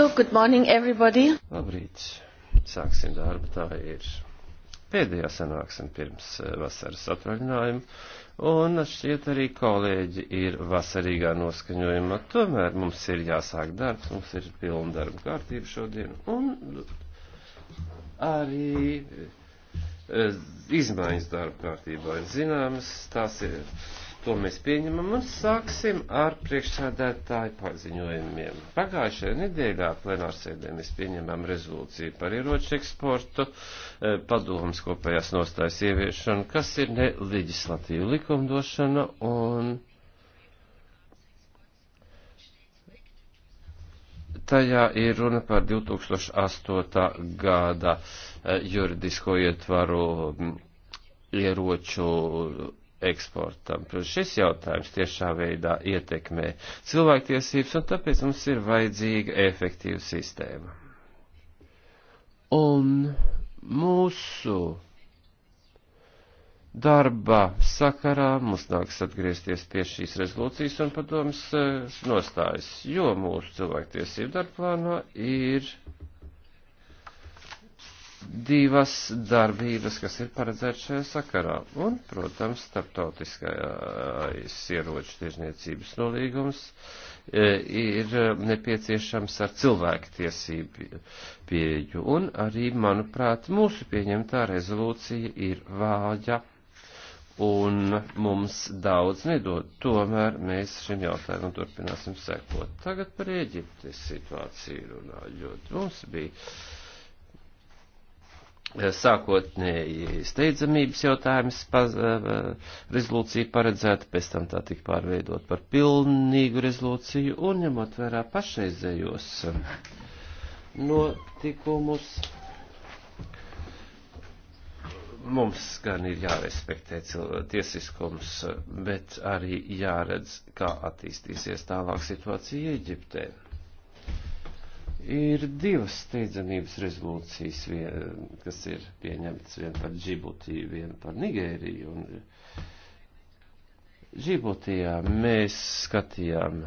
So, good morning everybody. Labrīt. Sāksim darbu. Tā ir pēdējā sanāksme pirms eh, vasaras atvaļinājuma. Un šķiet arī kolēģi ir vasarīgā noskaņojumā. Tomēr mums ir jāsāk darbs, mums ir pilna darba kārtība šodien. Un arī eh, izmaiņas darba kārtībā ir zināmas. Tās ir To mēs pieņemam un sāksim ar priekšsādētāju paziņojumiem. Pagājušajā nedēļā plenārsēdē mēs pieņemam rezolūciju par ieroču eksportu, eh, padomas kopējās nostājas ieviešanu, kas ir ne leģislatīva likumdošana un tajā ir runa par 2008. gada eh, juridisko ietvaru mm, ieroču eksportam. Šis jautājums tiešā veidā ietekmē cilvēktiesības, un tāpēc mums ir vajadzīga efektīva sistēma. Un mūsu darba sakarā mums nāks atgriezties pie šīs rezolūcijas un padomas eh, nostājas, jo mūsu cilvēktiesību darba plānā ir divas darbības, kas ir paredzētas šajā sakarā. Un, protams, starptautiskais ieroču tiešniecības nolīgums e, ir nepieciešams ar cilvēktiesību pieeju. Un arī, manuprāt, mūsu pieņemtā rezolūcija ir vāja un mums daudz nedod. Tomēr mēs šim jautājumam turpināsim sekot. Tagad par Eģiptes situāciju runājot. Mums bija sākotnēji steidzamības jautājums paz, eh, rezolūcija paredzēta, pēc tam tā tika pārveidot par pilnīgu rezolūciju un ņemot vērā pašreizējos notikumus. Mums gan ir jārespektē tiesiskums, bet arī jāredz, kā attīstīsies tālāk situācija Eģiptē. Ir divas steidzamības rezolūcijas, vien, kas ir pieņemtas viena par Džibutiju, viena par Nigēriju. Un eh, Džibutijā mēs skatījām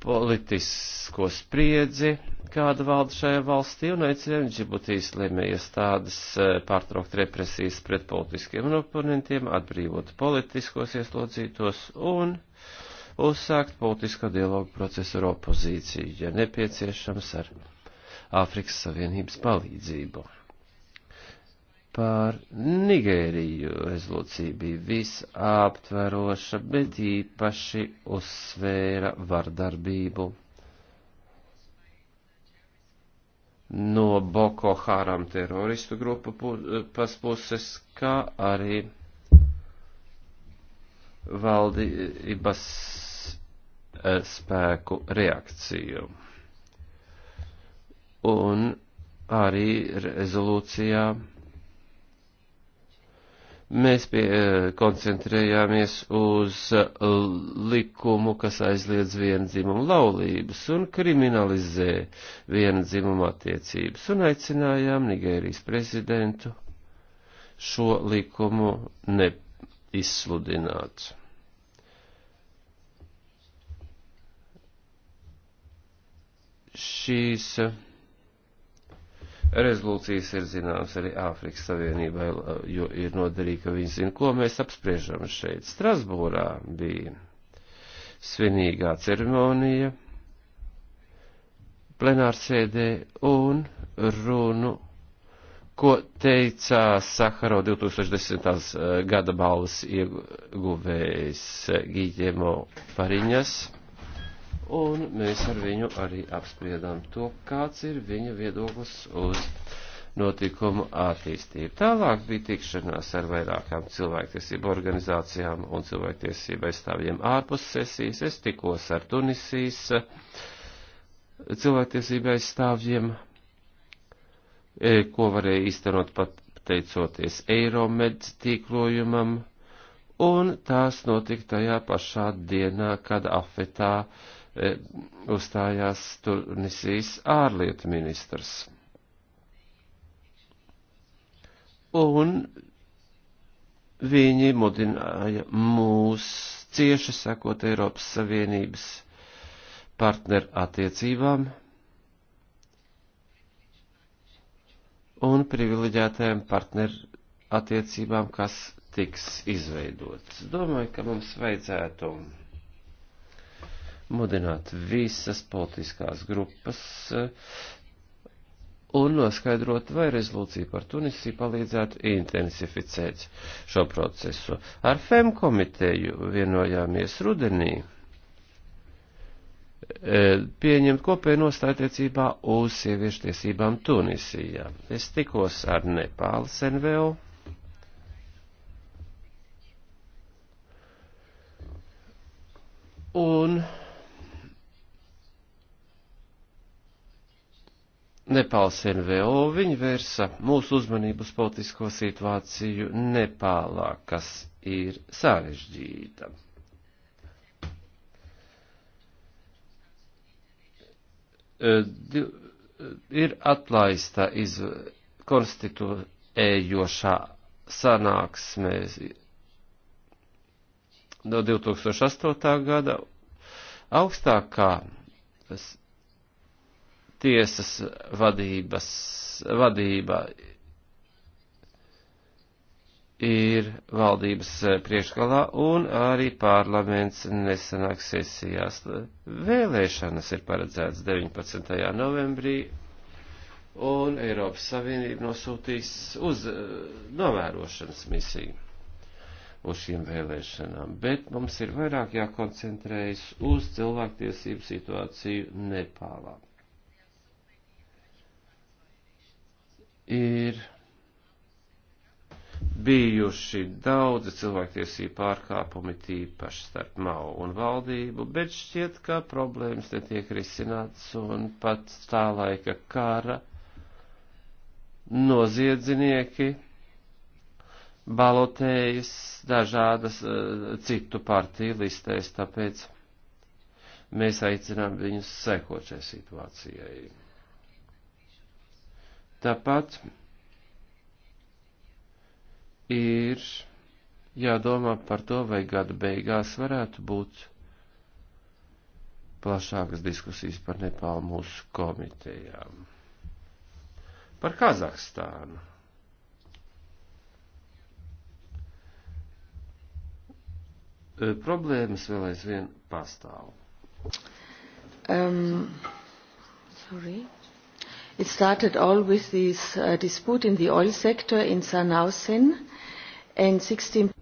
politisko spriedzi, kāda valda šajā valstī, un aicinām Džibutijas lemējas tādas eh, pārtraukt represijas pret politiskiem un oponentiem, atbrīvot politiskos ieslodzītos un uzsākt politisko dialogu procesu ar opozīciju, ja nepieciešams ar Āfrikas Savienības palīdzību. Par Nigēriju rezolūcija bija visaptveroša, bet īpaši uzsvēra vardarbību no Boko Haram teroristu grupu pas puses, kā arī valdības Eh, spēku reakciju. Un arī rezolūcijā mēs pie, eh, koncentrējāmies uz eh, likumu, kas aizliedz viendzimumu laulības un kriminalizē viendzimumu attiecības, un aicinājām Nigērijas prezidentu šo likumu neizsludināt. šīs eh, rezolūcijas ir zināmas arī Āfrikas Savienībai, eh, jo ir noderīgi, ka viņi zina, ko mēs apspriežam šeit. Strasbūrā bija svinīgā ceremonija plenārsēdē un runu, ko teica Sakaro 2010. Eh, gada balvas ieguvējs Gīģemo Pariņas un mēs ar viņu arī apspriedām to, kāds ir viņa viedoklis uz notikumu attīstību. Tālāk bija tikšanās ar vairākām cilvēktiesību organizācijām un cilvēktiesību aizstāvjiem ārpus sesijas. Es tikos ar Tunisijas eh, cilvēktiesību aizstāvjiem, eh, ko varēja īstenot pateicoties Eiromed tīklojumam, un tās notika tajā pašā dienā, kad afetā uh, E, uzstājās Tunisijas ārlietu ministrs. Un viņi mudināja mūs cieši sekot Eiropas Savienības partneru attiecībām un privileģētajām partneru attiecībām, kas tiks izveidotas. Domāju, ka mums vajadzētu. Un mudināt visas politiskās grupas eh, un noskaidrot, vai rezolūcija par Tunisiju palīdzētu intensificēt šo procesu. Ar FEM komiteju vienojāmies rudenī eh, pieņemt kopēju nostātiecībā uz sieviešu tiesībām Tunisijā. Es tikos ar Nepāles NVO. Un Nepāls NVO, viņi vērsa mūsu uzmanību uz politisko situāciju Nepālā, kas ir sarežģīta. E, ir atlaista iz konstituējošā sanāksmē no 2008. gada augstākā tiesas vadības, vadība ir valdības eh, priekšgalā un arī parlaments nesanāk sesijās. Vēlēšanas ir paredzētas 19. novembrī un Eiropas Savienība nosūtīs uz eh, novērošanas misiju uz šīm vēlēšanām, bet mums ir vairāk jākoncentrējas uz cilvēktiesību situāciju Nepālā. ir bijuši daudzi cilvēktiesību pārkāpumi tīpaši starp Mao un valdību, bet šķiet, ka problēmas netiek risināts un pat tā laika kara noziedznieki balotējas dažādas uh, citu partiju listēs, tāpēc mēs aicinām viņus sekot šai situācijai. Tāpat ir jādomā par to, vai gada beigās varētu būt plašākas diskusijas par Nepālu mūsu komitejām. Par Kazahstānu. E, problēmas vēl aizvien pastāv. Um, sorry. It started all with this uh, dispute in the oil sector in Sanausin and 16.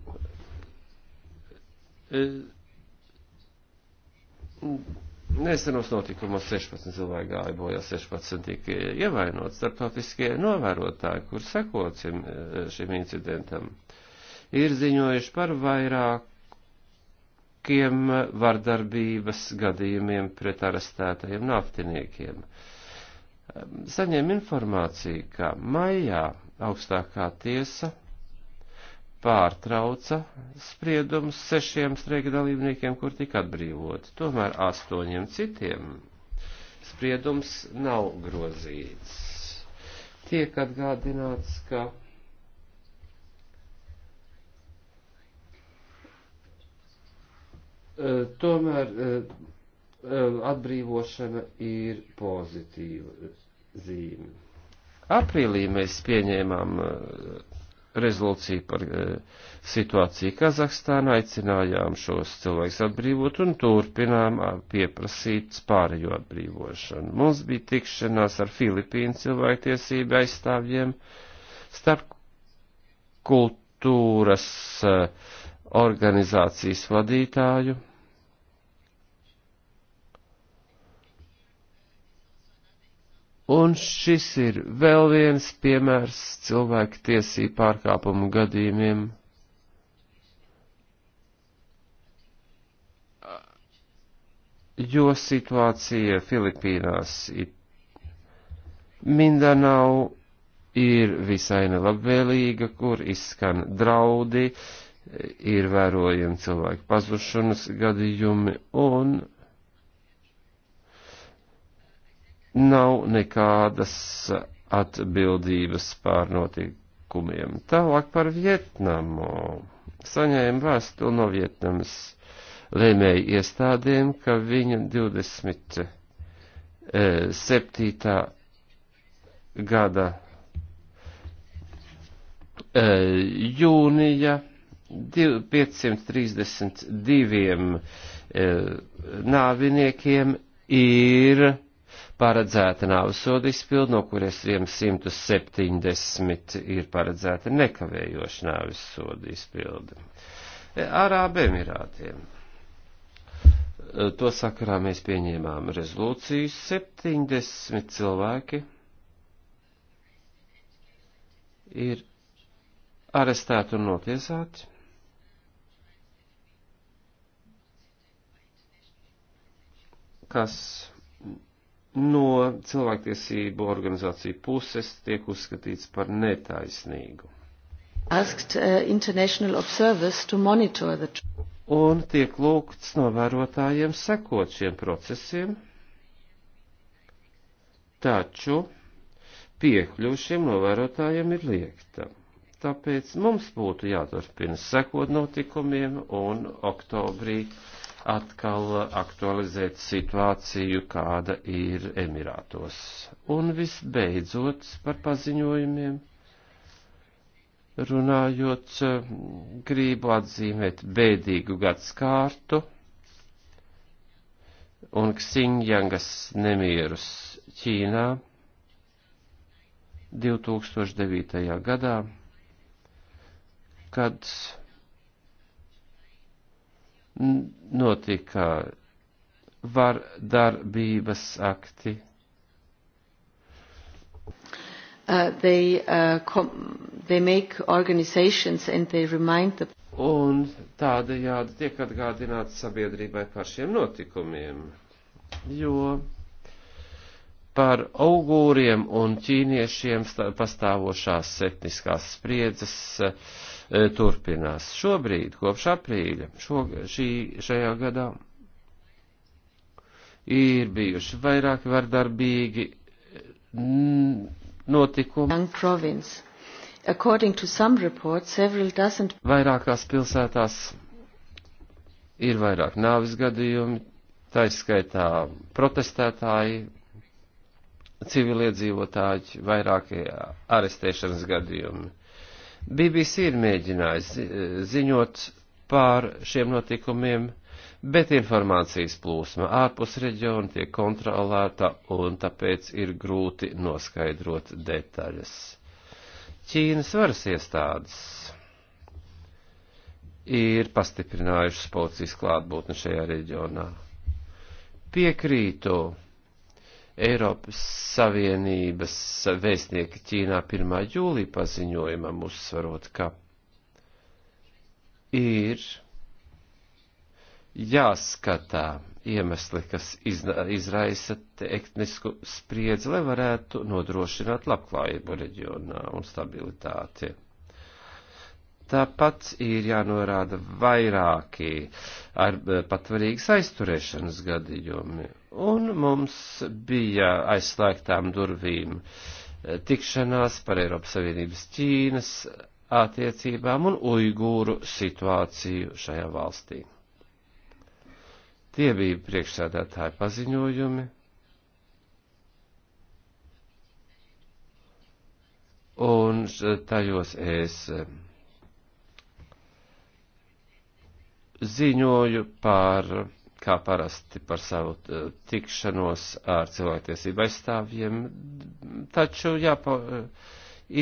Nesenos notikumos 16 cilvēki gāja bojā, 16 tika ievainot starptautiskie novērotāji, kur sekot šim, eh, šim incidentam, ir ziņojuši par vairākiem vardarbības gadījumiem pret arestētajiem naftiniekiem. Uh, saņēma informāciju, ka maijā augstākā tiesa pārtrauca spriedumus sešiem streika dalībniekiem, kur tika atbrīvoti. Tomēr astoņiem citiem spriedums nav grozīts. Tiek atgādināts, ka tomēr Um, atbrīvošana ir pozitīva zīme. Aprīlī mēs pieņēmām uh, rezolūciju par uh, situāciju Kazahstānā, aicinājām šos cilvēkus atbrīvot un turpinām uh, pieprasīt pārējo atbrīvošanu. Mums bija tikšanās ar Filipīnu cilvēktiesību aizstāvjiem starp kultūras organizācijas vadītāju Un šis ir vēl viens piemērs cilvēku tiesību pārkāpumu gadījumiem. Jo situācija Filipīnās ir Mindanau ir visai nelabvēlīga, kur izskan draudi, ir vērojami cilvēku pazušanas gadījumi un nav nekādas atbildības pār notikumiem. Tālāk par Vietnamu. Saņēma vēstuli no Vietnamas lēmēju iestādēm, ka viņa 27. Eh, gada eh, jūnija 532 eh, nāviniekiem ir paredzēta nāvesoda izpildu, no kuries 170 ir paredzēta nekavējoša nāvesoda izpildu. E, Arābu Emirātiem. E, to sakarā mēs pieņēmām rezolūciju 70 cilvēki ir arestēti un notiesāti. Kas no cilvēktiesību organizāciju puses tiek uzskatīts par netaisnīgu. Asked, uh, Un tiek lūgts novērotājiem sekot šiem procesiem, taču piekļūšiem novērotājiem ir liekta. Tāpēc mums būtu jāturpina sekot notikumiem un oktobrī uh, atkal aktualizēt situāciju, kāda ir Emirātos. Un visbeidzot par paziņojumiem. Runājot, gribu atzīmēt bēdīgu gads kārtu un Ksinjangas nemierus Ķīnā 2009. gadā, kad notika vardarbības akti. Uh, they, uh, com they make organizations and they remind the Un tādējādi tiek atgādināts sabiedrībai par šiem notikumiem, jo par augūriem un ķīniešiem pastāvošās etniskās spriedzes uh, E, turpinās. Šobrīd, kopš aprīļa, šo, šī, šajā gadā, ir bijuši vairāki vardarbīgi mm, notikumi. Reports, doesn't... Vairākās pilsētās ir vairāk nāvis gadījumi, taiskaitā protestētāji, civiliedzīvotāji, vairākie arestēšanas gadījumi. BBC ir mēģinājis ziņot pār šiem notikumiem, bet informācijas plūsma ārpus reģiona tiek kontrolēta un tāpēc ir grūti noskaidrot detaļas. Ķīnas varas iestādes ir pastiprinājušas policijas klātbūtni šajā reģionā. Piekrītu Eiropas Savienības vēstnieki Ķīnā 1. jūlī paziņojumam uzsvarot, ka ir jāskatā iemesli, kas izraisa etnisku spriedzi, lai varētu nodrošināt labklājību reģionā un stabilitāti. Tāpat ir jānorāda vairāki ar patvarīgas aizturēšanas gadījumi. Un mums bija aizslēgtām durvīm eh, tikšanās par Eiropas Savienības Ķīnas attiecībām un uigūru situāciju šajā valstī. Tie bija priekšsēdētāji paziņojumi. Un tajos es eh, ziņoju par, kā parasti, par savu eh, tikšanos ar cilvēktiesību aizstāvjiem, taču jāpa, eh,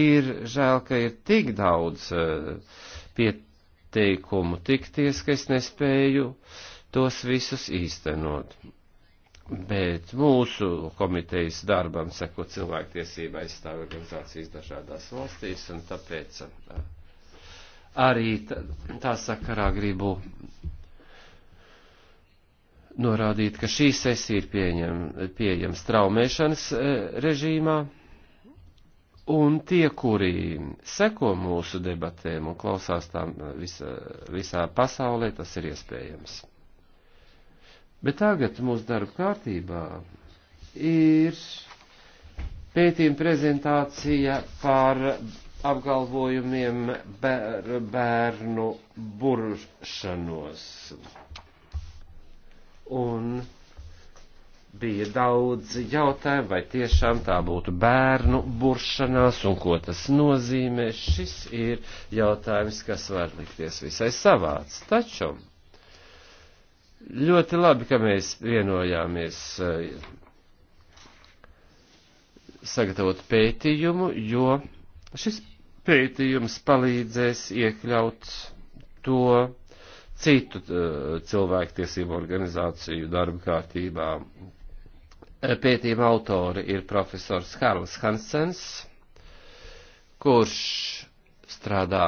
ir žēl, ka ir tik daudz eh, pieteikumu tikties, ka es nespēju tos visus īstenot. Bet mūsu komitejas darbam seko cilvēktiesība aizstāv organizācijas dažādās valstīs, un tāpēc arī tā sakarā gribu norādīt, ka šī sesija ir pieņem, pieejama straumēšanas e, režīmā, un tie, kuri seko mūsu debatēm un klausās tām e, visa, visā pasaulē, tas ir iespējams. Bet tagad mūsu darba kārtībā ir pētījuma prezentācija par apgalvojumiem bēr, bērnu buršanos. Un bija daudz jautājumu, vai tiešām tā būtu bērnu buršanās un ko tas nozīmē. Šis ir jautājums, kas var likties visai savāds. Taču ļoti labi, ka mēs vienojāmies eh, sagatavot pētījumu, jo Šis pētījums palīdzēs iekļaut to citu uh, cilvēktiesību organizāciju darba kārtībā. Pētījuma autori ir profesors Karls Hansens, kurš strādā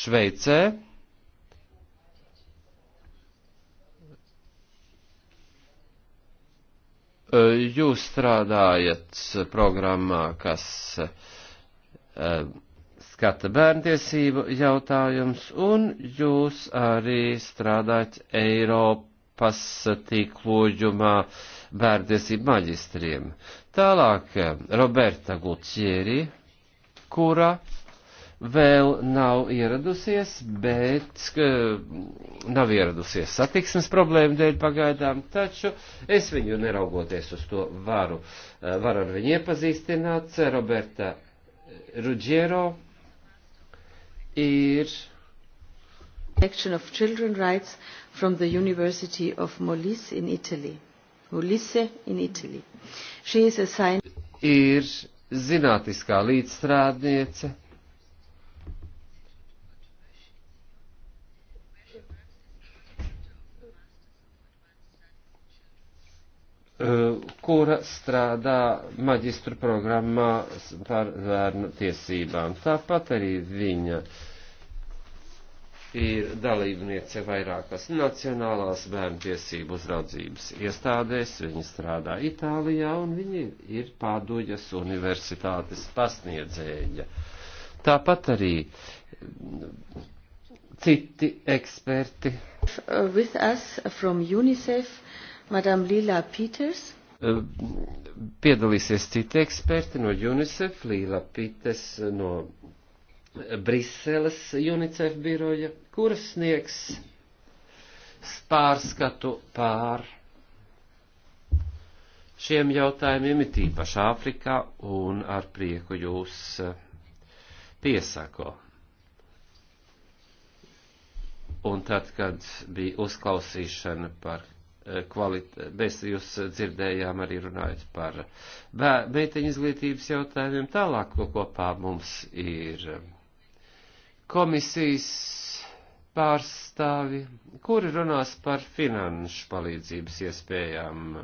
Šveicē. Jūs strādājat programmā, kas skata bērntiesību jautājums, un jūs arī strādājat Eiropas tīklojumā bērntiesību maģistriem. Tālāk Roberta Gutjeri, kura vēl nav ieradusies, bet ka, nav ieradusies satiksmes problēma dēļ pagaidām, taču es viņu neraugoties uz to varu, eh, varu ar viņu iepazīstināt. Roberta Ruggiero ir. Protection of Children Rights from the University of Molise in Italy. Molise in Italy. She is assigned. Ir zinātniskā līdzstrādniece Eh, kura strādā maģistru programmā par bērnu tiesībām. Tāpat arī viņa ir dalībniece vairākas nacionālās bērnu tiesību uzraudzības iestādēs, viņa strādā Itālijā un viņa ir Pāduļas universitātes pasniedzēja. Tāpat arī mm, citi eksperti. With us from UNICEF Madam Lila Peters. Eh, piedalīsies citi eksperti no UNICEF, Lila Pites no Briseles UNICEF biroja, kuras sniegs pārskatu pār šiem jautājumiem, it īpaši Āfrikā, un ar prieku jūs eh, piesako. Un tad, kad bija uzklausīšana par kvalitāti. Mēs jūs dzirdējām arī runājot par meiteņu izglītības jautājumiem. Tālāk, ko kopā mums ir komisijas pārstāvi, kuri runās par finanšu palīdzības iespējām.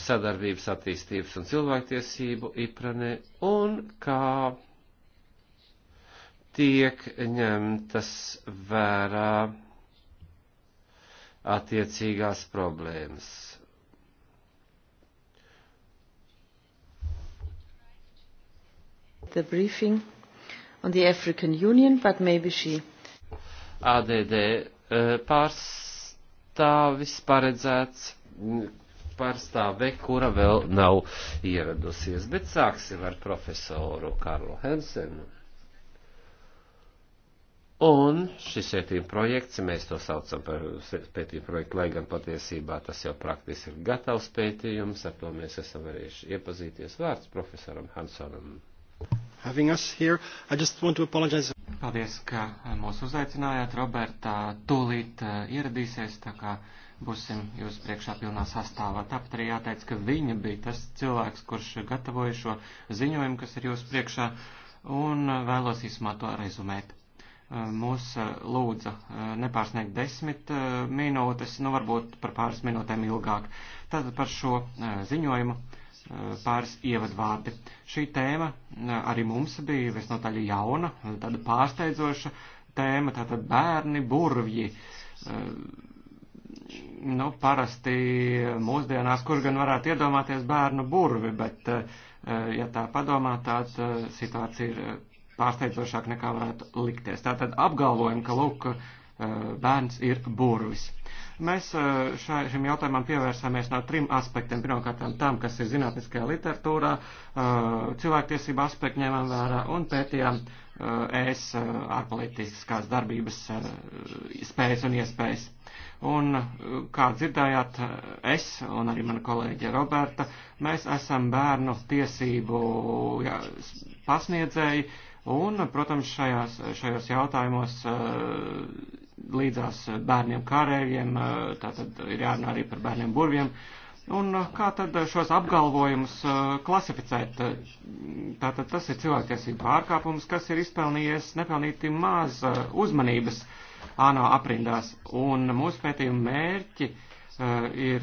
sadarbības attīstības un cilvēktiesību ipranē un kā tiek ņemtas vērā attiecīgās problēmas. The briefing on the African Union, but maybe she. ADD eh, pārstāvis paredzēts mm, pārstāve, kura vēl nav ieradusies, bet sāksim ar profesoru Karlu Hensenu. Un šis pētījuma projekts, mēs to saucam par pētījuma projektu, lai gan patiesībā tas jau praktiski ir gatavs pētījums, ar to mēs esam varējuši iepazīties vārds profesoram Hansonam. Here, Paldies, ka mūs uzaicinājāt, Roberta, tūlīt uh, ieradīsies, tā kā būsim jūs priekšā pilnā sastāvā. Tāpat arī jāteic, ka viņa bija tas cilvēks, kurš gatavoja šo ziņojumu, kas ir jūs priekšā, un uh, vēlos īsumā to rezumēt mūs eh, lūdza eh, nepārsniegt desmit eh, minūtes, nu varbūt par pāris minūtēm ilgāk. Tātad par šo ziņojumu pāris ievadvārdi. Šī tēma arī mums bija visnotaļ jauna, tāda pārsteidzoša tēma, tātad bērni, burvji. Nu, parasti mūsdienās, kur gan varētu iedomāties bērnu burvi, bet, ja tā padomā, tāda situācija ir pārsteidzošāk nekā varētu likties. Tātad apgalvojumi, ka lūk, eh, bērns ir burvis. Mēs eh, šai, šim jautājumam pievērsāmies no trim aspektiem. Pirmkārt, tam, kas ir zinātniskajā literatūrā, eh, cilvēktiesība aspektu ņēmām vērā un pētījām es ārpolitiskās darbības spējas un iespējas. Un, kā dzirdējāt, es un arī mana kolēģe Roberta, mēs esam bērnu tiesību jā, pasniedzēji, uh, Un, protams, šajās, šajos jautājumos eh, līdzās bērniem kārējiem, eh, tātad ir jārunā arī par bērniem burviem. Un eh, kā tad šos apgalvojumus klasificēt? Tātad tas ir cilvēktiesība pārkāpums, kas ir izpelnījies nepelnīti maz uzmanības ānā aprindās. Un mūsu pētījuma mērķi uh, Eh, ir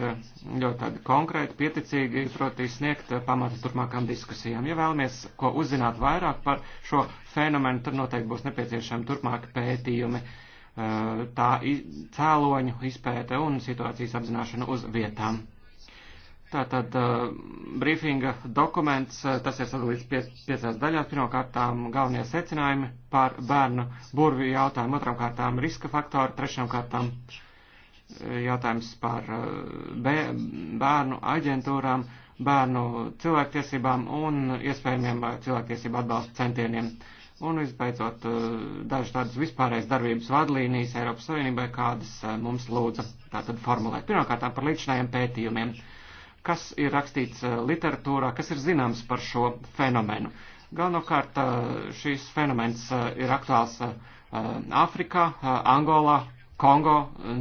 ļoti tādi konkrēti, pieticīgi, proti sniegt eh, pamatu turpmākām diskusijām. Ja vēlamies ko uzzināt vairāk par šo fenomenu, tad noteikti būs nepieciešami turpmāki pētījumi, eh, tā cēloņu izpēte un situācijas apzināšana uz vietām. Tātad brīfinga dokuments, tas ir sadalīts pie, piecās daļās. Pirmkārtām galvenie secinājumi par bērnu burvju jautājumu, otram kārtām riska faktori, trešām kārtām. Uh, jautājums par uh, bērnu aģentūrām, bērnu cilvēktiesībām un iespējamiem uh, cilvēktiesību atbalsta centieniem. Un visbeidzot, uh, dažas tādas vispārējas darbības vadlīnijas Eiropas Savienībai, kādas mums lūdza tātad formulēt. Pirmkārt, par līdzinājiem pētījumiem. Kas ir rakstīts literatūrā, kas ir zināms par šo fenomenu? Galvenokārt šīs fenomens ir aktuāls Āfrikā, Angolā, Kongo,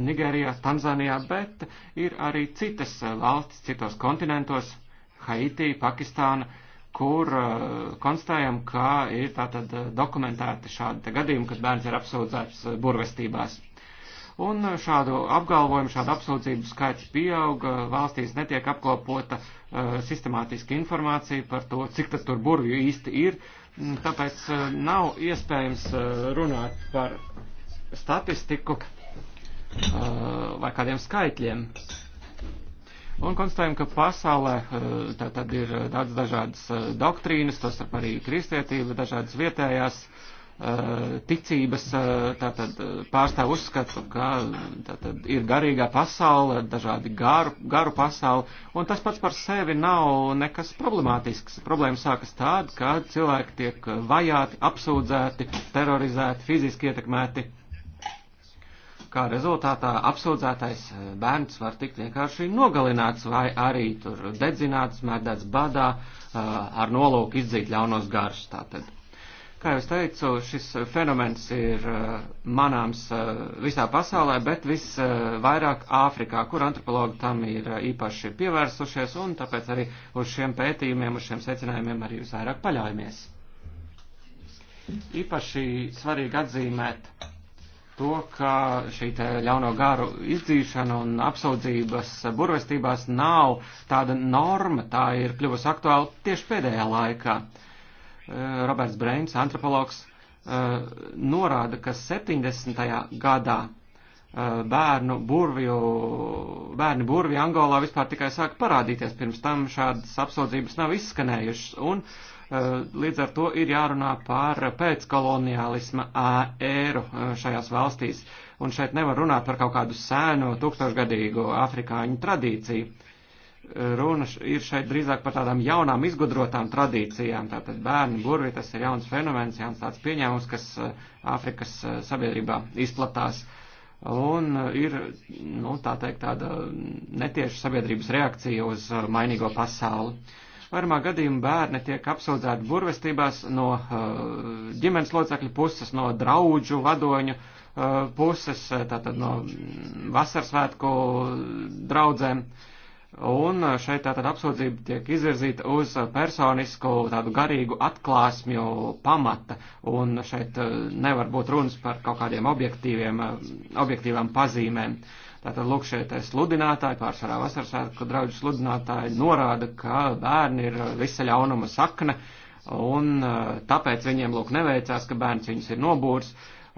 Nigērijā, Tanzānijā, bet ir arī citas valstis citos kontinentos, Haiti, Pakistāna, kur uh, konstatējam, ka ir tātad dokumentēti šādi gadījumi, kad bērns ir apsūdzēts uh, burvestībās. Un uh, šādu apgalvojumu, šādu apsūdzību skaits pieauga, uh, valstīs netiek apkopota uh, sistemātiska informācija par to, cik tas tur burvju īsti ir, mm, tāpēc uh, nav iespējams uh, runāt par statistiku, Uh, vai kādiem skaitļiem. Un konstatējam, ka pasaulē uh, tā tad ir uh, daudz dažādas doktrīnas, tos arī kristietība, dažādas vietējās ticības tātad, pārstāv uzskatu, ka tātad, ir garīgā pasaule, dažādi garu, garu pasauli, un tas pats par sevi nav nekas problemātisks. Problēma sākas tāda, ka cilvēki tiek vajāti, apsūdzēti, terorizēti, fiziski ietekmēti, kā rezultātā apsūdzētais eh, bērns var tikt vienkārši nogalināts vai arī tur dedzināts, mēdēts badā eh, ar nolūku izdzīt ļaunos garus. Tātad. Kā jau es teicu, šis fenomens ir eh, manāms visā pasaulē, bet visvairāk Āfrikā, kur antropologi tam ir īpaši pievērsušies un tāpēc arī uz šiem pētījumiem, uz šiem secinājumiem arī visvairāk paļaujamies. Īpaši svarīgi atzīmēt to, ka šī ļauno garu izdzīšana un apsaudzības burvestībās nav tāda norma, tā ir kļuvusi aktuāla tieši pēdējā laikā. Eh, Roberts Brains, antropologs, eh, norāda, ka 70. gadā eh, bērnu burvju, bērni burvi Angolā vispār tikai sāk parādīties, pirms tam šādas apsaudzības nav izskanējušas. Un, uh, Eh, līdz ar to ir jārunā par pēckoloniālisma ēru eh, šajās valstīs. Un šeit nevar runāt par kaut kādu sēnu, tūkstošgadīgu afrikāņu tradīciju. Eh, runa ir šeit drīzāk par tādām jaunām, izgudrotām tradīcijām. Tātad bērnu burvi, tas ir jauns fenomens, jauns tāds pieņēmums, kas Āfrikas sabiedrībā izplatās. Un ir, nu, tā teikt, tāda netieša sabiedrības reakcija uz mainīgo pasauli. Uh, Varmā gadījumā bērni tiek apsūdzēti burvestībās no eh, ģimenes locekļu puses, no draudžu vadoņu eh, puses, eh, tātad no mm, vasarasvētku draudzēm. Un šeit tātad apsūdzība tiek izvirzīta uz personisku tādu garīgu atklāsmju pamata, un šeit nevar būt runas par kaut kādiem objektīviem, objektīvām pazīmēm. Uh, Tātad, lūk, šeit sludinātāji, pārsvarā vasarasvētku draudžu sludinātāji norāda, ka bērni ir uh, visa ļaunuma sakne, un uh, tāpēc viņiem, lūk, neveicās, ka bērns viņus ir nobūrs,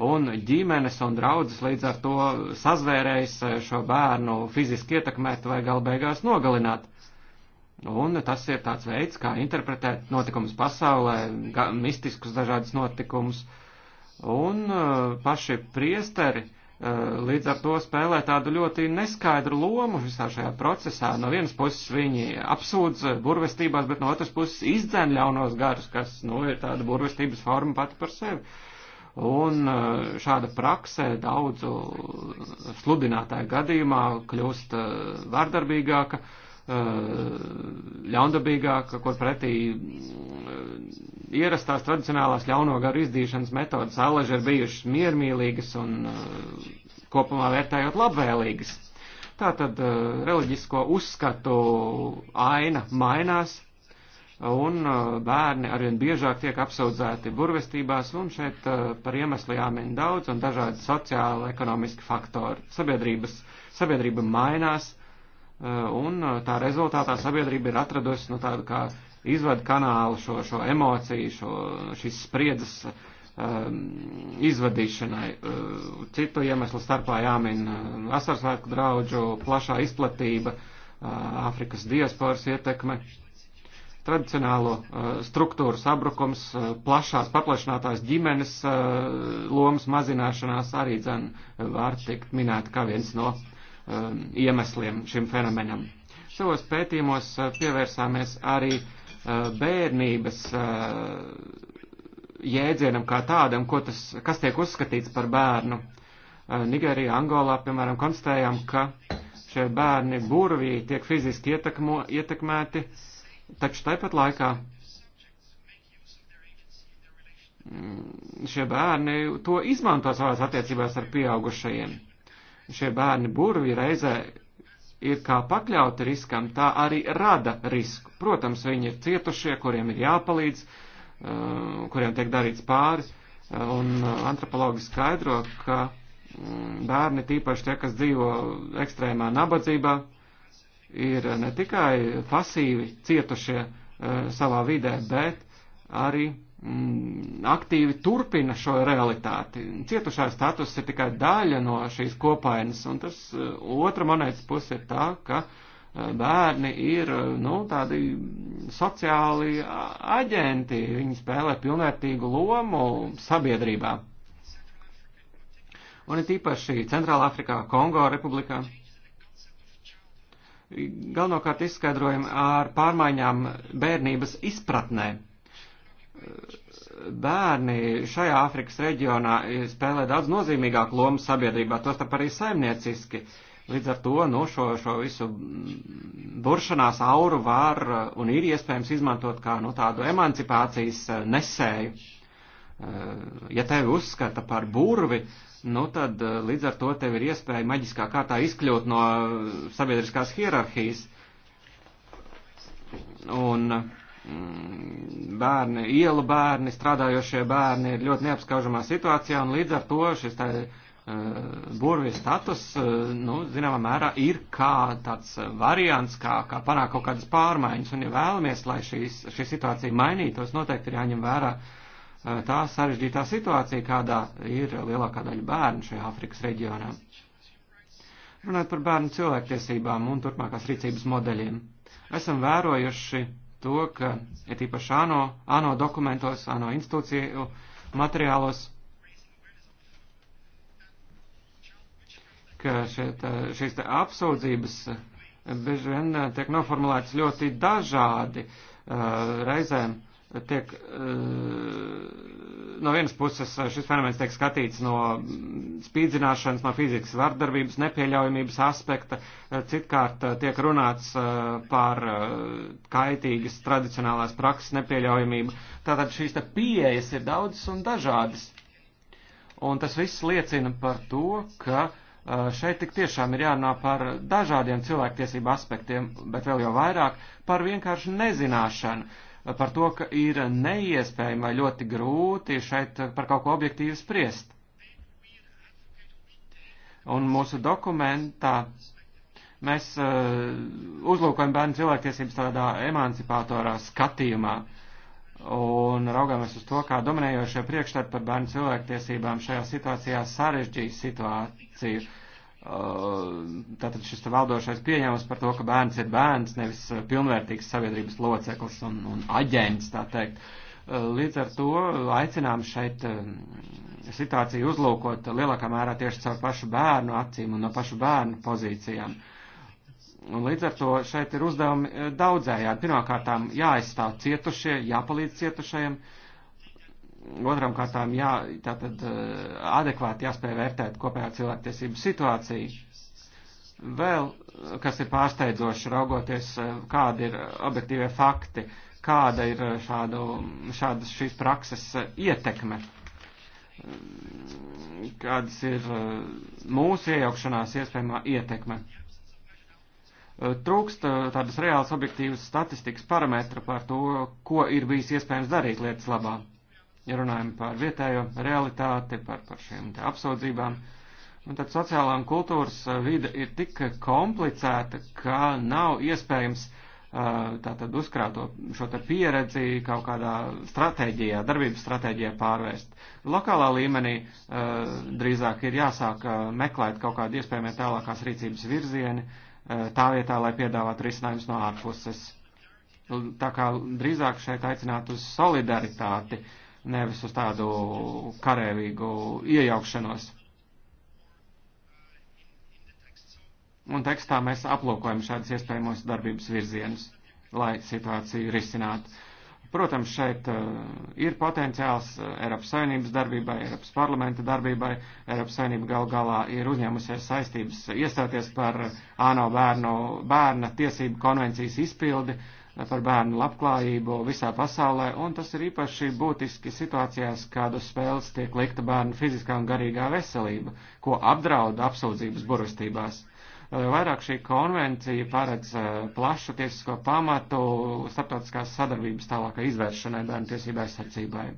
un ģimenes un draudzes līdz ar to sazvērējas uh, šo bērnu fiziski ietekmēt vai gal beigās nogalināt. Un tas ir tāds veids, kā interpretēt notikumus pasaulē, mistiskus dažādus notikumus. Un paši priesteri Eh, līdz ar to spēlē tādu ļoti neskaidru lomu visā šajā procesā. No vienas puses viņi apsūdz burvestībās, bet no otras puses izdzēn ļaunos garus, kas, nu, ir tāda burvestības forma pati par sevi. Un eh, šāda prakse daudzu sludinātāju gadījumā kļūst eh, vardarbīgāka. Uh, Uh, ļaundabīgāka, kur pretī uh, ierastās tradicionālās ļauno garu izdīšanas metodas allaži ir bijušas miermīlīgas un uh, kopumā vērtējot labvēlīgas. Tātad reliģisko uzskatu aina mainās, un bērni arvien biežāk tiek apsaudzēti burvestībās, un šeit par iemeslu jāmin daudz un dažādi sociāli, ekonomiski faktori. Sabiedrības, sabiedrība mainās, Eh, un eh, tā rezultātā sabiedrība ir atradusi nu, tādu kā izvadu kanālu šo, šo emociju, šo, šīs spriedzes um, izvadīšanai. Citu iemeslu starpā jāmin vasarsvētku draudžu plašā izplatība, Āfrikas diasporas ietekme, tradicionālo struktūru sabrukums, plašās paplašinātās ģimenes lomas mazināšanās arī dzen var tikt minēta kā viens no uh, Um, iemesliem šim fenomenam. Savos pētījumos uh, pievērsāmies arī uh, bērnības uh, jēdzienam kā tādam, tas, kas tiek uzskatīts par bērnu. Nigērijā, Angolā, piemēram, konstatējām, ka šie bērni burvī tiek fiziski ietekmo, ietekmēti, taču tāpat laikā mm, šie bērni to izmanto savās attiecībās ar pieaugušajiem šie bērni burvi reizē ir kā pakļauti riskam, tā arī rada risku. Protams, viņi ir cietušie, kuriem ir jāpalīdz, uh, kuriem tiek darīts pāris, uh, un uh, antropologi skaidro, ka mm, bērni, tīpaši tie, kas dzīvo ekstrēmā nabadzībā, ir ne tikai pasīvi cietušie savā vidē, bet arī Mm, aktīvi turpina šo realitāti. Cietušā status ir tikai daļa no šīs kopainas, un tas eh, otra monētas puse ir tā, ka eh, bērni ir, eh, nu, tādi sociāli aģenti, viņi spēlē pilnvērtīgu lomu sabiedrībā. Un ir tīpaši Centrāla Afrikā, Kongo republikā. Galvenokārt izskaidrojam ar pārmaiņām bērnības izpratnēm bērni šajā Āfrikas reģionā spēlē daudz nozīmīgāku lomu sabiedrībā, tostarp arī saimnieciski. Līdz ar to no nu, šo, šo visu buršanās auru var un ir iespējams izmantot kā nu, tādu emancipācijas eh, nesēju. Eh, ja tevi uzskata par burvi, nu tad eh, līdz ar to tev ir iespēja maģiskā kārtā izkļūt no sabiedriskās hierarhijas. Un, uh, Mm, bērni, ielu bērni, strādājošie bērni ir ļoti neapskaužamā situācijā, un līdz ar to šis tā e, burvju status, e, nu, zināmā mērā, ir kā tāds variants, kā, kā panākt kaut kādas pārmaiņas, un ja vēlamies, lai šīs, šī situācija mainītos, noteikti ir jāņem vērā e, tā sarežģītā situācija, kādā ir lielākā daļa bērnu šajā Afrikas reģionā. Runāt par bērnu cilvēktiesībām un turpmākās rīcības modeļiem. Esam vērojuši to, ka ir ja tīpaši ANO, ANO dokumentos, ANO institūciju materiālos, ka šeit, šīs te apsūdzības bieži vien tiek noformulētas ļoti dažādi. Eh, reizēm tiek eh, no vienas puses eh, šis fenomens tiek skatīts no spīdzināšanas, no fizikas vardarbības, nepieļaujamības aspekta, eh, citkārt eh, tiek runāts par kaitīgas tradicionālās prakses nepieļaujamību. Tātad šīs te pieejas ir daudzas un dažādas. Un tas viss liecina par to, ka šeit tik tiešām ir jārunā par dažādiem cilvēktiesību aspektiem, bet vēl jau vairāk par vienkārši nezināšanu par to, ka ir neiespējami vai ļoti grūti šeit par kaut ko objektīvi spriest. Un mūsu dokumentā mēs uh, uzlūkojam bērnu cilvēktiesības tādā emancipatorā skatījumā un raugāmies uz to, kā dominējošie priekšstati par bērnu cilvēktiesībām šajā situācijā sarežģīja situāciju. Uh, Uh, tātad šis valdošais pieņēmums par to, ka bērns ir bērns, nevis uh, pilnvērtīgs sabiedrības loceklis un, un aģents, tā teikt. Uh, līdz ar to aicinām šeit um, situāciju uzlūkot lielākā mērā tieši caur pašu bērnu acīm un no pašu bērnu pozīcijām. Un līdz ar to šeit ir uzdevumi daudzējādi. Pirmkārtām jāaizstāv cietušie, jāpalīdz cietušajiem. Uh, Otram kārtām jā, tātad eh, adekvāti jāspēj vērtēt kopējā cilvēktiesību situāciju. Vēl, kas ir pārsteidzoši, raugoties, eh, kādi ir objektīvie fakti, kāda ir eh, šādu, šādas šīs prakses ietekme kādas ir mūsu iejaukšanās iespējamā ietekme. Trūkst tādas reāls objektīvas statistikas parametra par to, ko ir bijis iespējams darīt lietas labā ja runājam par vietējo realitāti, par, par šiem te apsaudzībām. Un tad sociālā un kultūras uh, vide ir tik komplicēta, ka nav iespējams uh, tātad uzkrāto šo te pieredzi kaut kādā stratēģijā, darbības stratēģijā pārvērst. Lokālā līmenī uh, drīzāk ir jāsāk meklēt kaut kādu iespējami tālākās rīcības virzieni, tā vietā, lai piedāvātu risinājumus no ārpuses. Tā kā drīzāk šeit aicināt uz solidaritāti, uh, nevis uz tādu karēvīgu iejaukšanos. Un tekstā mēs aplūkojam šādas iespējamos darbības virzienus, lai situāciju risinātu. Protams, šeit eh, ir potenciāls eh, Eiropas Savienības darbībai, Eiropas parlamenta darbībai. Eiropas Savienība gal galā ir uzņēmusies saistības iestāties par ANO bērnu, bērna tiesību konvencijas izpildi. Uh, par bērnu labklājību visā pasaulē, un tas ir īpaši būtiski situācijās, kad uz spēles tiek likta bērnu fiziskā un garīgā veselība, ko apdraud apsūdzības burvestībās. Eh, vairāk šī konvencija paredz eh, plašu tiesisko pamatu starptautiskās sadarbības tālākai izvēršanai bērnu tiesībai aizsardzībai.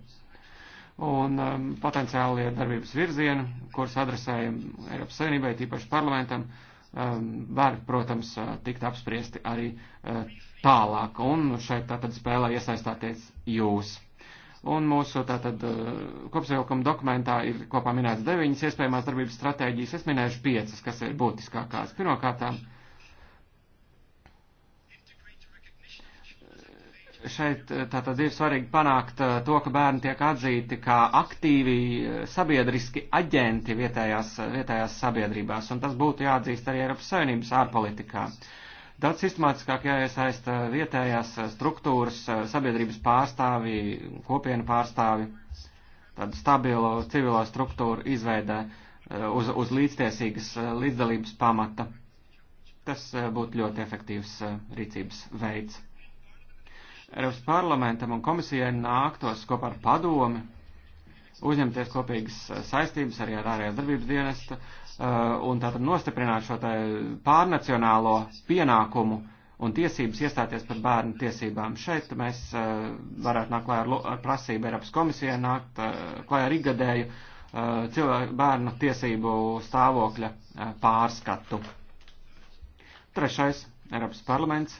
Un um, potenciālie darbības virzieni, kurus adresējam Eiropas Savienībai, tīpaši parlamentam, uh, Ehm, var, protams, eh, tikt apspriesti arī eh, tālāk. Un šeit tātad spēlē iesaistāties jūs. Un mūsu tātad eh, kopsavilkuma dokumentā ir kopā minēts deviņas iespējamās darbības stratēģijas. Es minēšu piecas, kas ir būtiskākās. Pirmkārtām Šeit eh, tātad ir svarīgi panākt eh, to, ka bērni tiek atzīti kā aktīvi eh, sabiedriski aģenti vietējās, vietējās sabiedrībās, un tas būtu jāatzīst arī Eiropas Savienības ārpolitikā. Daudz sistemātiskāk jāiesaista vietējās struktūras, sabiedrības pārstāvi, kopienu pārstāvi, tādu stabilu civilo struktūru izveidē uz, uz līdztiesīgas līdzdalības pamata. Tas būtu ļoti efektīvs rīcības veids. Eiropas parlamentam un komisijai nāktos kopā ar padomi uzņemties kopīgas eh, saistības arī ar ārējās darbības dienestu eh, un tātad nostiprināt šo tā pārnacionālo pienākumu un tiesības iestāties par bērnu tiesībām. Šeit mēs eh, varētu nākt klājā ar prasību Eiropas komisijai, nākt klājā ar igadēju cilvēku bērnu tiesību stāvokļa pārskatu. Trešais Eiropas parlaments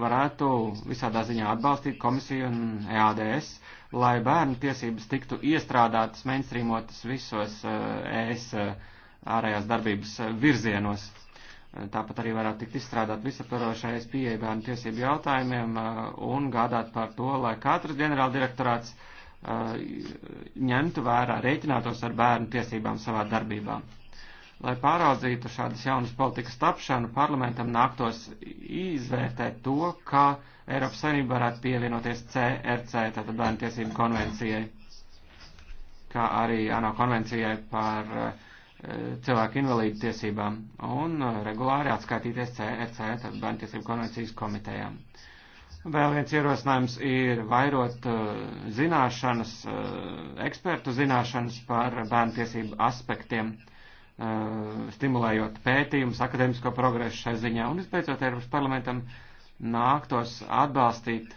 varētu visādā ziņā atbalstīt komisiju un EADS, lai bērnu tiesības tiktu iestrādātas, mainstreamotas visos ES eh, e eh, ārējās darbības eh, virzienos. Tāpat arī varētu tikt izstrādāt visaptvarošais pieeja bērnu tiesību jautājumiem un gādāt par to, lai katrs ģenerāldirektorāts ņemtu vērā, rēķinātos ar bērnu tiesībām savā darbībā. Lai pāraudzītu šādas jaunas politikas tapšanu, parlamentam nāktos izvērtēt to, kā Eiropas Savienība varētu pievienoties CRC, tātad bērnu tiesību konvencijai, kā arī ANO konvencijai par uh, cilvēku invalīdu tiesībām un eh, regulāri atskaitīties CRC, tad Bērnu tiesību konvencijas komitejām. Vēl viens ierosinājums ir vairot eh, zināšanas, ekspertu zināšanas par bērnu tiesību aspektiem Uh, stimulējot pētījumus, akadēmisko progresu šai ziņā, un visbeidzot Eiropas parlamentam nāktos atbalstīt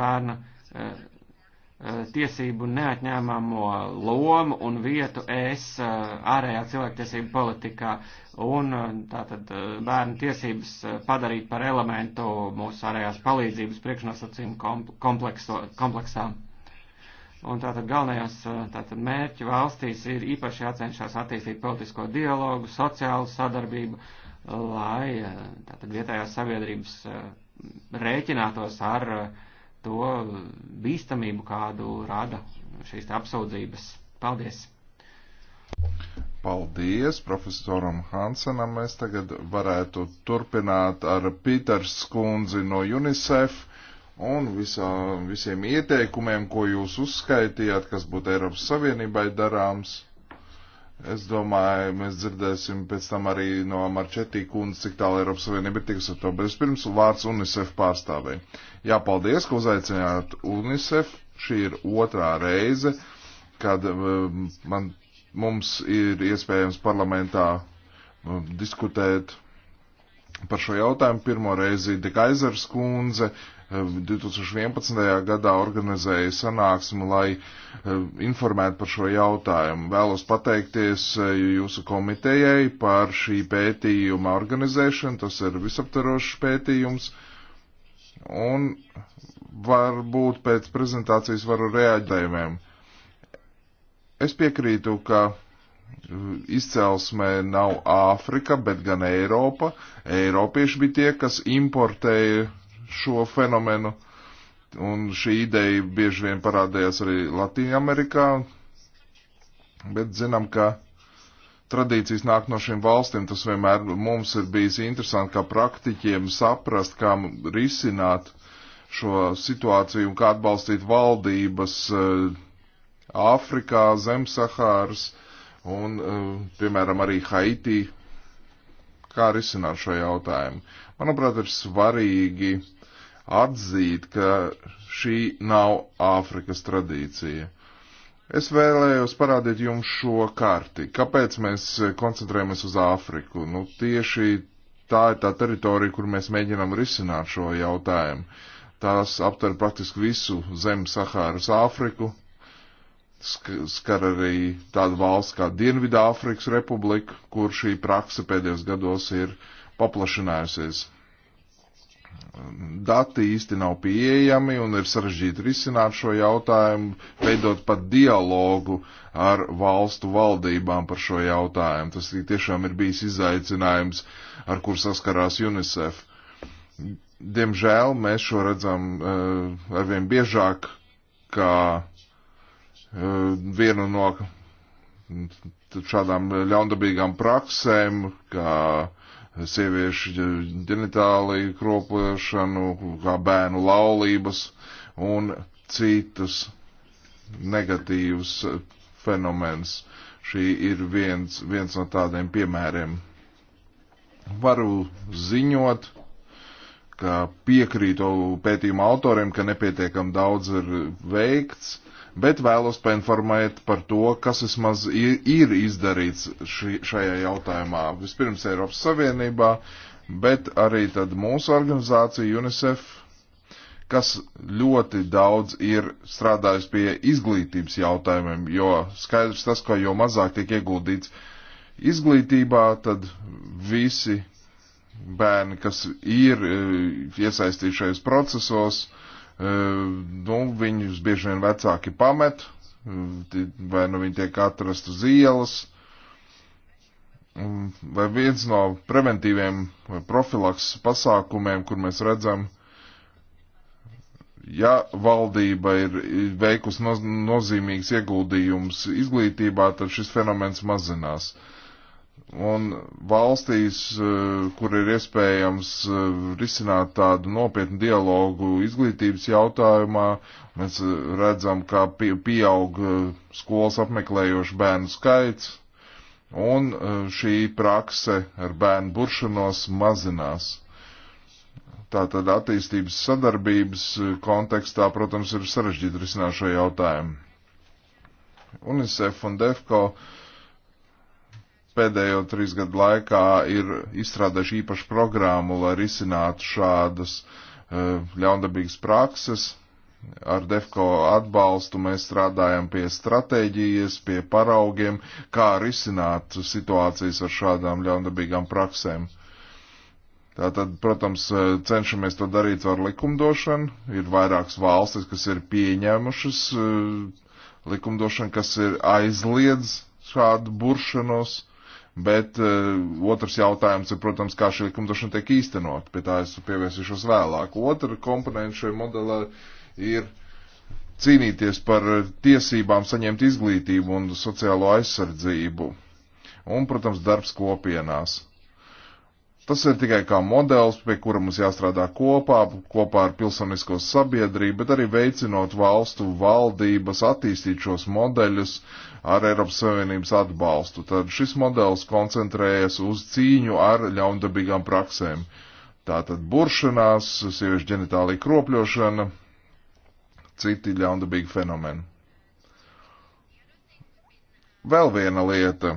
bērna uh, uh, tiesību neatņēmamo lomu un vietu es ārējā cilvēktiesību politikā un tātad bērnu tiesības padarīt par elementu mūsu ārējās palīdzības priekšnosacījumu kompleksā. Un tātad galvenajās tātad mērķi valstīs ir īpaši jācenšas attīstīt politisko dialogu, sociālu sadarbību, lai tātad vietējās sabiedrības rēķinātos ar to bīstamību, kādu rada šīs apsūdzības. Paldies! Paldies profesoram Hansenam. Mēs tagad varētu turpināt ar Pīters Skundzi no UNICEF un visā, visiem ieteikumiem, ko jūs uzskaitījāt, kas būtu Eiropas Savienībai darāms. Es domāju, mēs dzirdēsim pēc tam arī no Marčetī kundas, cik tālu Eiropas Savienība tiks ar to. Bet vispirms vārds UNICEF pārstāvēji. Jā, paldies, ka uzaicinājāt UNICEF. Šī ir otrā reize, kad um, man, mums ir iespējams parlamentā um, diskutēt par šo jautājumu. Pirmo reizi Dekaizers kundze 2011. Ehm, gadā organizēja sanāksmi, lai ehm, informētu par šo jautājumu. Vēlos pateikties e, jūsu komitejai par šī pētījuma organizēšanu, tas ir visaptarošs pētījums. Un varbūt pēc prezentācijas varu reaģējumiem. Es piekrītu, ka e, izcelsme nav Āfrika, bet gan Eiropa. Eiropieši bija tie, kas importēja šo fenomenu. Un šī ideja bieži vien parādījās arī Latvijā, Amerikā, bet zinām, ka tradīcijas nāk no šīm valstīm. Tas vienmēr mums ir bijis interesanti, kā praktiķiem saprast, kā risināt šo situāciju un kā atbalstīt valdības eh, Āfrikā, Zemsahāras un, eh, piemēram, arī Haitī, kā risināt šo jautājumu. Manuprāt, ir svarīgi atzīt, ka šī nav Āfrikas tradīcija. Es vēlējos parādīt jums šo karti. Kāpēc mēs koncentrējamies uz Āfriku? Nu, tieši tā ir tā teritorija, kur mēs mēģinām risināt šo jautājumu. Tās aptver praktiski visu zem Sahāras Āfriku, skar arī tādu valsts kā Dienvidā Āfrikas Republika, kur šī praksa pēdējos gados ir paplašinājusies dati īsti nav pieejami un ir sarežģīti risināt šo jautājumu, veidot pat dialogu ar valstu valdībām par šo jautājumu. Tas tiešām ir bijis izaicinājums, ar kur saskarās UNICEF. Diemžēl mēs šo redzam uh, arvien biežāk, kā uh, vienu no šādām ļaundabīgām praksēm, kā uh, sieviešu ģenitāliju kropošanu, kā bērnu laulības un citus negatīvus fenomens. Šī ir viens, viens no tādiem piemēriem. Varu ziņot, ka piekrītu pētījuma autoriem, ka nepietiekam daudz ir veikts bet vēlos painformēt par to, kas vismaz ir izdarīts ši, šajā jautājumā. Vispirms Eiropas Savienībā, bet arī tad mūsu organizācija UNICEF, kas ļoti daudz ir strādājusi pie izglītības jautājumiem, jo skaidrs tas, ka jo mazāk tiek ieguldīts izglītībā, tad visi bērni, kas ir e, iesaistījušies procesos, uh, Ehm, nu, viņus bieži vien vecāki pamet, eh, vai nu viņi tiek atrast uz ielas, vai viens no preventīviem vai profilaks pasākumiem, kur mēs redzam, ja valdība ir veikus nozīmīgs ieguldījums izglītībā, tad šis fenomens mazinās. Uh, Un valstīs, eh, kur ir iespējams eh, risināt tādu nopietnu dialogu izglītības jautājumā, mēs eh, redzam, ka pieaug skolas apmeklējošu bērnu skaits, un šī prakse ar bērnu buršanos mazinās. Tātad attīstības sadarbības kontekstā, protams, ir sarežģīti risināt šo jautājumu. UNICEF un DEFCO uh, pēdējo trīs gadu laikā ir izstrādājuši īpašu programmu, lai risinātu šādas eh, ļaundabīgas prakses. Ar DEFCO atbalstu mēs strādājam pie stratēģijas, pie paraugiem, kā risināt situācijas ar šādām ļaundabīgām praksēm. Tātad, protams, eh, cenšamies to darīt ar likumdošanu. Ir vairākas valstis, kas ir pieņēmušas eh, likumdošanu, kas ir aizliedz šādu buršanos bet uh, otrs jautājums ir, protams, kā šī likumdošana tiek īstenot, pie tā es pievērsīšos vēlāk. Otra komponenta šajā modelā ir cīnīties par tiesībām saņemt izglītību un sociālo aizsardzību. Un, protams, darbs kopienās. Tas ir tikai kā modelis, pie kura mums jāstrādā kopā, kopā ar pilsonisko sabiedrību, bet arī veicinot valstu valdības attīstīt šos modeļus, uh, ar Eiropas Savienības atbalstu. Tad šis modelis koncentrējas uz cīņu ar ļaundabīgām praksēm. Tātad buršanās, sieviešu ģenitālija kropļošana, citi ļaundabīgi fenomeni. Vēl viena lieta,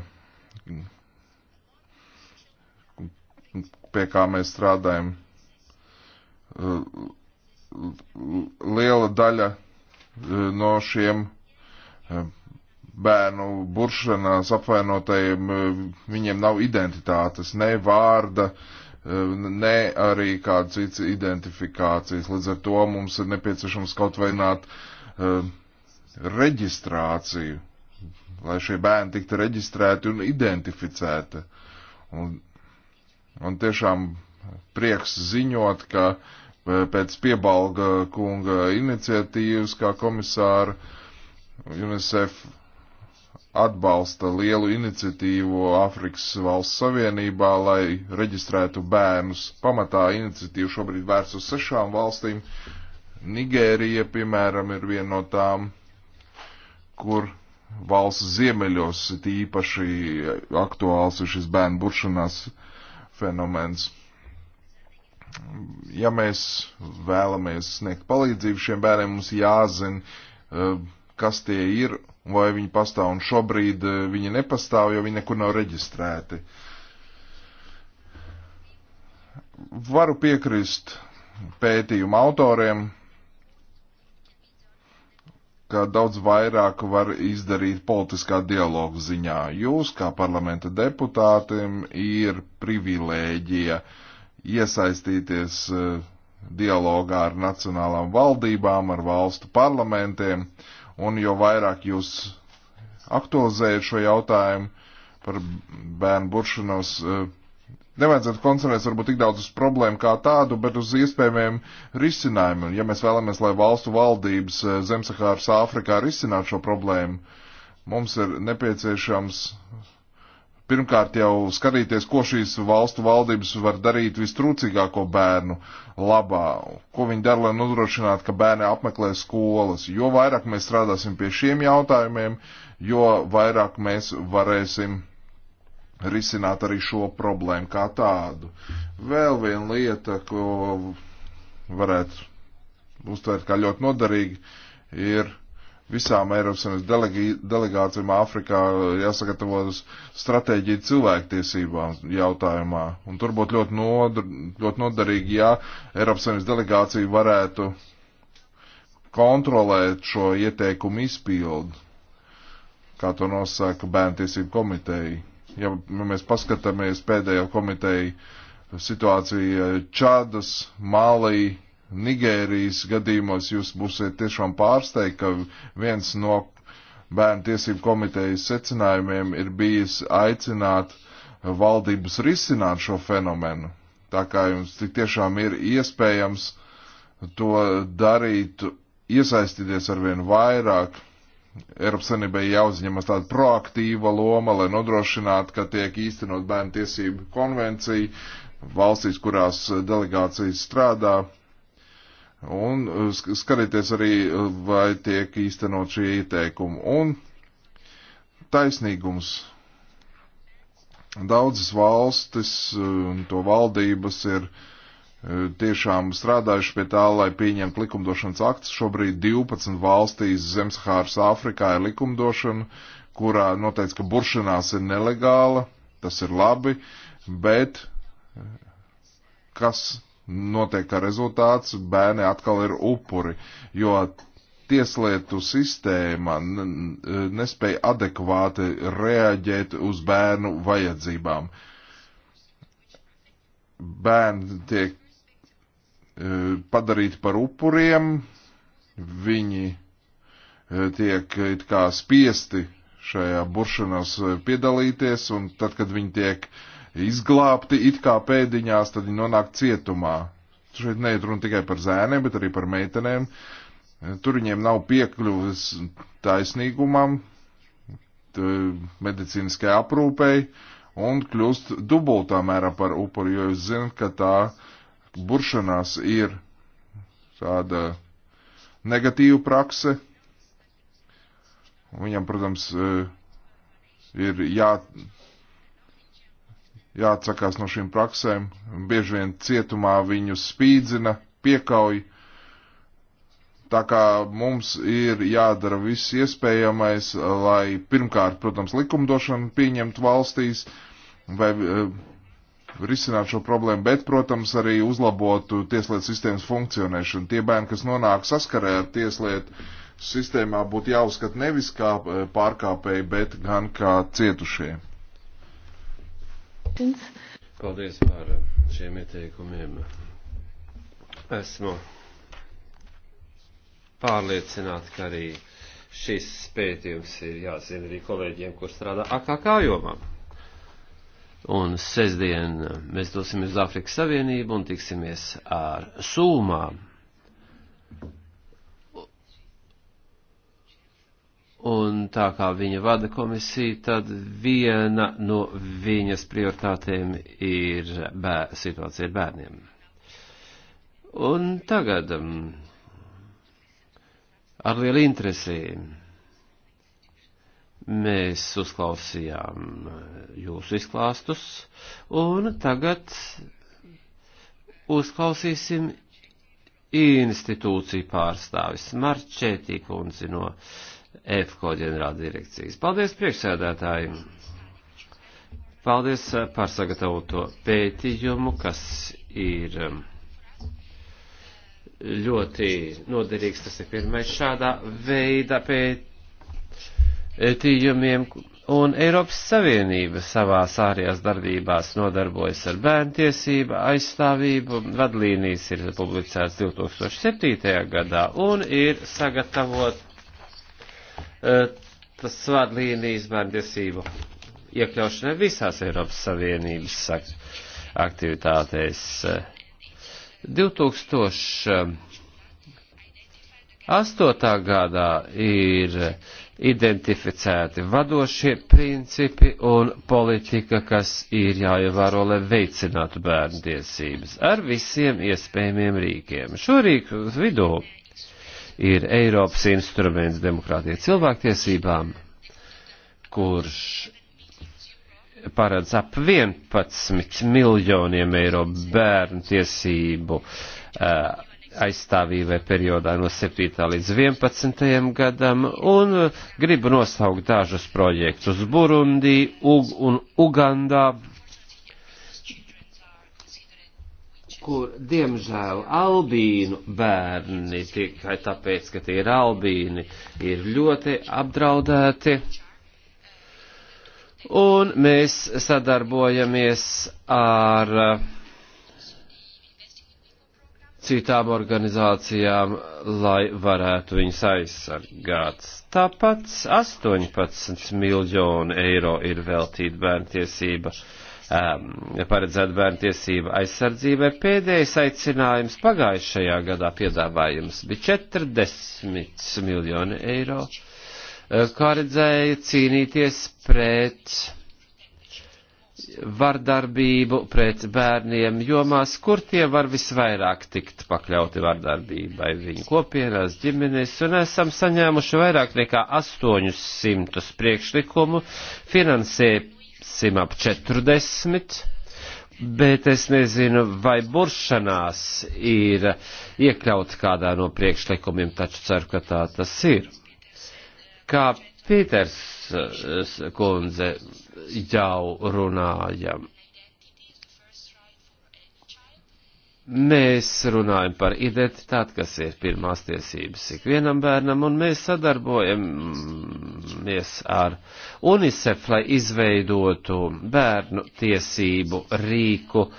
pie kā mēs strādājam. Liela daļa no šiem bērnu buršanās apvainotajiem, e, viņiem nav identitātes, ne vārda, e, ne arī kādas cits identifikācijas. Līdz ar to mums ir nepieciešams kaut vai nāt uh, e, reģistrāciju, lai šie bērni tiktu reģistrēti un identificēti. Un, un tiešām prieks ziņot, ka pēc piebalga kunga iniciatīvas kā komisāra UNICEF atbalsta lielu iniciatīvu Afrikas valsts savienībā, lai reģistrētu bērnus. Pamatā iniciatīva šobrīd vērsts uz sešām valstīm. Nigērija, piemēram, ir viena no tām, kur valsts ziemeļos tīpaši aktuāls ir šis bērnu buršanās fenomens. Ja mēs vēlamies sniegt palīdzību šiem bērniem, mums jāzina, eh, kas tie ir vai viņi pastāv, un šobrīd eh, viņi nepastāv, jo viņi nekur nav reģistrēti. Varu piekrist pētījuma autoriem, ka daudz vairāk var izdarīt politiskā dialogu ziņā. Jūs, kā parlamenta deputātiem, ir privilēģija iesaistīties eh, dialogā ar nacionālām valdībām, ar valstu parlamentiem, uh, un jo vairāk jūs aktualizējat šo jautājumu par bērnu buršanos, eh, nevajadzētu koncentrēties varbūt tik daudz uz problēmu kā tādu, bet uz iespējamiem risinājumiem. Ja mēs vēlamies, lai valstu valdības eh, Zemsahāras Āfrikā risinātu šo problēmu, mums ir nepieciešams pirmkārt jau skatīties, ko šīs valstu valdības var darīt vistrūcīgāko bērnu labā, ko viņi dara, lai nodrošinātu, ka bērni apmeklē skolas. Jo vairāk mēs strādāsim pie šiem jautājumiem, jo vairāk mēs varēsim risināt arī šo problēmu kā tādu. Vēl viena lieta, ko varētu uztvērt kā ļoti noderīgi, ir visām Eiropas Savienības delegācijām Āfrikā jāsagatavo stratēģija cilvēktiesībām jautājumā. Un tur būtu ļoti, nodr, ļoti noderīgi, ja Eiropas Savienības delegācija varētu kontrolēt šo ieteikumu izpildu, kā to nosaka Bērntiesību komiteja. Ja mēs paskatāmies pēdējo komiteju situāciju Čadas, Malī, Nigērijas gadījumos jūs būsiet tiešām pārsteigti, ka viens no bērnu tiesību komitejas secinājumiem ir bijis aicināt valdības risināt šo fenomenu. Tā kā jums tik tiešām ir iespējams to darīt, iesaistīties arvien vairāk. Eiropas Sanībai jāuzņemas tāda proaktīva loma, lai nodrošinātu, ka tiek īstenot bērnu tiesību konvenciju valstīs, kurās delegācijas strādā, Un eh, skatieties arī, eh, vai tiek īstenot šie ieteikumi. Un taisnīgums. Daudzas valstis eh, un to valdības ir tiešām strādājuši pie tā, lai pieņemtu likumdošanas aktus. Šobrīd 12 valstīs Zemsahāras Āfrikā ir likumdošana, kurā noteikts, ka buršanās ir nelegāla, tas ir labi, bet kas notiek kā rezultāts, bērni atkal ir upuri, jo tieslietu sistēma nespēja adekvāti reaģēt uz bērnu vajadzībām. Bērni tiek e, padarīti par upuriem, viņi e, tiek it kā spiesti šajā buršanos e, piedalīties, un tad, kad viņi tiek uh, izglābti it kā pēdiņās, tad viņi nonāk cietumā. Šeit neiet runa tikai par zēniem, bet arī par meitenēm. Tur viņiem nav piekļuvis taisnīgumam, medicīniskai aprūpei un kļūst dubultā mērā par upuri, jo jūs zinat, ka tā buršanās ir tāda negatīva prakse. Viņam, protams, e, ir jā, jāatsakās no šīm praksēm. Bieži vien cietumā viņus spīdzina, piekauj. Tā kā mums ir jādara viss iespējamais, lai pirmkārt, protams, likumdošanu pieņemtu valstīs vai e, eh, risinātu šo problēmu, bet, protams, arī uzlabotu tieslietu sistēmas funkcionēšanu. Tie bērni, kas nonāk saskarē ar tieslietu sistēmā, būtu jāuzskata nevis kā eh, pārkāpēji, bet gan kā cietušie. Paldies par eh, šiem ieteikumiem. Esmu pārliecināti, ka arī šis pētījums ir jāzina arī kolēģiem, kur strādā AKK jomā. Un sestdien eh, mēs dosimies uz Afrikas Savienību un tiksimies ar Sūmā. Un tā kā viņa vada komisiju, tad viena no viņas prioritātēm ir bēr, situācija ar bērniem. Un tagad um, ar lielu interesi mēs uzklausījām jūsu izklāstus, un tagad uzklausīsim institūciju pārstāvis Marčētī kundzi no. Uh, EFKO ģenerāla direkcijas. Paldies priekšsēdētājiem! Paldies eh, par sagatavoto pētījumu, kas ir eh, ļoti noderīgs. Tas ir pirmais šādā veida pētījumiem. Un Eiropas Savienība savās ārējās darbībās nodarbojas ar bērntiesību aizstāvību. Vadlīnijas ir publicēts 2007. gadā un ir sagatavot Eh, tas svādlīnijas bērntiesību iekļaušanai visās Eiropas Savienības aktivitātēs. 2008. Eh, gadā ir identificēti vadošie principi un politika, kas ir jāievēro, lai veicinātu bērnu tiesības ar visiem iespējamiem rīkiem. Šo rīku vidū ir Eiropas instruments demokrātie cilvēktiesībām, kurš paredz ap 11 miljoniem eiro bērnu tiesību uh, aizstāvībai periodā no 7. līdz 11. gadam, un gribu nosaukt dažus projektus Burundī, Ug un Ugandā, kur, diemžēl, albīnu bērni tikai tāpēc, ka tie ir albīni, ir ļoti apdraudēti. Un mēs sadarbojamies ar eh, citām organizācijām, lai varētu viņus aizsargāt. Tāpat 18 miljonu eiro ir veltīta bērntiesība. tiesība Um, paredzēta bērnu tiesība aizsardzībai. Pēdējais aicinājums pagājušajā gadā piedāvājums bija 40 miljoni eiro, uh, kā redzēja cīnīties pret vardarbību pret bērniem jomās, kur tie var visvairāk tikt pakļauti vardarbībai viņu kopienās, ģimenēs, un esam saņēmuši vairāk nekā 800 priekšlikumu finansēt teiksim, ap 40 bet es nezinu, vai buršanās ir iekļauts kādā no priekšlikumiem, taču ceru, ka tā tas ir. Kā Pīters eh, kundze jau runāja, Mēs runājam par identitāti, kas ir pirmās tiesības ikvienam bērnam, un mēs sadarbojamies ar UNICEF, lai izveidotu bērnu tiesību rīku uh,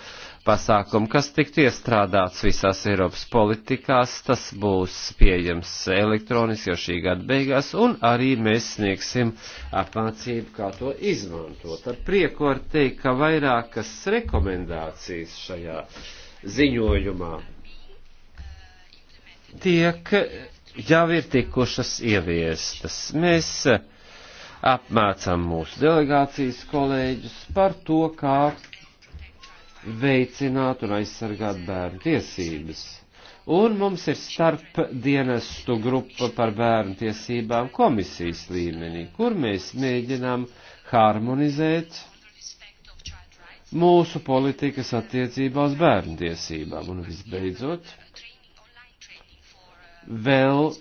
pasākumu, kas tiktu iestrādāts visās Eiropas politikās. Tas būs pieejams elektroniski jau šī gada beigās, un arī mēs sniegsim apmācību, kā to izmantot. Ar prieku var teikt, ka vairākas rekomendācijas šajā ziņojumā tiek jau ir tikušas ieviestas. Mēs eh, apmācām mūsu delegācijas kolēģus par to, kā veicināt un aizsargāt bērnu tiesības. Un mums ir starp dienestu grupa par bērnu tiesībām komisijas līmenī, kur mēs mēģinām harmonizēt mūsu politikas attiecībā uz bērnu tiesībām. Un visbeidzot, vēl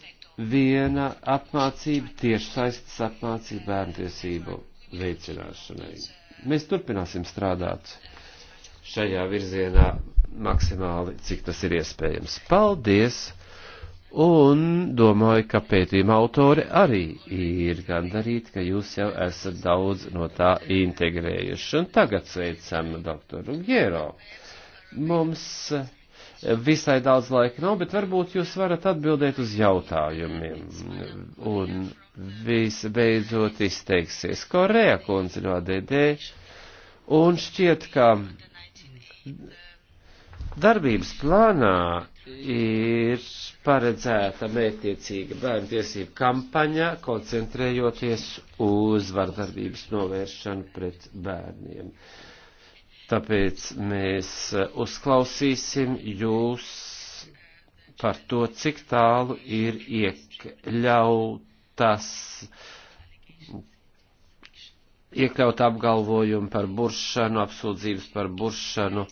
viena apmācība, tiešsaistes apmācība bērnu tiesību veicināšanai. Mēs turpināsim strādāt šajā virzienā maksimāli, cik tas ir iespējams. Paldies! Un domāju, ka pētījuma autori arī ir gandarīti, ka jūs jau esat daudz no tā integrējuši. Un tagad sveicam doktoru Giero. Mums visai daudz laika nav, bet varbūt jūs varat atbildēt uz jautājumiem. Un visbeidzot izteiksies Korea kundze no ADD. Un šķiet, ka Darbības plānā ir paredzēta mērķiecīga bērnu tiesību kampaņa, koncentrējoties uz vardarbības novēršanu pret bērniem. Tāpēc mēs uzklausīsim jūs par to, cik tālu ir iekļautas uh, iekļaut apgalvojumu par buršanu, apsūdzības par buršanu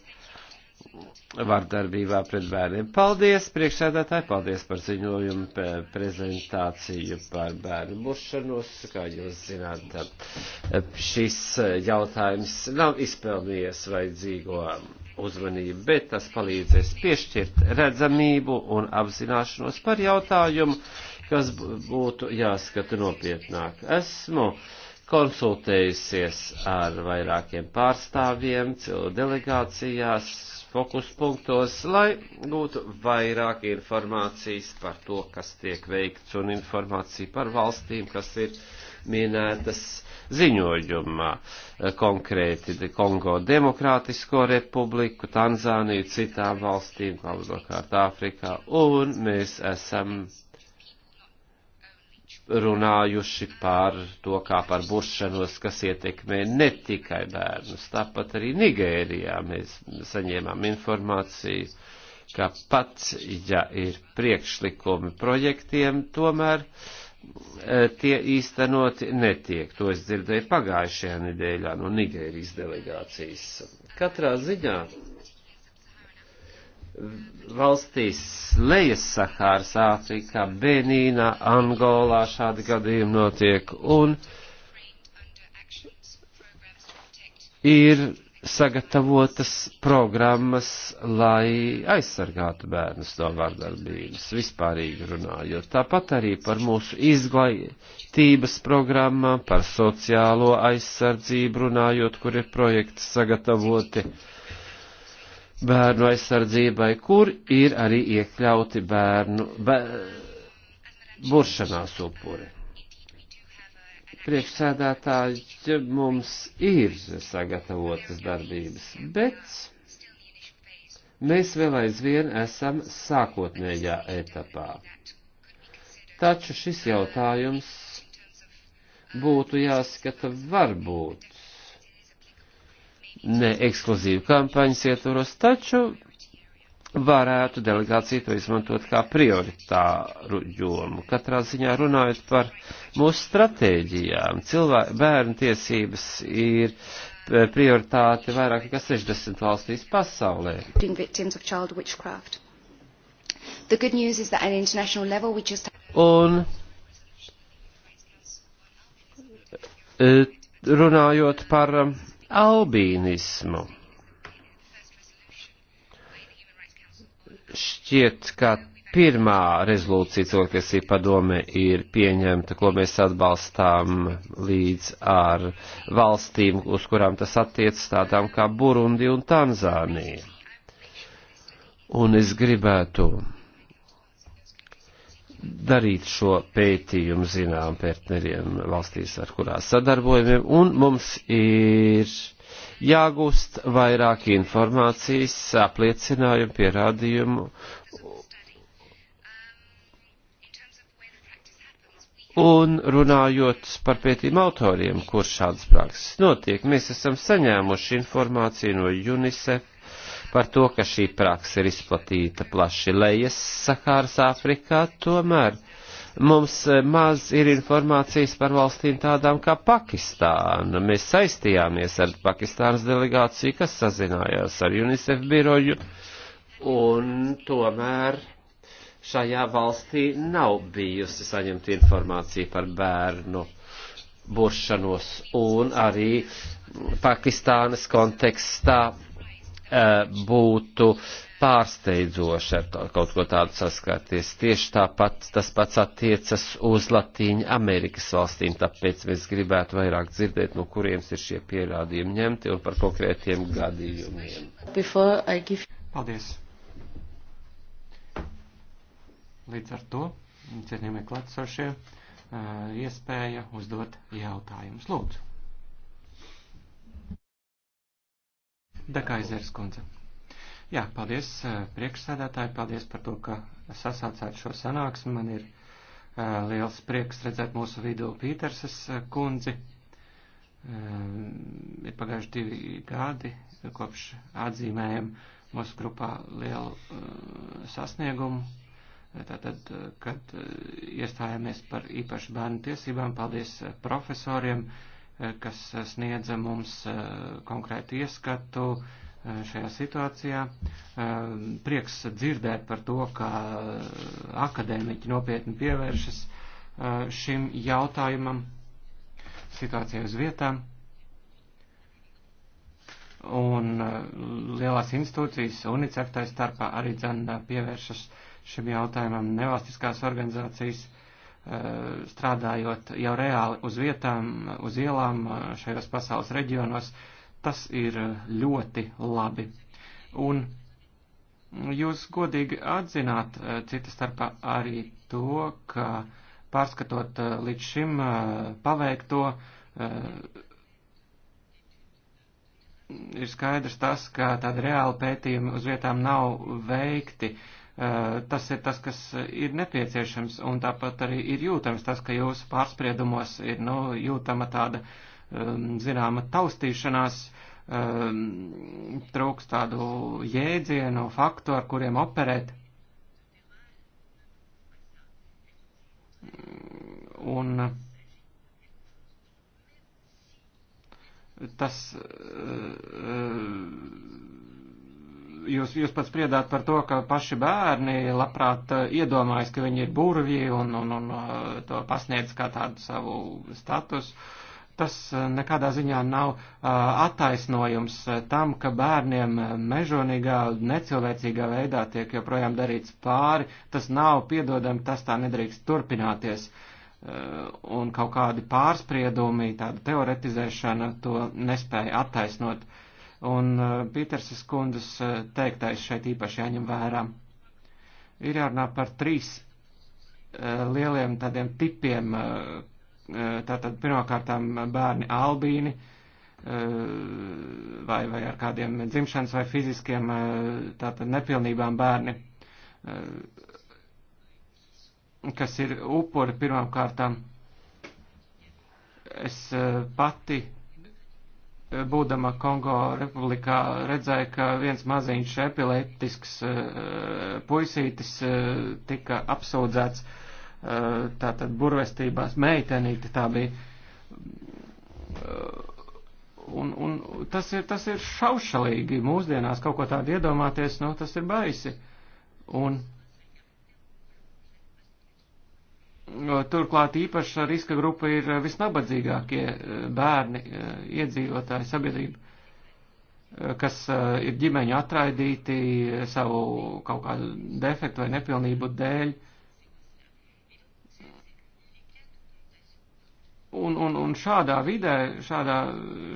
vardarbībā pret bērniem. Paldies, priekšsēdētāji, paldies par ziņojumu, prezentāciju par bērnu buršanos. Kā jūs zināt, šis jautājums nav izpelnījies vajadzīgo uzmanību, bet tas palīdzēs piešķirt redzamību un apzināšanos par jautājumu, kas būtu jāskata nopietnāk. Esmu. Nu, konsultējusies ar vairākiem pārstāvjiem, delegācijās, fokus punktos, lai būtu vairāk informācijas par to, kas tiek veikts un informācija par valstīm, kas ir minētas ziņojumā. Konkrēti Kongo Demokrātisko republiku, Tanzāniju, citām valstīm, galvenokārt Āfrikā, un mēs esam runājuši par to kā par buršanos, kas ietekmē ne tikai bērnus. Tāpat arī Nigērijā mēs saņēmām informāciju, ka pat, ja ir priekšlikumi projektiem, tomēr e, tie īstenoti netiek. To es dzirdēju pagājušajā nedēļā no Nigērijas delegācijas. Katrā ziņā valstīs lejas Sahāras Āfrikā, Benīnā, Angolā šādi gadījumi notiek un ir sagatavotas programmas, lai aizsargātu bērnus no vardarbības, vispārīgi runājot. Tāpat arī par mūsu izglītības programmām, par sociālo aizsardzību runājot, kur ir projekti sagatavoti. Uh, bērnu aizsardzībai, kur ir arī iekļauti bērnu bēr, buršanās upuri. Priekšsēdētāji mums ir sagatavotas darbības, bet mēs vēl aizvien esam sākotnējā etapā. Taču šis jautājums būtu jāskata varbūt ne ekskluzīvu kampaņas ietvaros, taču varētu delegācija to izmantot kā prioritāru jomu. Katrā ziņā runājot par mūsu stratēģijām, cilvē, bērnu tiesības ir prioritāte vairāk nekā 60 valstīs pasaulē. Just... Un eh, runājot par um, albīnismu. Šķiet, ka pirmā rezolūcija cilvēktiesība padome ir pieņemta, ko mēs atbalstām līdz ar valstīm, uz kurām tas attiec tādām kā Burundi un Tanzānija. Un es gribētu darīt šo pētījumu zinām partneriem valstīs, ar kurās sadarbojamiem, un mums ir jāgūst vairāk informācijas, apliecinājumu, pierādījumu. Un runājot par pētījumu autoriem, kur šādas prakses notiek, mēs esam saņēmuši informāciju no UNICEF, par to, ka šī praksa ir izplatīta plaši lejas Sahāras Āfrikā, tomēr mums eh, maz ir informācijas par valstīm tādām kā Pakistāna. Mēs saistījāmies ar Pakistānas delegāciju, kas sazinājās ar UNICEF biroju, un tomēr šajā valstī nav bijusi saņemta informācija par bērnu buršanos un arī Pakistānas kontekstā Eh, būtu pārsteidzoši ar to, kaut ko tādu saskarties. Tieši tāpat tas pats attiecas uz Latīņu Amerikas valstīm, tāpēc mēs gribētu vairāk dzirdēt, no kuriem ir šie pierādījumi ņemti un par konkrētiem gadījumiem. Give... Paldies! Līdz ar to, cienījamie klātsošie, eh, iespēja uzdot jautājumus. Lūdzu! Dekaizers kundze. Jā, paldies eh, priekšsēdētāji, paldies par to, ka sasācāt šo sanāksmi. Man ir uh, liels prieks redzēt mūsu vidū Pīterses eh, kundzi. Uh, ir pagājuši divi gadi, kopš atzīmējam mūsu grupā lielu uh, sasniegumu. Tātad, kad iestājāmies par īpašu bērnu tiesībām, paldies profesoriem, uh, Eh, kas sniedza mums eh, konkrētu ieskatu eh, šajā situācijā. Prieks dzirdēt par to, ka akadēmiķi nopietni pievēršas šim jautājumam situācijai uz vietām. Un lielās institūcijas, UNICEF tā starpā arī dzen pievēršas šim jautājumam nevalstiskās organizācijas uh, Eh, strādājot jau reāli uz vietām, uz ielām eh, šajos pasaules reģionos, tas ir eh, ļoti labi. Un jūs godīgi atzināt cita starpā arī to, ka pārskatot līdz šim paveikto, ir skaidrs tas, ka tāda reāla pētījuma uz vietām nav veikti. Uh, Eh, tas ir tas, kas ir nepieciešams, un tāpat arī ir jūtams tas, ka jūsu pārspriedumos ir nu, jūtama tāda zināma taustīšanās, trūks tādu jēdzienu, faktu, ar kuriem operēt. Un tas eh, jūs, jūs pats spriedāt par to, ka paši bērni labprāt eh, iedomājas, ka viņi ir burvji un, un, un eh, to pasniedz kā tādu savu statusu. Tas eh, nekādā ziņā nav attaisnojums tam, ka bērniem mežonīgā, necilvēcīgā veidā tiek joprojām darīts pāri. Tas nav piedodami, tas tā nedrīkst turpināties. Un kaut kādi pārspriedumi, tāda teoretizēšana to nespēja attaisnot. Uh, Un uh, Pītersas kundas uh, teiktais šeit īpaši jāņem vērā. Ir jārunā par trīs uh, lieliem tādiem tipiem. Tātad pirmkārtām bērni albīni vai, vai ar kādiem dzimšanas vai fiziskiem tātad nepilnībām bērni, kas ir upuri pirmām kārtām. Es pati būdama Kongo republikā, redzēja, ka viens maziņš epileptisks eh, puisītis eh, tika apsūdzēts eh, tātad burvestībās meitenīti tā bija. Un, un tas, ir, tas ir šaušalīgi mūsdienās kaut ko tādu iedomāties, nu tas ir baisi. Un, uh, Turklāt īpaša riska grupa ir visnabadzīgākie eh, bērni, eh, iedzīvotāji, sabiedrība, eh, kas ir ģimeņu atraidīti savu kaut kādu defektu vai nepilnību dēļ. Un, un, un šādā vidē, šādā,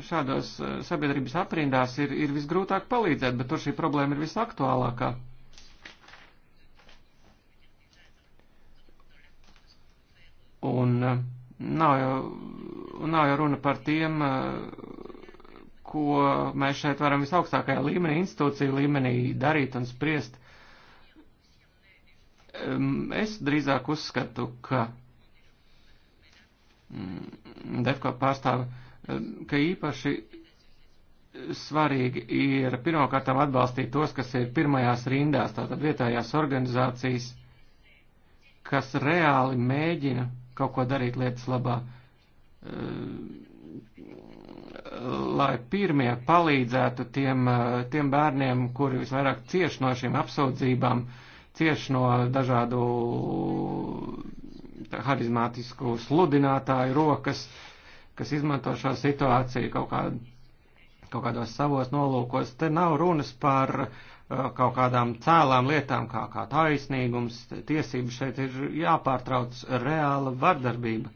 šādos sabiedrības aprindās ir, ir visgrūtāk palīdzēt, bet tur šī problēma ir visaktuālākā. Un eh, nav jau, nav jau runa par tiem, eh, ko mēs šeit varam visaugstākajā līmenī, institūciju līmenī darīt un spriest. Es drīzāk uzskatu, ka mm, DEFCO pārstāvi, ka īpaši svarīgi ir pirmkārtām atbalstīt tos, kas ir pirmajās rindās, tātad vietējās organizācijas, kas reāli mēģina kaut ko darīt lietas labā, lai pirmie palīdzētu tiem, tiem bērniem, kuri visvairāk cieš no šīm apsūdzībām, cieš no dažādu harizmātisku sludinātāju rokas, kas izmanto šo situāciju kaut, kā, kaut kādos savos nolūkos. Te nav runas par uh, kaut kādām cēlām lietām, kā, kā taisnīgums, tiesības šeit ir jāpārtrauc reāla vardarbība.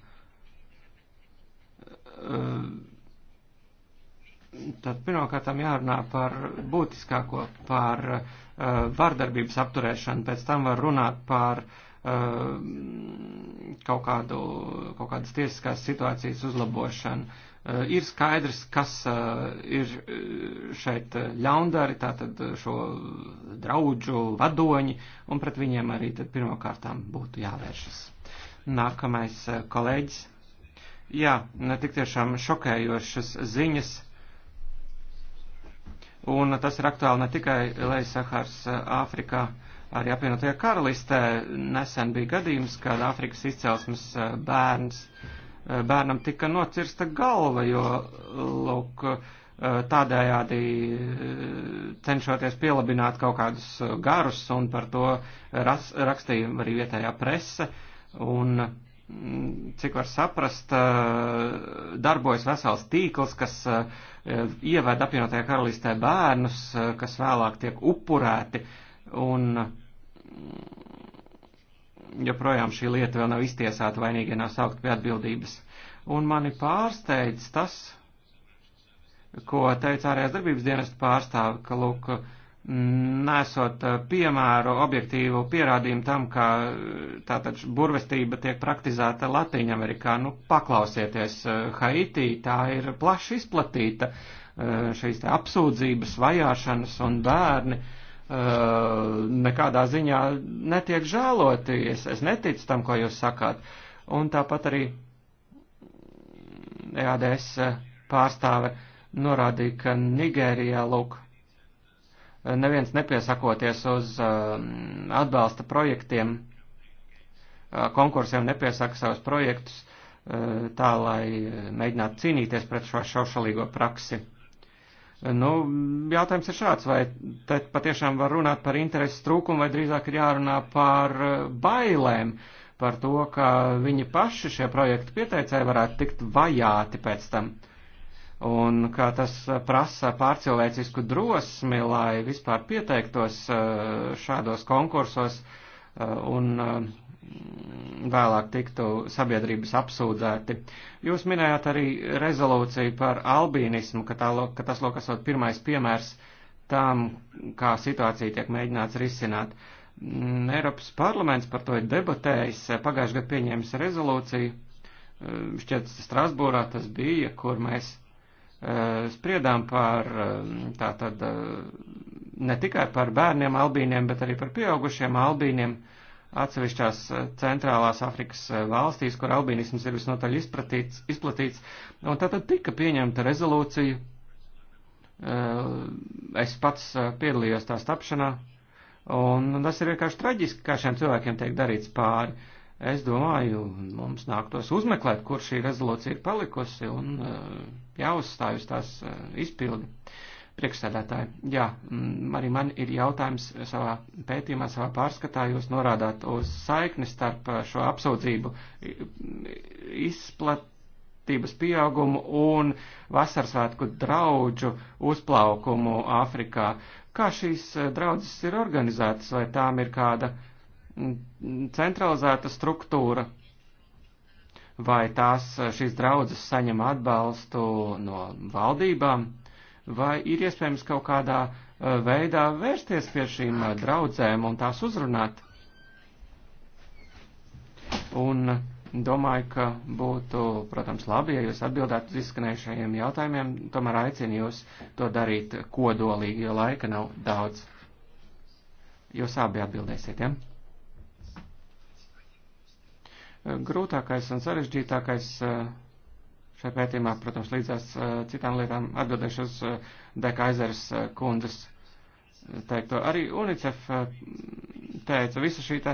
Tad pirmkārtām jārunā par būtiskāko, par uh, vardarbības apturēšanu, pēc tam var runāt par uh, kaut, kādu, kaut kādas tiesiskās situācijas uzlabošanu. Uh, Eh, ir skaidrs, kas eh, ir eh, šeit ļaundari, tātad šo draudžu vadoņi, un pret viņiem arī tad pirmkārtām būtu jāvēršas. Nākamais kolēģis. Jā, tik tiešām šokējošas ziņas. Un tas ir aktuāli ne tikai Leisahars Āfrikā, arī apvienotajā karalistē nesen bija gadījums, kad Āfrikas izcelsmes bērns uh, Eh, bērnam tika nocirsta galva, jo, lūk, eh, tādējādi eh, cenšoties pielabināt kaut kādus garus, un par to ras, rakstīja arī vietējā prese, un, mm, cik var saprast, darbojas vesels tīkls, kas ieved apvienotajā karalistē bērnus, kas vēlāk tiek upurēti, un mm, joprojām šī lieta vēl nav iztiesāta, vainīgie nav saukt pie atbildības. Un mani pārsteidz tas, ko teica ārējās darbības dienesta pārstāve, ka, lūk, nesot eh, piemēru objektīvu pierādījumu tam, ka eh, tātad burvestība tiek praktizēta Latīņamerikā. Nu, paklausieties, eh, Haitī tā ir plaši izplatīta šīs te apsūdzības, vajāšanas un bērni. Uh, Eh, nekādā ziņā netiek žēloti. Es, es neticu tam, ko jūs sakāt. Un tāpat arī EADS pārstāve norādīja, ka Nigērijā, lūk, neviens nepiesakoties uz ehm, atbalsta projektiem, eh, konkursiem nepiesaka savus projektus eh, tā, lai mēģinātu cīnīties pret šo šaušalīgo praksi. Nu, jautājums ir šāds, vai te patiešām var runāt par interesu trūkumu, vai drīzāk ir jārunā par eh, bailēm, par to, ka viņi paši šie projektu pieteicēji varētu tikt vajāti pēc tam. Un kā tas eh, prasa pārcilvēcisku drosmi, lai vispār pieteiktos eh, šādos konkursos un vēlāk tiktu sabiedrības apsūdzēti. Jūs minējāt arī rezolūciju par albīnismu, ka, tā, ka tas lokasot pirmais piemērs tam, kā situācija tiek mēģināts risināt. Mm, Eiropas parlaments par to ir debatējis, pagājuši gadu pieņēmis rezolūciju, mm, šķiet Strasbūrā tas bija, kur mēs eh, spriedām par mm, tātad eh, ne tikai par bērniem albīniem, bet arī par pieaugušiem albīniem. Uh, atsevišķās eh, centrālās Afrikas eh, valstīs, kur albīnisms ir visnotaļ izplatīts, izplatīts. Un tātad tika pieņemta rezolūcija. Eh, es pats piedalījos tā tapšanā. Un tas ir vienkārši traģiski, kā šiem cilvēkiem tiek darīts pāri. Es domāju, mums nāktos uzmeklēt, kur šī rezolūcija ir palikusi un jāuzstāj uz tās izpildi. Priekšsēdētāji, jā, mm, arī man ir jautājums savā pētījumā, savā pārskatā, jūs norādāt uz saikni starp eh, šo apsūdzību izplatības pieaugumu un vasarasvētku draudžu uzplaukumu Āfrikā. Kā šīs eh, draudzes ir organizētas, vai tām ir kāda mm, centralizēta struktūra, vai tās eh, šīs draudzes saņem atbalstu no valdībām? vai ir iespējams kaut kādā eh, veidā vērsties pie šīm eh, draudzēm un tās uzrunāt. Un domāju, ka būtu, protams, labi, ja jūs atbildētu uz izskanējušajiem jautājumiem, tomēr aicinu jūs to darīt kodolīgi, jo laika nav daudz. Jūs abi atbildēsiet, ja? Eh, grūtākais un sarežģītākais uh, šajā pētījumā, protams, līdzās citām lietām atbildēšu uz Dekaizers kundzes teikto. Arī UNICEF teica, visa šī tā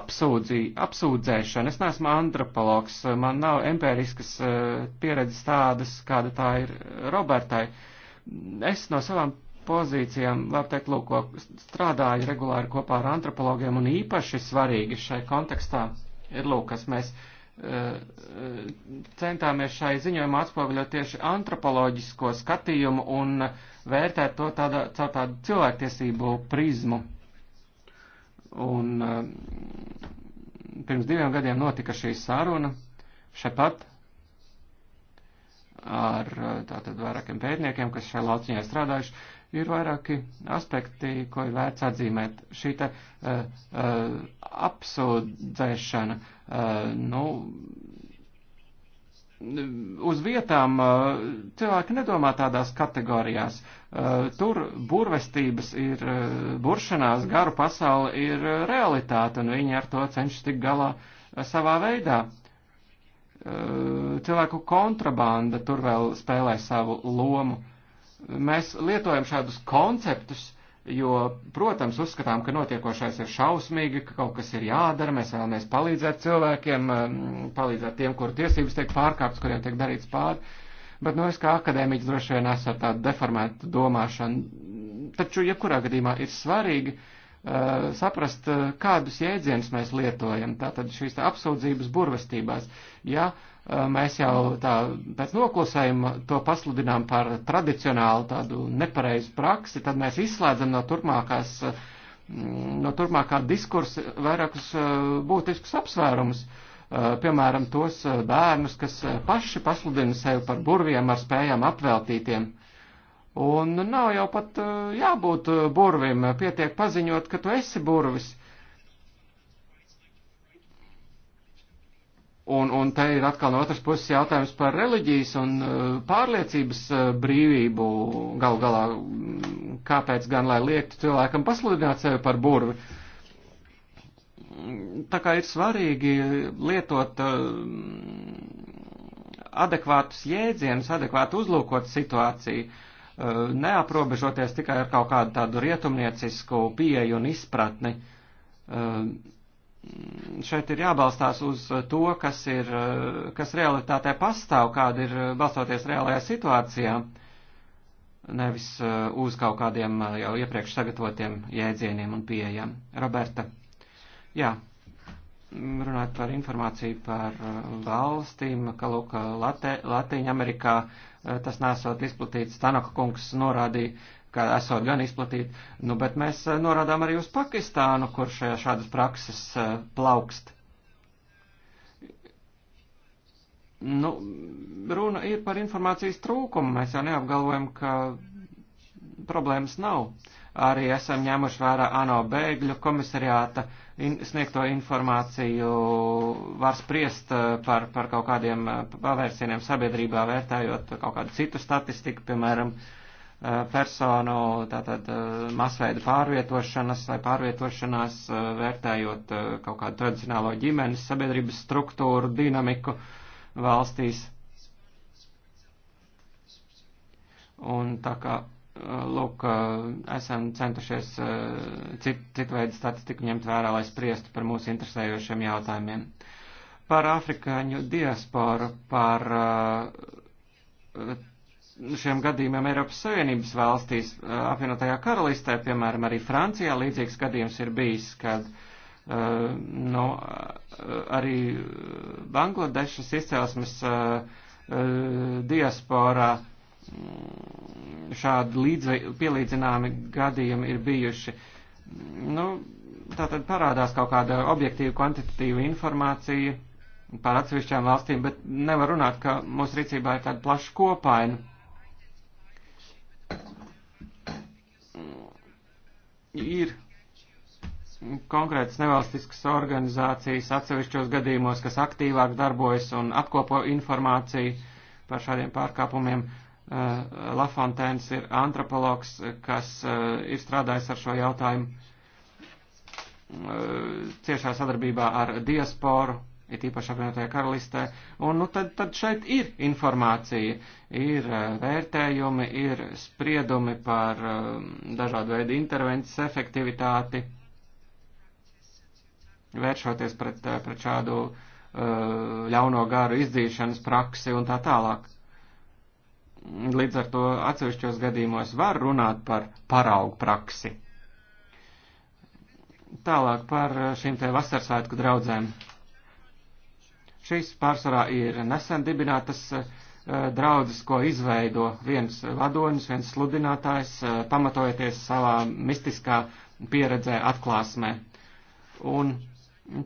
apsūdzī, apsūdzēšana, es neesmu antropologs, man nav empiriskas pieredzes tādas, kāda tā ir Robertai. Es no savām pozīcijām, labi teikt, lūk, strādāju regulāri kopā ar antropologiem un īpaši svarīgi šai kontekstā ir lūk, kas mēs. Uh, centāmies šai ziņojumā atspoguļot tieši antropoloģisko skatījumu un vērtēt to tādā, caur tādu cilvēktiesību prizmu. Un eh, pirms diviem gadiem notika šī saruna šepat ar eh, tātad vairākiem pētniekiem, kas šai lauciņai strādājuši, ir vairāki aspekti, ko ir vērts atzīmēt. Šī te uh, uh, apsūdzēšana, uh, Eh, nu, uz vietām eh, cilvēki nedomā tādās kategorijās. Eh, tur burvestības ir buršanās, garu pasauli ir realitāte, un viņi ar to cenšas tik galā savā veidā. Cilvēku kontrabanda tur vēl spēlē savu lomu. Mēs lietojam šādus konceptus, jo, protams, uzskatām, ka notiekošais ir šausmīgi, ka kaut kas ir jādara, mēs vēlamies palīdzēt cilvēkiem, mm, palīdzēt tiem, kuru tiesības tiek pārkāptas, kuriem tiek darīts pāri. Bet, nu, es kā akadēmiķis droši vien esmu ar tādu deformētu domāšanu. Taču, jebkurā ja gadījumā ir svarīgi uh, saprast, uh, kādus jēdzienus mēs lietojam. Tātad šīs tā, apsūdzības burvestībās. Ja uh, Eh, mēs jau tā pēc noklusējuma to pasludinām par tradicionālu tādu nepareizu praksi, tad mēs izslēdzam no turpmākās, mm, no turpmākā diskursa vairākus eh, būtiskus apsvērumus. Eh, piemēram, tos bērnus, kas paši pasludina sevi par burviem ar spējām apveltītiem. Un nav jau pat jābūt burvim, pietiek paziņot, ka tu esi burvis. Uh, Un, un te ir atkal no otras puses jautājums par reliģijas un uh, pārliecības uh, brīvību gal galā. Mm, kāpēc gan, lai liektu cilvēkam pasludināt sevi par burvi? Tā kā ir svarīgi lietot uh, adekvātus jēdzienus, adekvāti uzlūkot situāciju, neaprobežoties tikai ar kaut kādu tādu rietumniecisku pieeju un izpratni šeit ir jābalstās uz uh, to, kas ir, uh, kas realitātē pastāv, kāda ir uh, balstoties reālajā situācijā, nevis uz kaut kādiem jau iepriekš sagatavotiem jēdzieniem un pieejām. Roberta, jā, runājot par informāciju par valstīm, ka, lūk, Latīņa Amerikā tas nesot izplatīts, Tanaka kungs norādīja, ka esot gan izplatīti, nu, bet mēs eh, norādām arī uz Pakistānu, kur šajā šādas prakses eh, plaukst. Nu, runa ir par informācijas trūkumu, mēs jau neapgalvojam, ka problēmas nav. Arī esam ņēmuši vērā ANO bēgļu komisariāta in, sniegto informāciju, var spriest eh, par, par kaut kādiem pavērsieniem sabiedrībā, vērtējot kaut kādu citu statistiku, piemēram, uh, Eh, personu tātad eh, masveida pārvietošanas vai pārvietošanās eh, vērtējot kaut kādu tradicionālo ģimenes sabiedrības struktūru, dinamiku valstīs. Un tā kā, lūk, esam centušies citu cit veidu statistiku ņemt vērā, lai spriestu par mūsu interesējošiem jautājumiem. Par afrikāņu diasporu, par šiem gadījumiem Eiropas Savienības valstīs, eh, apvienotajā karalistē, piemēram, arī Francijā līdzīgs gadījums ir bijis, kad nu, arī Bangladešas izcelsmes diasporā mm, šādi līdzi, pielīdzināmi gadījumi ir bijuši. Nu, tā tad parādās kaut kāda objektīva, kvantitatīva informācija par atsevišķām valstīm, bet nevar runāt, ka mūsu rīcībā ir tāda plaša kopaina. Nu Ir konkrētas nevalstiskas organizācijas atsevišķos gadījumos, kas aktīvāk darbojas un apkopo informāciju par šādiem pārkāpumiem. Eh, Lafontēns ir antropologs, kas eh, ir strādājis ar šo jautājumu eh, ciešā sadarbībā ar diasporu it īpaši apvienotajā karalistē. Un, nu, tad, tad šeit ir informācija, ir eh, vērtējumi, ir spriedumi par eh, dažādu veidu intervences efektivitāti, vēršoties pret, eh, pret šādu ļauno garu izdzīšanas praksi un tā tālāk. Līdz ar to atsevišķos gadījumos var runāt par paraugu praksi. Tālāk par šīm te vasarsvētku draudzēm. Šīs pārsvarā ir nesen dibinātas eh, draudzes, ko izveido viens vadonis, viens sludinātājs, eh, pamatojoties savā mistiskā pieredzē atklāsmē. Un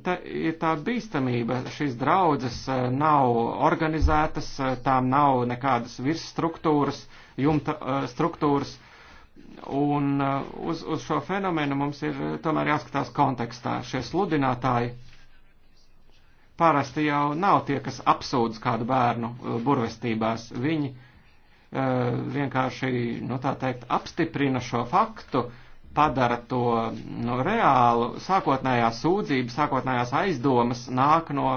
Te ir tā bīstamība, šīs draudzes eh, nav organizētas, tām nav nekādas virsstruktūras, jumta struktūras, un uz, uz šo fenomenu mums ir tomēr jāskatās kontekstā. Šie sludinātāji parasti jau nav tie, kas apsūdz kādu bērnu uh, burvestībās. Viņi uh, vienkārši, nu tā teikt, apstiprina šo faktu, padara to nu, reālu. Sākotnējā sūdzība, sākotnējās aizdomas nāk no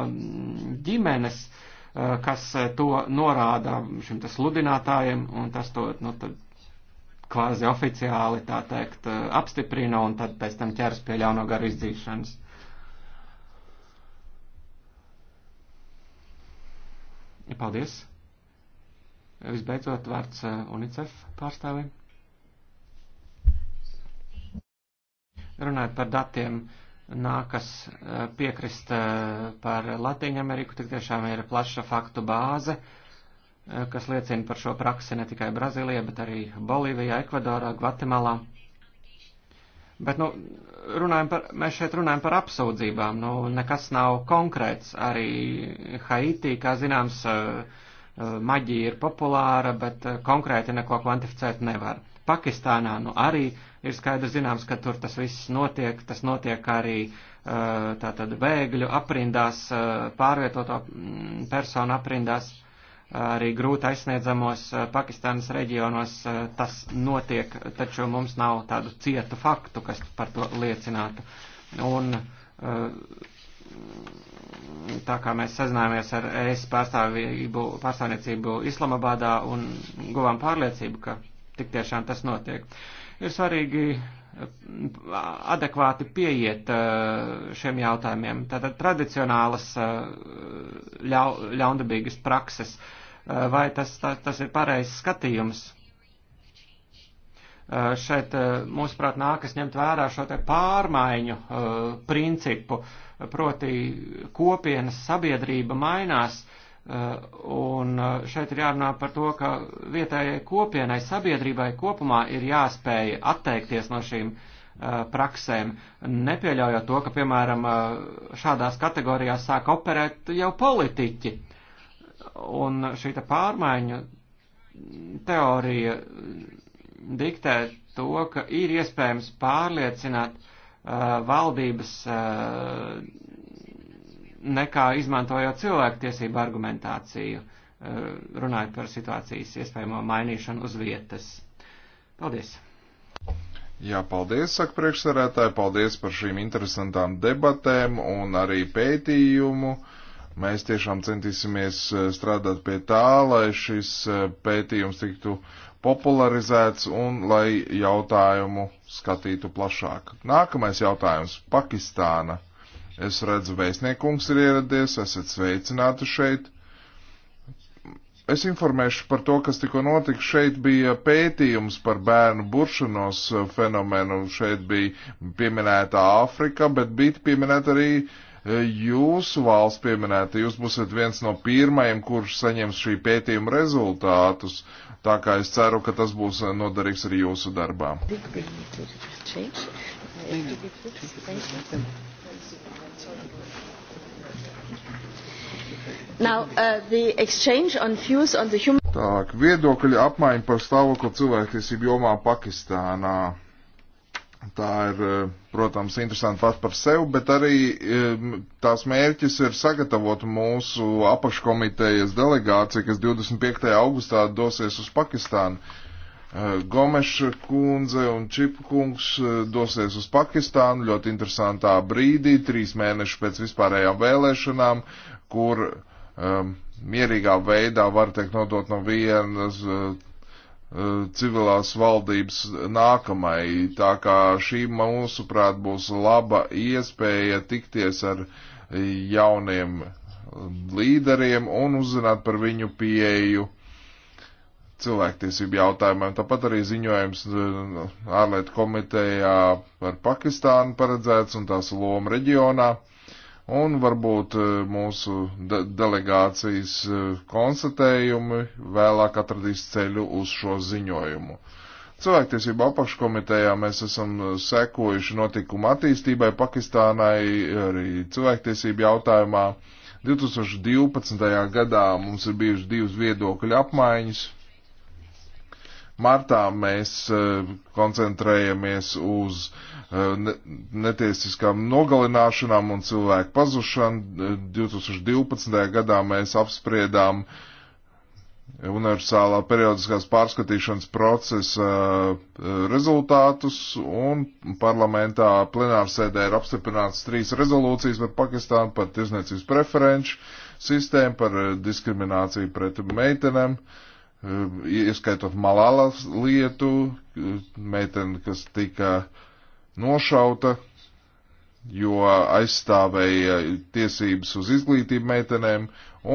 ģimenes, uh, kas uh, to norāda šim te sludinātājiem, un tas to, nu tad kvazi oficiāli, tā teikt, uh, apstiprina, un tad pēc tam ķers pie ļauno garu izdzīšanas. Paldies! Visbeidzot, vārds eh, UNICEF pārstāvim. Runājot par datiem, nākas eh, piekrist eh, par Latīņu Ameriku, tik tiešām ir plaša faktu bāze, kas liecina par šo praksi ne tikai Brazīlijā, bet arī Bolīvijā, Ekvadorā, Gvatemalā. Bet, nu, runājam par, mēs šeit runājam par apsūdzībām, nu, nekas nav konkrēts. Arī Haitī, kā zināms, eh, eh, maģija ir populāra, bet eh, konkrēti neko kvantificēt nevar. Pakistānā, nu, arī ir skaidrs zināms, ka tur tas viss notiek, tas notiek arī tātad bēgļu aprindās, pārvietoto mm, personu aprindās arī grūti aizsniedzamos eh, Pakistānas reģionos eh, tas notiek, taču mums nav tādu cietu faktu, kas par to liecinātu. Un eh, tā kā mēs sazinājāmies ar ES pārstāvniecību Islamabādā un guvām pārliecību, ka tik tiešām tas notiek. Ir svarīgi adekvāti pieiet eh, šiem jautājumiem. Tātad tradicionālas eh, ļau, ļaundabīgas prakses, eh, vai tas, tā, tas ir pareizs skatījums? Šeit, mūsuprāt, nākas ņemt vērā šo te pārmaiņu principu, proti kopienas sabiedrība mainās, uh, Eh, un eh, šeit ir jārunā par to, ka vietējai kopienai, sabiedrībai kopumā ir jāspēj atteikties no šīm eh, praksēm, nepieļaujot to, ka, piemēram, šādās kategorijās sāk operēt jau politiķi. Un šī pārmaiņu teorija diktē to, ka ir iespējams pārliecināt uh, valdības uh, nekā izmantojot cilvēktiesību argumentāciju, eh, runājot par situācijas iespējamo mainīšanu uz vietas. Paldies! Jā, paldies, saka priekšsarētāji, paldies par šīm interesantām debatēm un arī pētījumu. Mēs tiešām centīsimies eh, strādāt pie tā, lai šis eh, pētījums tiktu popularizēts un lai jautājumu skatītu plašāk. Nākamais jautājums - Pakistāna. Es redzu, vēstniekungs ir ieradies, esat sveicināti šeit. Es informēšu par to, kas tikko notika. Šeit bija pētījums par bērnu buršanos fenomenu. Šeit bija pieminēta Āfrika, bet bija pieminēta arī e, jūsu valsts pieminēta. Jūs būsiet viens no pirmajiem, kurš saņems šī pētījuma rezultātus. Tā kā es ceru, ka tas būs noderīgs arī jūsu darbā. Thank you. Now, uh, the exchange on views on the human... Так, viedokļu apmaiņa par stāvokli cilvēktiesību jomā Pakistānā. Tā ir, uh, protams, interesanti pat par sevi, bet arī um, tās mērķis ir sagatavot mūsu apaškomitejas delegāciju, kas 25. augustā dosies uz Pakistānu. Uh, Gomeša kundze un Čipa kungs uh, dosies uz Pakistānu ļoti interesantā brīdī, trīs mēneši pēc vispārējām vēlēšanām, kur uh, um, mierīgā veidā var teikt nodot no vienas uh, uh, civilās valdības nākamai. Tā kā šī, mūsuprāt, būs laba iespēja tikties ar jauniem līderiem un uzzināt par viņu pieeju cilvēktiesību jautājumiem. Tāpat arī ziņojums uh, ārlietu komitejā par Pakistānu paredzēts un tās lomu reģionā un varbūt e, mūsu de delegācijas e, konstatējumi vēlāk atradīs ceļu uz šo ziņojumu. Cilvēktiesība apakškomitejā mēs esam e, sekojuši notikumu attīstībai Pakistānai, arī cilvēktiesību jautājumā. 2012. gadā mums ir bijuši divas viedokļu apmaiņas Martā mēs e, koncentrējamies uz e, netiesiskām nogalināšanām un cilvēku pazušanu. 2012. E, gadā mēs apspriedām universālā periodiskās pārskatīšanas procesa rezultātus, un parlamentā plenārsēdē ir apstiprināts trīs rezolūcijas par Pakistānu, par tirzniecības preferenču sistēmu, par diskrimināciju pret meitenēm. Uh, Eh, ieskaitot Malālas lietu, meiteni, kas tika nošauta, jo aizstāvēja tiesības uz izglītību meitenēm,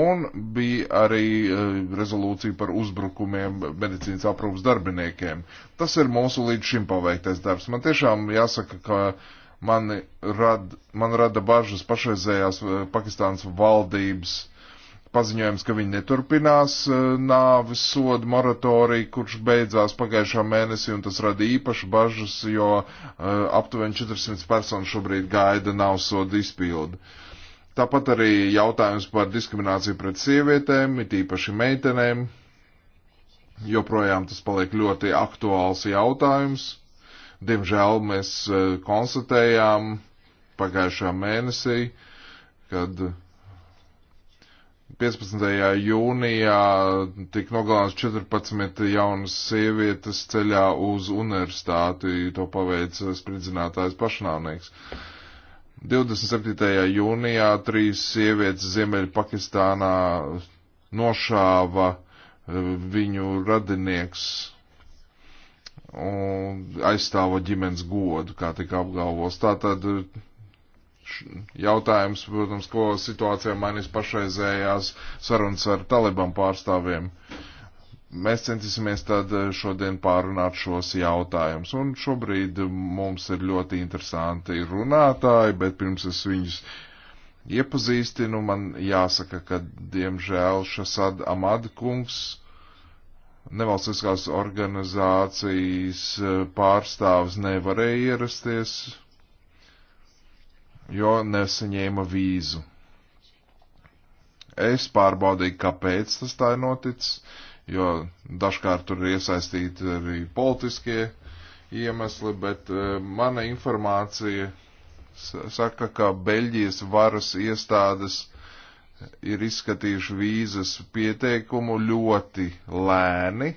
un bija arī eh, rezolūcija par uzbrukumiem medicīnas aprūpas darbiniekiem. Tas ir mūsu līdz šim paveiktais darbs. Man tiešām jāsaka, ka man, rad, man rada bažas pašreizējās eh, Pakistānas valdības uh, paziņojums, ka viņi neturpinās e, nāvis sodu moratoriju, kurš beidzās pagājušā mēnesī, un tas rada īpaši bažas, jo uh, aptuveni 400 personu šobrīd gaida nāvis sodu izpildi. Tāpat arī jautājums par diskrimināciju pret sievietēm, it īpaši meitenēm. Joprojām tas paliek ļoti aktuāls jautājums. Diemžēl mēs uh, konstatējām pagājušā mēnesī, kad uh, 15. jūnijā tika nogalināts 14 jaunas sievietes ceļā uz universitāti, to paveica spridzinātājs pašnāvnieks. 27. jūnijā trīs sievietes Ziemeļpakistānā nošāva eh, viņu radinieks un aizstāva ģimenes godu, kā tika apgalvos. Tātad Jautājums, protams, ko situācijā mainīs pašreizējās sarunas ar Taliban pārstāvjiem. Mēs centīsimies tad eh, šodien pārunāt šos jautājumus. Un šobrīd mums ir ļoti interesanti runātāji, bet pirms es viņus iepazīstinu, man jāsaka, ka diemžēl Šasad Amad kungs nevalstiskās organizācijas eh, pārstāvs nevarēja ierasties jo nesaņēma vīzu. Es pārbaudīju, kāpēc tas tā ir noticis, jo dažkārt tur ir iesaistīti arī politiskie iemesli, bet eh, mana informācija saka, ka Beļģijas varas iestādes ir izskatījuši vīzas pieteikumu ļoti lēni,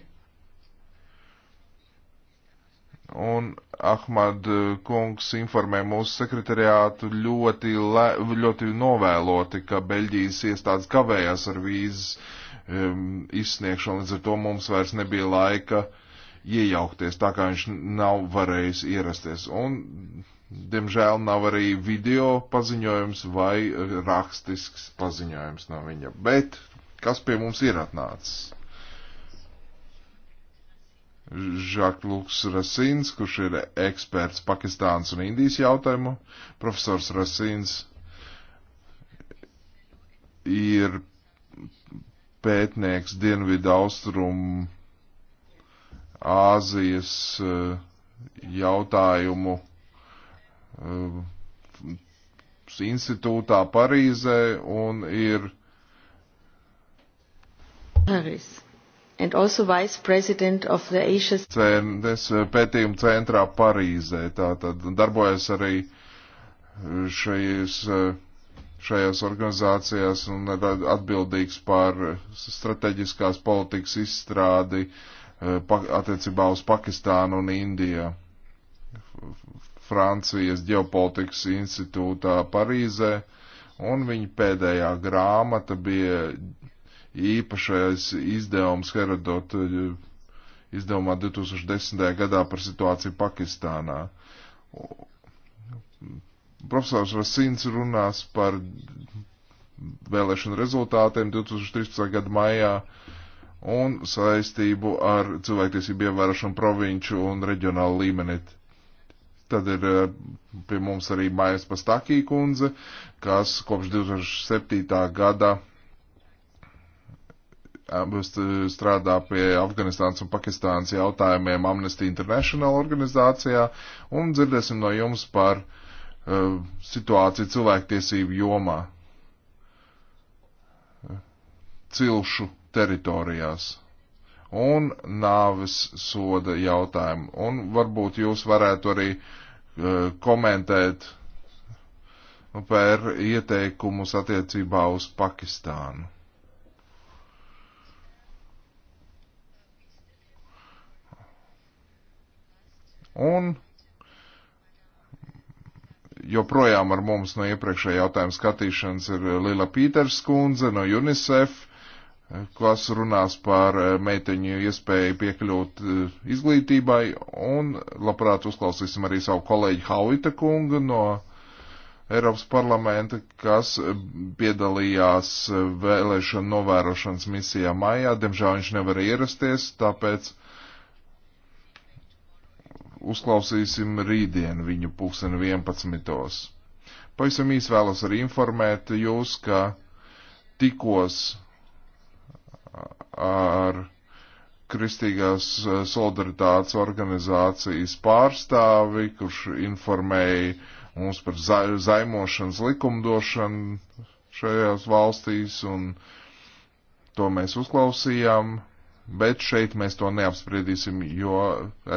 un Ahmad eh, kungs informē mūsu sekretariātu ļoti, le, ļoti novēloti, ka Beļģijas iestādes kavējās ar vīzes um, izsniegšanu, līdz ar to mums vairs nebija laika iejaukties, tā kā viņš nav varējis ierasties. Un, diemžēl, nav arī video paziņojums vai rakstisks paziņojums no viņa, bet kas pie mums ir atnācis? Žakluks Rasins, kurš ir eksperts Pakistāns un Indijas jautājumu. Profesors Rasins ir pētnieks Dienvidu austrumu Āzijas eh, jautājumu eh, institūtā Parīzē un ir. Paris and also vice president of the Asia CMDS uh, pētījuma centrā Parīzē. Tātad darbojas arī uh, šajās, uh, šajās organizācijās un atbildīgs par strateģiskās politikas izstrādi attiecībā uz Pakistānu un Indiju. Francijas ģeopolitikas institūtā Parīzē, un viņa pēdējā grāmata bija īpašais izdevums Herodot eh, izdevumā 2010. gadā par situāciju Pakistānā. Profesors Rasins runās par vēlēšanu rezultātiem 2013. gada maijā un saistību ar cilvēktiesību ievērošanu provinču un reģionālu līmeni. Tad ir eh, pie mums arī Mājas Pastakī kundze, kas kopš 2007. gada strādā pie Afganistānas un Pakistānas jautājumiem Amnesty International organizācijā, un dzirdēsim no jums par uh, situāciju cilvēktiesību jomā cilšu teritorijās un nāves soda jautājumu. Un varbūt jūs varētu arī uh, komentēt nu, par ieteikumus attiecībā uz Pakistānu. un joprojām ar mums no iepriekšējā jautājuma skatīšanas ir Lila Pīters kundze no UNICEF, kas runās par eh, meiteņu iespēju piekļūt eh, izglītībai, un labprāt uzklausīsim arī savu kolēģi Hauita kungu no Eiropas parlamenta, kas eh, piedalījās vēlēšanu novērošanas misijā maijā. Diemžēl viņš nevar ierasties, tāpēc uzklausīsim rītdien viņu pulksten 11. Pavisam īsi vēlos arī informēt jūs, ka tikos ar Kristīgās solidaritātes organizācijas pārstāvi, kurš informēja mums par za zaimošanas likumdošanu šajās valstīs, un to mēs uzklausījām bet šeit mēs to neapspriedīsim, jo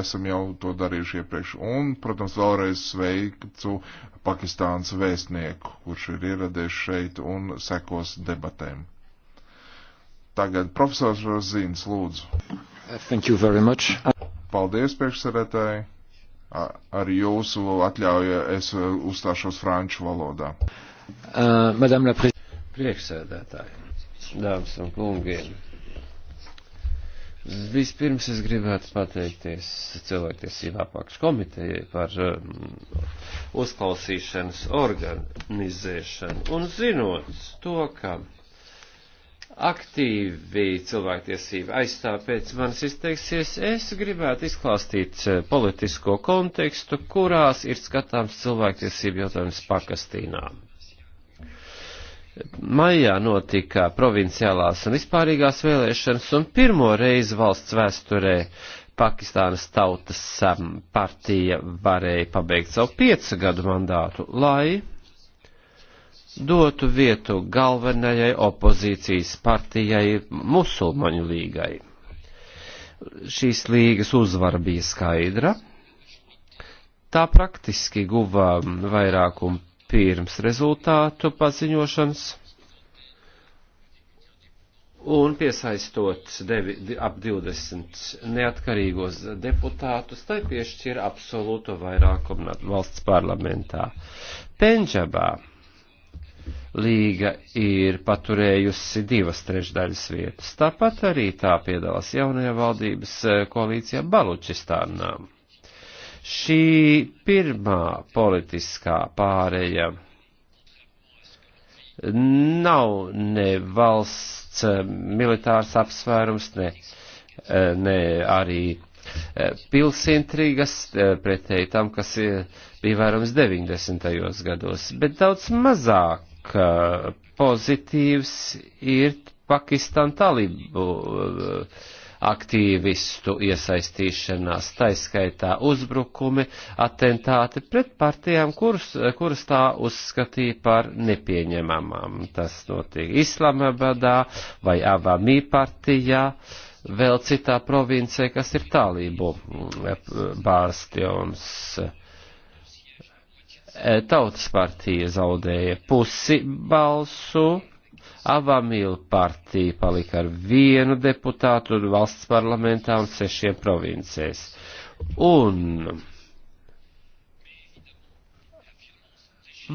esam jau to darījuši iepriekš. Un, protams, vēlreiz sveicu Pakistānas vēstnieku, kurš ir ieradies šeit un sekos debatēm. Tagad profesors Rozīns, lūdzu. Thank you very much. Paldies, priekšsarētāji. Ar jūsu atļauju es uh, uzstāšos franču valodā. Uh, Madame la Priekšsēdētāji, dāmas un kungi. Vispirms es gribētu pateikties cilvēktiesību apakškomitejai par um, uzklausīšanas organizēšanu un zinot to, ka aktīvi cilvēktiesība aizstāv pēc manis izteiksies, es gribētu izklāstīt uh, politisko kontekstu, kurās ir skatāms cilvēktiesību jautājums pakastīnām. Maijā notika provinciālās un vispārīgās vēlēšanas, un pirmo reizi valsts vēsturē Pakistānas tautas um, partija varēja pabeigt savu piecu gadu mandātu, lai dotu vietu galvenajai opozīcijas partijai musulmaņu līgai. Šīs līgas uzvara bija skaidra, tā praktiski guva um, vairākumu pirms rezultātu paziņošanas un piesaistot devi, ap 20 neatkarīgos deputātus, tai piešķir absolūto vairākumu valsts parlamentā. Pendžabā līga ir paturējusi divas trešdaļas vietas, tāpat arī tā piedalās jaunajā valdības eh, koalīcijā Balučistānām. Šī pirmā politiskā pāreja nav ne valsts eh, militārs apsvērums, ne, eh, ne arī eh, pilsintrīgas pretēji tam, kas bija vairums 90. gados, bet daudz mazāk pozitīvs ir Pakistan talibu uh, aktīvistu iesaistīšanās, taiskaitā uzbrukumi, atentāti pret partijām, kuras, kuras tā uzskatīja par nepieņemamām. Tas notiek Islamabadā vai Abamī partijā, vēl citā provincē, kas ir tālību mm, bārstions. E, tautas partija zaudēja pusi balsu Avamīla partija palika ar vienu deputātu un valsts parlamentā un sešiem provincēs. Un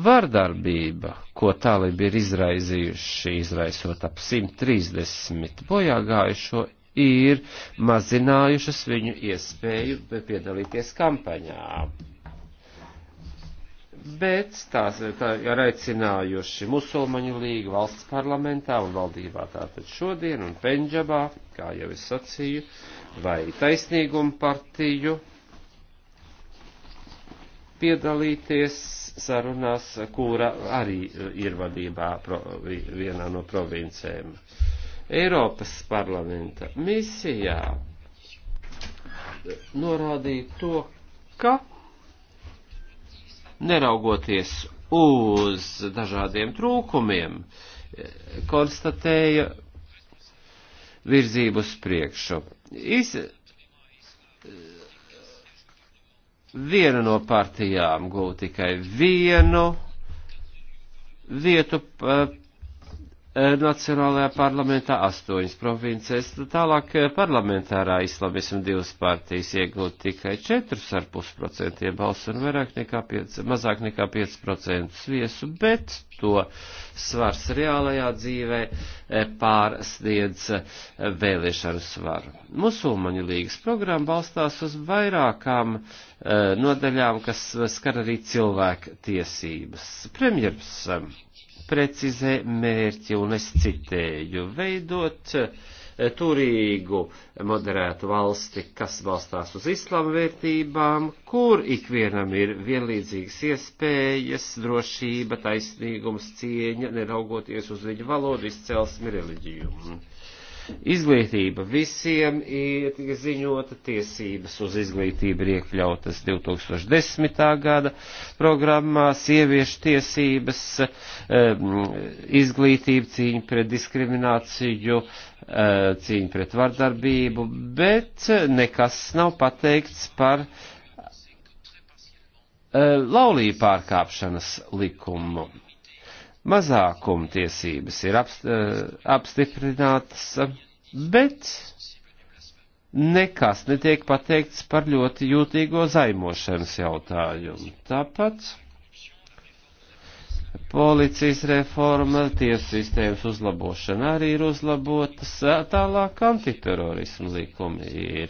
vardarbība, ko talibi ir izraizījuši, izraisot ap 130 bojā gājušo, ir mazinājušas viņu iespēju piedalīties kampaņā bet tās tā, ir aicinājuši musulmaņu līgu valsts parlamentā un valdībā tātad šodien un Pendžabā, kā jau es sacīju, vai taisnīgumu partiju piedalīties sarunās, kura arī e, ir vadībā pro, vienā no provincēm. Eiropas parlamenta misijā norādīja to, ka neraugoties uz dažādiem trūkumiem, konstatēja virzību uz priekšu. Iz... Viena no partijām gūta tikai vienu vietu Eh, Nacionālajā parlamentā astoņas provinces, tālāk eh, parlamentārā islamismu divas partijas iegūt tikai 4,5% balsu un vairāk nekā 5, mazāk nekā 5% viesu, bet to svars reālajā dzīvē eh, pārsniedz vēlēšanu svaru. Musulmaņu līgas programma balstās uz vairākām uh, nodaļām, kas skar arī cilvēku tiesības. Premjers precizē mērķi, un es citēju, veidot eh, turīgu moderētu valsti, kas balstās uz islāma vērtībām, kur ikvienam ir vienlīdzīgas iespējas, drošība, taisnīgums, cieņa, neraugoties uz viņu valodu, izcelsmi, reliģiju. Izglītība visiem ir ziņota, tiesības uz izglītību ir iekļautas 2010. gada programmā, sieviešu tiesības, izglītība, cīņa pret diskrimināciju, eh, cīņa pret vardarbību, bet nekas nav pateikts par eh, laulību pārkāpšanas likumu mazākumtiesības ir apst, eh, apstiprinātas, bet nekas netiek pateikts par ļoti jūtīgo zaimošanas jautājumu. Tāpat policijas reforma, tiesu sistēmas uzlabošana arī ir uzlabotas, eh, tālāk antiterorismu likumi ir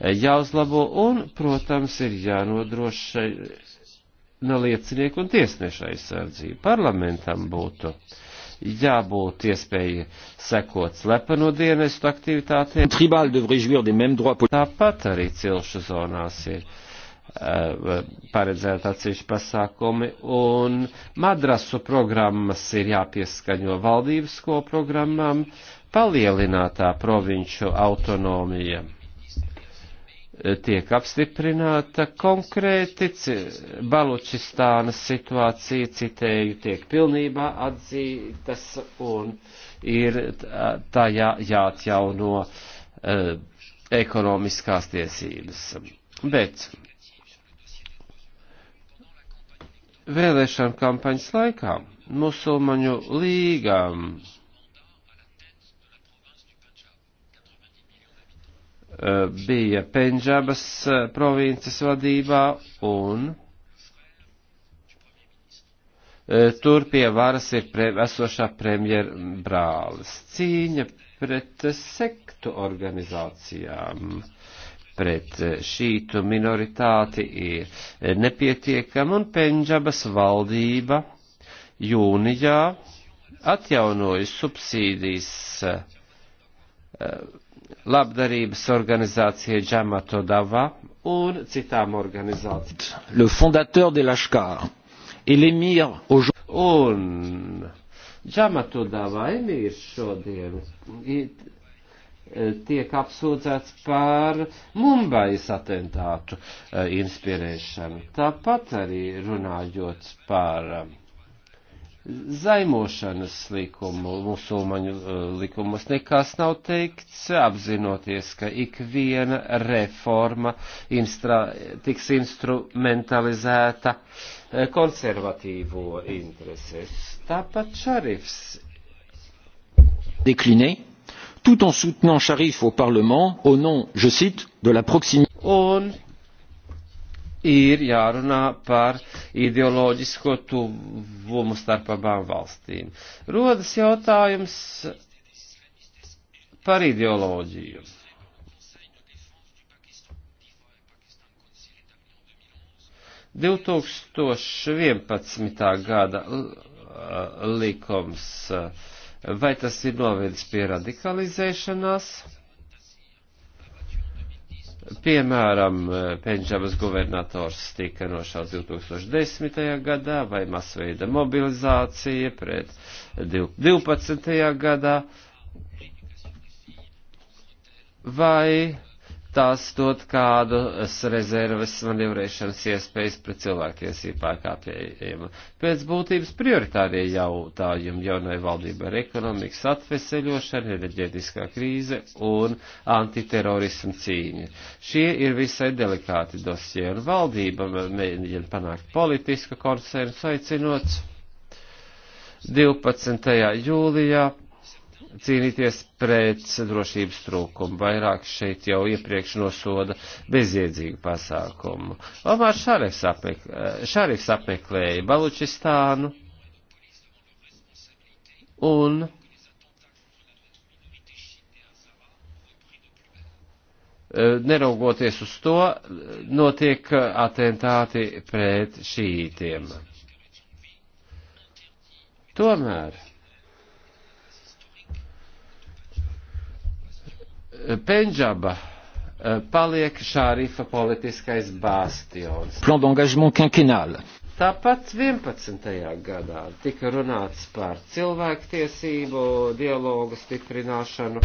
eh, jāuzlabo un, protams, ir jānodrošina no liecinieku un tiesneša aizsardzību. Parlamentam būtu jābūt iespēja sekot slepeno dienestu aktivitātēm. Tāpat arī cilšu zonās ir eh, paredzēt atsevišķi pasākumi, un madrasu programmas ir jāpieskaņo valdības ko programmām, palielinātā provinču autonomija tiek apstiprināta konkrēti Balučistānas situācija, citēju, tiek pilnībā atzītas un ir tajā jāatjauno uh, ekonomiskās tiesības. Bet vēlēšanu kampaņas laikā musulmaņu līgām Eh, bija Pendžabas eh, provinces vadībā un eh, tur pie varas ir pre, esošā premjera brālis. Cīņa pret sektu organizācijām pret šītu minoritāti ir nepietiekama un Pendžabas valdība jūnijā atjaunoja subsīdijas labdarības organizācija Džamato Dava un citām organizācijām. Le fondateur de l'Ashkar et l'émir un Džamato Dava emīrs šodien tiek apsūdzēts par Mumbais atentātu e, inspirēšanu. Tāpat arī runājot par zaimošanas likumu, musulmaņu eh, likumus. Nekās nav teikts, apzinoties, ka ikviena reforma instra, tiks instrumentalizēta eh, konservatīvo intereses. Tāpat šarifs. Deklinē, tout en soutenant Sharif au Parlement au nom, je cite, de la proximité. Un ir jārunā par ideoloģisko tuvumu starp abām valstīm. Rodas jautājums par ideoloģiju. Divtūkstoši vienpadsmitā gada likums, vai tas ir novedis pie radikalizēšanās? Piemēram, eh, Pendžabas guvernators tika nošauts 2010. gadā vai masveida mobilizācija pret 12. gadā vai tās dot kādas rezerves manevrēšanas iespējas pret cilvēktiesību pārkāpējiem. Pēc būtības prioritārie jautājumi jaunai valdībai ir ekonomikas atveseļošana, enerģētiskā krīze un antiterorismu cīņa. Šie ir visai delikāti dosie, un valdība mēģina panākt politisku konsensu, aicinot 12. jūlijā cīnīties pret drošības trūkumu. Vairāk šeit jau iepriekš nosoda bezjēdzīgu pasākumu. Omar Šarifs, apmek, eh, Šarifs apmeklēja Balučistānu un eh, neraugoties uz to, notiek atentāti pret šītiem. Tomēr Pendžaba eh, paliek šārifa politiskais bastions. Plan d'engagement quinquennal. Tāpat 11. gadā tika runāts par cilvēktiesību dialogu stiprināšanu,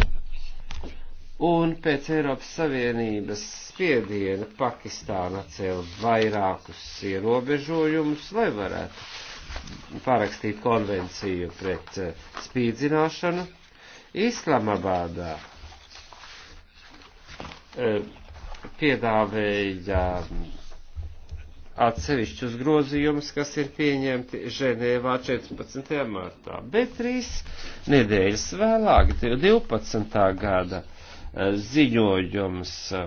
un pēc Eiropas Savienības spiediena Pakistāna cēla vairākus ierobežojumus, lai varētu parakstīt konvenciju pret eh, spīdzināšanu. Islamabādā E, piedāvēja atsevišķus grozījumus, kas ir pieņemti Ženēvā 14. martā, bet trīs nedēļas vēlāk, 12. gada e, ziņojums e,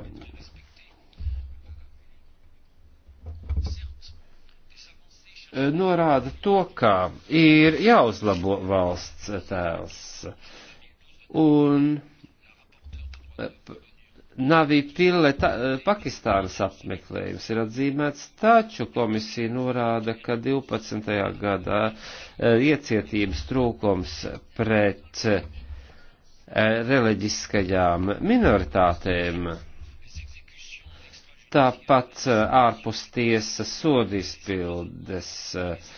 norāda to, ka ir jāuzlabo valsts tēls. Un Navī Pille e, Pakistānas apmeklējums ir atzīmēts, taču komisija norāda, ka 12. gadā e, iecietības trūkums pret e, reliģiskajām minoritātēm, tāpat ārpus tiesas sodīspildes, uh,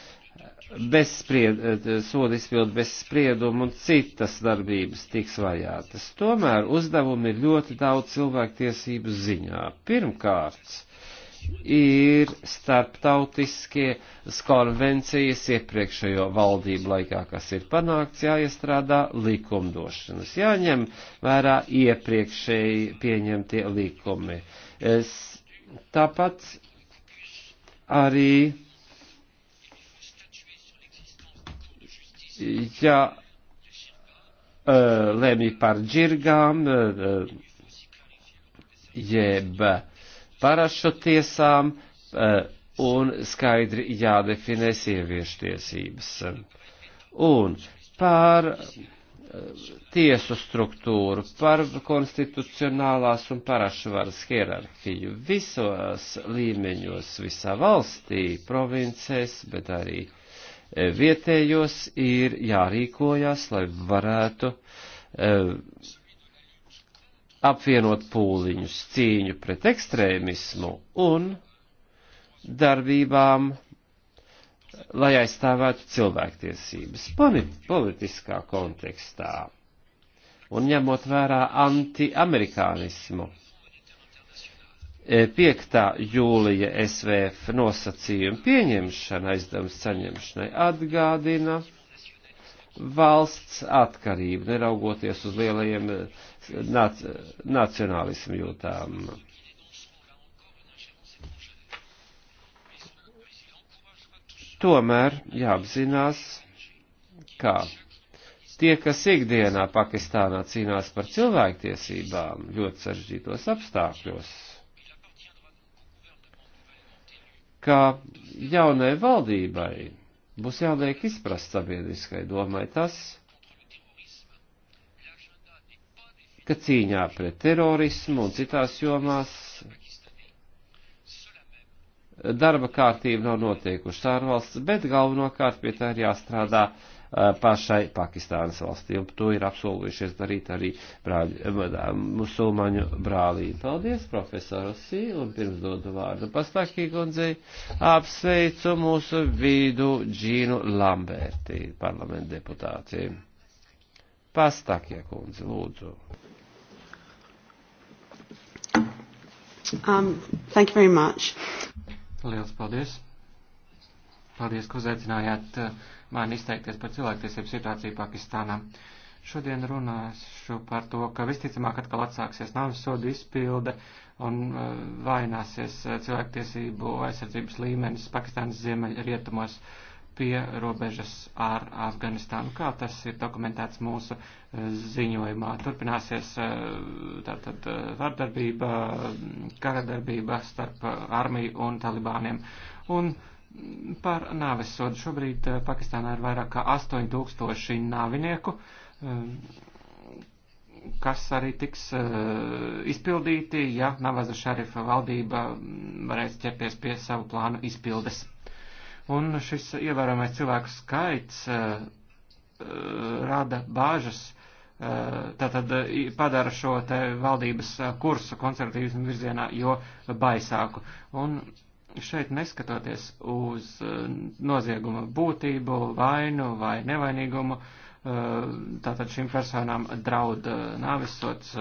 bezspried, eh, sodi izpildu bez spriedumu un citas darbības tiks vajātas. Tomēr uzdevumi ir ļoti daudz cilvēktiesību ziņā. Pirmkārt, ir starptautiskie konvencijas iepriekšējo valdību laikā, kas ir panākts, jāiestrādā likumdošanas, jāņem vērā iepriekšēji pieņemtie likumi. Es, tāpat arī ja e, lemj par džirgām, e, e, jeb parašu tiesām un skaidri jādefinē sieviešu tiesības. Un par tiesu struktūru, par konstitucionālās un parašvaras hierarhiju visos līmeņos, visā valstī, provincēs, bet arī uh, vietējos ir jārīkojas, lai varētu e, apvienot pūliņus cīņu pret ekstrēmismu un darbībām, lai aizstāvētu cilvēktiesības politiskā kontekstā un ņemot vērā anti-amerikānismu 5. E, jūlija SVF nosacījumu pieņemšana aizdevums saņemšanai atgādina valsts atkarību, neraugoties uz lielajiem e, nac nacionālismu jūtām. Tomēr jāapzinās, ka tie, kas ikdienā Pakistānā cīnās par cilvēktiesībām ļoti sarežģītos apstākļos, ka jaunai valdībai būs jāliek izprast sabiedriskai domai tas, ka cīņā pret terorismu un citās jomās darba kārtība nav notiekuši ārvalsts, bet galvenokārt pie tā ir jāstrādā uh, Uh, pašai Pakistānas valstī, un to ir apsolušies darīt arī brāļi, um, um, musulmaņu brālī. Paldies, profesor Sī, un pirms dodu vārdu pastākī kundzei, apsveicu mūsu vidu Džīnu Lamberti, parlamenta deputāciju. Pastākie kundze, lūdzu. Um, thank you very much. Liels paldies. Paldies, ka uzaicinājāt uh, mani izteikties par cilvēktiesību situāciju Pakistānā. Šodien runāšu par to, ka visticamāk atkal atsāksies nāves sodu izpilde un uh, vaināsies uh, cilvēktiesību aizsardzības līmenis Pakistānas ziemeļrietumos pie robežas ar Afganistānu, kā tas ir dokumentēts mūsu uh, ziņojumā. Turpināsies tātad vardarbība, um, karadarbība starp armiju un talibāniem. Un par nāves sodu. Šobrīd eh, Pakistānā ir vairāk kā 8000 nāvinieku, eh, kas arī tiks eh, izpildīti, ja Navaza šarifa valdība varēs ķerties pie savu plānu izpildes. Un šis ievērojamais cilvēku skaits rada bāžas, tātad padara šo te valdības kursu konservatīvismu virzienā jo baisāku. Un šeit neskatoties uz eh, nozieguma būtību, vainu vai nevainīgumu, eh, tātad šīm personām draud eh, nāvisots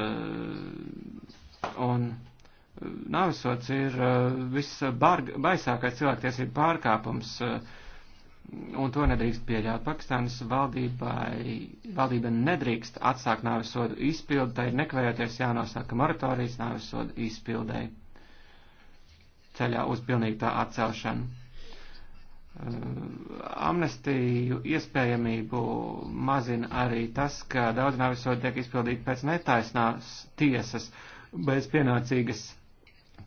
un nāvisots ir visbaisākais cilvēktiesību pārkāpums un to nedrīkst pieļaut. Pakistānas valdībai, valdība nedrīkst atsākt nāvisodu izpildu, tai ir nekavējoties jānosaka moratorijas nāvisodu izpildēji ceļā uz pilnīgi tā atcelšanu. Amnestiju iespējamību mazina arī tas, ka daudz nāvisot tiek izpildīti pēc netaisnās tiesas, bez pienācīgas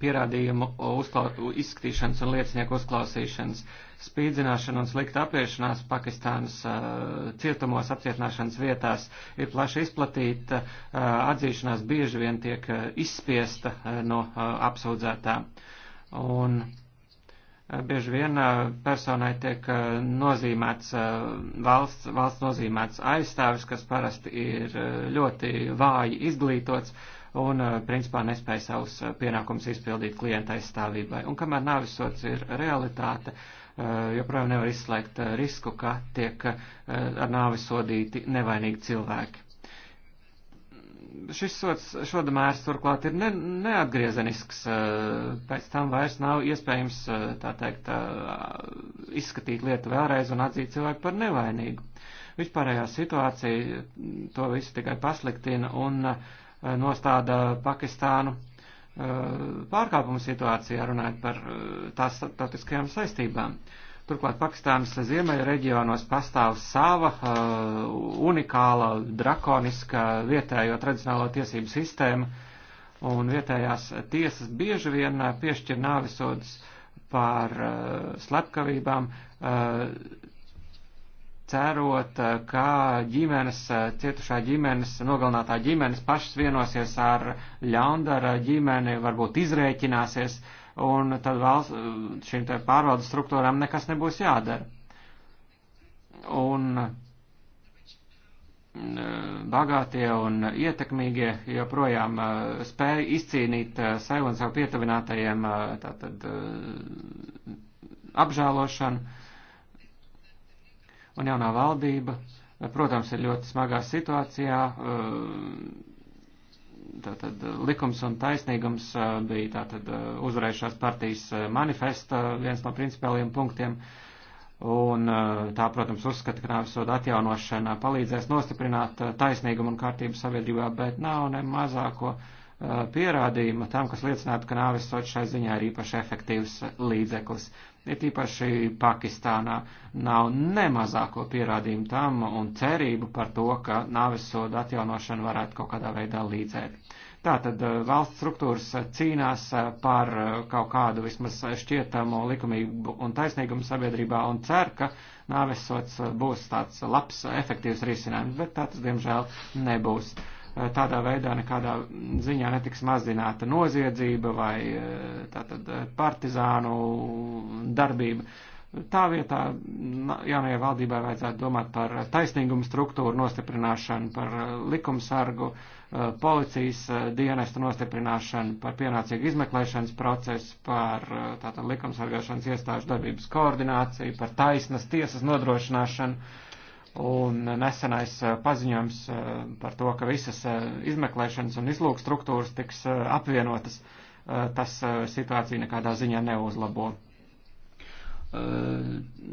pierādījumu uzklau, izskatīšanas un liecinieku uzklausīšanas, spīdzināšana un slikta apiešanās Pakistānas uh, cietumos apcietināšanas vietās ir plaši izplatīta, uh, atzīšanās bieži vien tiek uh, izspiesta uh, no uh, apsūdzētām. Uh, un eh, bieži vien eh, personai tiek eh, nozīmēts valsts, valsts nozīmēts aizstāvis, kas parasti ir ļoti vāji izglītots un principā nespēja savus pienākumus izpildīt klienta aizstāvībai. Un kamēr nāvisots ir realitāte, joprojām nevar izslēgt risku, ka tiek ar nāvi sodīti nevainīgi cilvēki šis sots, šoda mērs turklāt ir ne, neatgriezenisks, pēc tam vairs nav iespējams, tā teikt, izskatīt lietu vēlreiz un atzīt cilvēku par nevainīgu. Vispārējā situācija to visu tikai pasliktina un nostāda Pakistānu pārkāpumu situācijā runājot par tās starptautiskajām saistībām. Uh, Turklāt Pakistānas ziemeļa reģionos pastāv sava uh, unikāla, drakoniska vietējo tradicionālo tiesību sistēma, un vietējās tiesas bieži vien uh, piešķir nāvisodus par uh, slepkavībām, uh, cerot, uh, ka ģimenes, uh, cietušā ģimenes, nogalinātā ģimenes pašas vienosies ar ļaundara ģimeni, varbūt izrēķināsies. Uh, un tad valsts šīm te pārvaldes struktūrām nekas nebūs jādara. Un bagātie un ietekmīgie joprojām uh, spēja izcīnīt uh, sev un sev pietuvinātajiem uh, tātad apžēlošanu. Un jaunā valdība, protams, ir ļoti smagā situācijā, tātad eh, likums un taisnīgums eh, bija tātad eh, uzvarējušās partijas manifesta viens no principāliem punktiem. Un tā, protams, uzskata, ka nāvisoda atjaunošana palīdzēs nostiprināt taisnīgumu un kārtību sabiedrībā, bet nav ne mazāko pierādījuma tam, kas liecinātu, ka nāvisoda šai ziņā ir īpaši efektīvs līdzeklis ir tīpaši Pakistānā, nav nemazāko pierādījumu tam un cerību par to, ka nāvesoda atjaunošana varētu kaut kādā veidā līdzēt. Tātad eh, valsts struktūras eh, cīnās eh, par kaut kādu vismaz šķietamo likumību un taisnīgumu sabiedrībā un cer, ka nāvesots būs tāds labs, efektīvs risinājums, bet tā tas diemžēl nebūs. Uh, Eh, tādā veidā nekādā ziņā netiks mazināta noziedzība vai eh, tātad eh, partizānu darbība. Tā vietā jaunajai valdībai vajadzētu domāt par taisnīgumu struktūru nostiprināšanu, par likumsargu, policijas dienestu nostiprināšanu, par pienācīgu izmeklēšanas procesu, par tātad likumsargāšanas iestāžu darbības koordināciju, par taisnas tiesas nodrošināšanu Un nesenais eh, paziņojums eh, par to, ka visas eh, izmeklēšanas un izlūk struktūras tiks apvienotas, tas situāciju nekādā ziņā neuzlabo. Eh,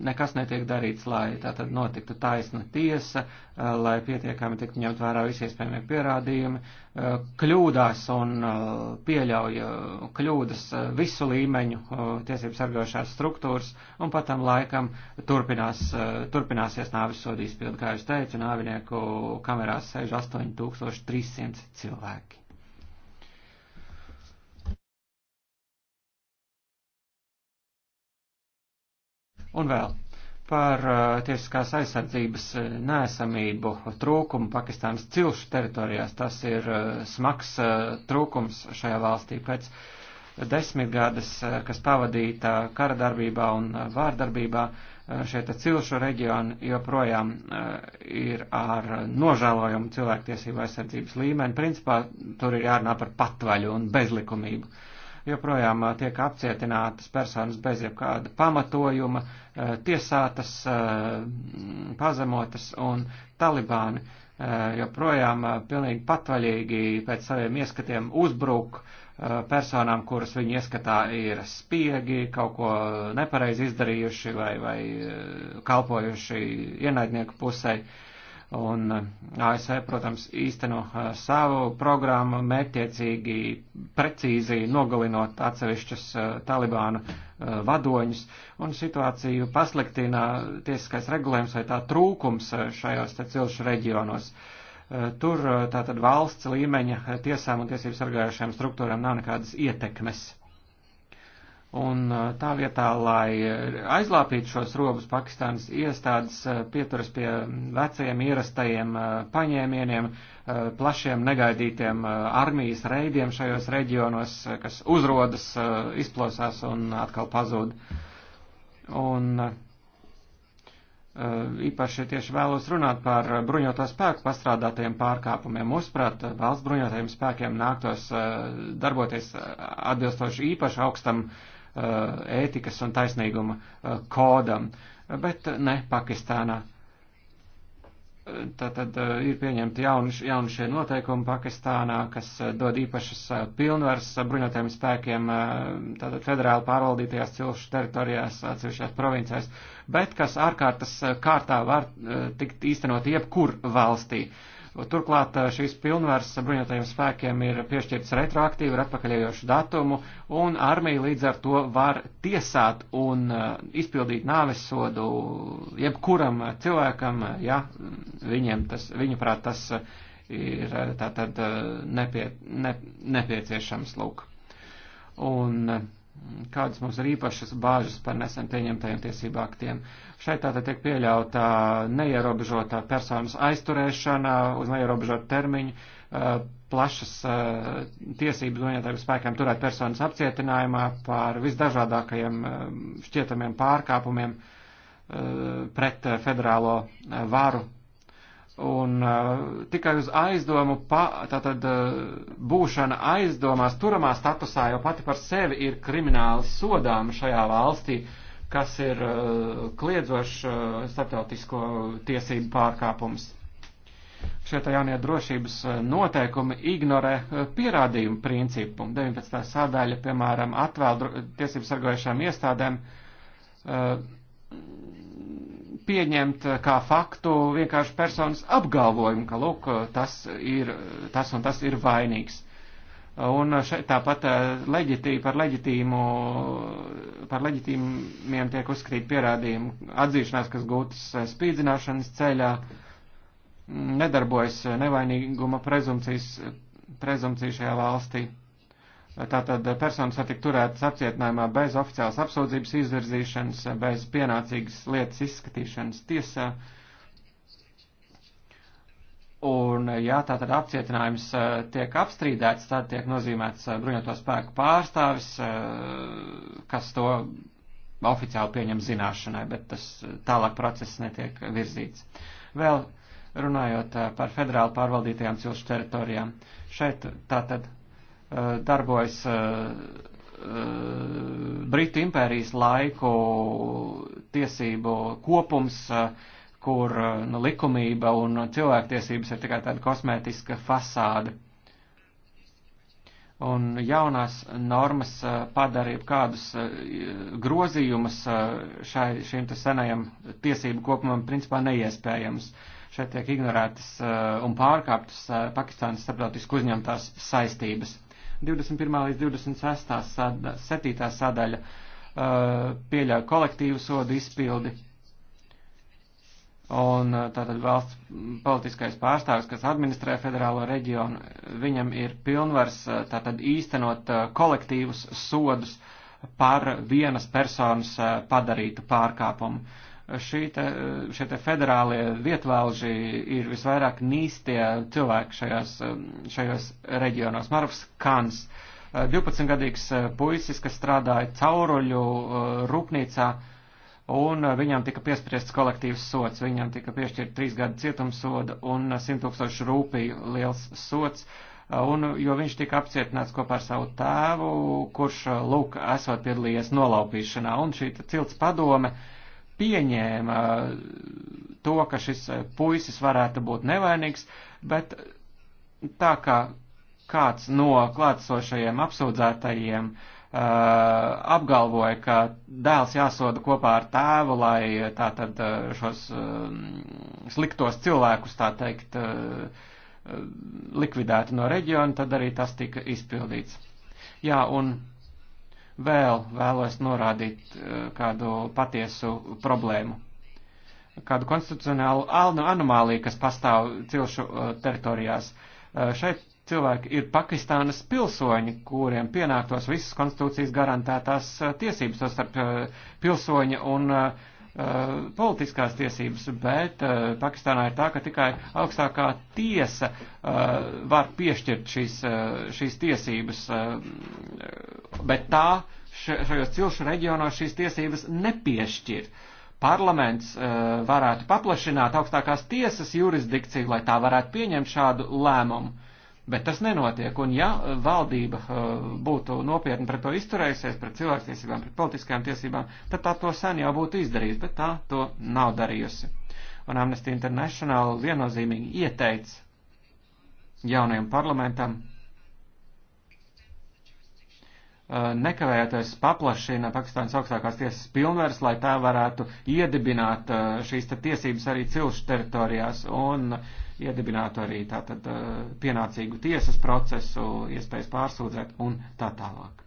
nekas netiek darīts, lai tā tad notiktu taisna tiesa, eh, lai pietiekami tiktu ņemt vērā visi iespējamie pierādījumi, eh, kļūdās un pieļauja kļūdas visu līmeņu tiesības sargājušās struktūras, un pat tam laikam turpinās, turpināsies nāvis sodīs pildu, kā jūs teicu, nāvinieku kamerās sēž 8300 cilvēki. Un vēl par uh, tiesiskās aizsardzības uh, nēsamību trūkumu Pakistānas cilšu teritorijās. Tas ir uh, smags trūkums šajā valstī pēc desmitgades, kas pavadīta kara darbībā un vārdarbībā. Šie cilšu reģioni joprojām ir ar nožēlojumu cilvēktiesību aizsardzības līmeni. Principā tur ir jārunā par patvaļu un bezlikumību. Joprojām tiek apcietinātas personas bez jebkāda pamatojuma, uh, Eh, tiesātas, eh, pazemotas un talibāni eh, joprojām pilnīgi patvaļīgi pēc saviem ieskatiem uzbruk personām, kuras viņu ieskatā ir spiegi, kaut ko nepareizi izdarījuši vai, vai kalpojuši ienaidnieku pusē. Uh, Un eh, ASV, e, protams, īsteno eh, savu programmu mērķiecīgi, precīzi nogalinot atsevišķus eh, talibānu vadoņus, un situāciju pasliktina tiesiskais regulējums vai tā trūkums šajos te cilšu reģionos. Tur tātad valsts līmeņa tiesām un tiesību sargājušajām struktūrām nav nekādas ietekmes Un tā vietā, lai aizlāpītu šos robus, Pakistānas iestādes pieturas pie vecajiem ierastajiem paņēmieniem, plašiem negaidītiem armijas reidiem šajos reģionos, kas uzrodas, izplosās un atkal pazūd. Un īpaši tieši vēlos runāt par bruņoto spēku pastrādātajiem pārkāpumiem. Mūsuprāt, valsts bruņotajiem spēkiem nāktos darboties atbilstoši īpaši augstam uh, Eh, ētikas un taisnīguma eh, kodam. Bet ne Pakistānā. Eh, tātad ir pieņemti jauni, jauni šie noteikumi Pakistānā, kas dod īpašas pilnvaras bruņotajiem spēkiem tātad federāli pārvaldītajās cilšu teritorijās, atsevišķās provincēs, bet kas ārkārtas kārtā var tikt īstenot jebkur valstī. Uh, Turklāt eh, šīs pilnvaras bruņotajiem spēkiem ir piešķirtas retroaktīvi ar atpakaļējošu datumu, un armija līdz ar to var tiesāt un eh, izpildīt nāves sodu jebkuram cilvēkam, ja viņiem tas, viņuprāt, tas eh, ir tātad nepie, ne, nepieciešams lūk. Un kādas mums ir īpašas bāžas par nesen pieņemtajiem tiesību aktiem? Šeit tātad tiek pieļauta neierobežota personas aizturēšana uz neierobežotu termiņu, plašas tiesības bruņotajiem spēkiem turēt personas apcietinājumā par visdažādākajiem šķietamiem pārkāpumiem pret federālo varu. Un tikai uz aizdomu, pa, tātad būšana aizdomās, turamā statusā jau pati par sevi ir krimināli sodāma šajā valstī. Uh, kas ir eh, kliedzošs eh, starptautisko tiesību pārkāpums. Šie tā jaunie drošības eh, noteikumi ignorē pierādījumu principu. 19. sādaļa, piemēram, atvēl tiesību sargojušām iestādēm pieņemt kā faktu vienkārši personas apgalvojumu, ka lūk, tas ir, tas un tas ir vainīgs. Un šeit tāpat leģitī, par, leģitīmu, par leģitīmiem tiek uzskatīt pierādījumi atzīšanās, kas gūtas spīdzināšanas ceļā, nedarbojas nevainīguma prezumcijas, prezumcija šajā valstī. Tātad personas var tikt turētas apcietinājumā bez oficiālas apsūdzības izvirzīšanas, bez pienācīgas lietas izskatīšanas tiesā. Uh, Un, eh, ja tātad apcietinājums eh, tiek apstrīdēts, tad tiek nozīmēts eh, bruņoto spēku pārstāvis, kas to oficiāli pieņem zināšanai, bet tas tālāk process netiek virzīts. Vēl runājot par federāli pārvaldītajām cilšu teritorijām, šeit tātad darbojas Britu impērijas laiku tiesību kopums, uh, kur eh, nu, likumība un cilvēktiesības ir tikai tāda kosmētiska fasāde. Un jaunās normas eh, padarīja kādus eh, grozījumus šai, šim te senajam tiesību kopumam principā neiespējams. Šeit tiek ignorētas un pārkāptas Pakistānas starptautiski uzņemtās saistības. 21. līdz 26. Sada, 7. sadaļa pieļauj kolektīvu sodu izpildi Un eh, tātad valsts politiskais pārstāvis, kas administrē federālo reģionu, viņam ir pilnvars eh, tātad īstenot eh, kolektīvus sodus par vienas personas padarītu pārkāpumu. Šī te, šie te federālie vietvalži ir visvairāk nīstie cilvēki šajās, šajos reģionos. Marvs Kans, 12-gadīgs puisis, kas strādāja cauruļu rūpnīcā, uh, un eh, viņam tika piespriests kolektīvs sots. Viņam tika piešķirt trīs gadu cietumsoda un 100 eh, tūkstošu rūpīju liels sots, eh, un, jo viņš tika apcietināts kopā ar savu tēvu, kurš, lūk, esot piedalījies nolaupīšanā, un šī cilts padome pieņēma to, ka šis puisis varētu būt nevainīgs, bet tā kā kāds no klātsošajiem apsūdzētajiem uh, Uh, apgalvoja, ka dēls jāsoda kopā ar tēvu, lai uh, tātad uh, šos um, sliktos cilvēkus, tā teikt, likvidētu no reģiona, tad arī tas tika izpildīts. Jā, un vēl vēlos norādīt kādu patiesu problēmu, kādu konstitucionālu anomāliju, kas pastāv cilšu teritorijās. Šeit cilvēki ir Pakistānas pilsoņi, kuriem pienāktos visas konstitūcijas garantētās eh, tiesības, to starp eh, pilsoņa un uh, politiskās tiesības, bet uh, Pakistānā ir tā, ka tikai augstākā tiesa uh, var piešķirt šīs, šīs tiesības, bet tā šajos cilšu reģionos šīs tiesības nepiešķir parlaments uh, varētu paplašināt augstākās tiesas jurisdikciju, lai tā varētu pieņemt šādu lēmumu. Bet tas nenotiek, un ja eh, valdība eh, būtu nopietni pret to izturējusies, pret cilvēktiesībām, pret politiskajām tiesībām, tad tā to sen jau būtu izdarījusi, bet tā to nav darījusi. Un Amnesty International viennozīmīgi ieteica jaunajam parlamentam eh, nekavējoties paplašina Pakistānas augstākās tiesas pilnvaras, lai tā varētu iedibināt šīs tiesības arī cilšu teritorijās un uh, iedibinātu arī tātad eh, pienācīgu tiesas procesu, iespējas pārsūdzēt un tā tālāk.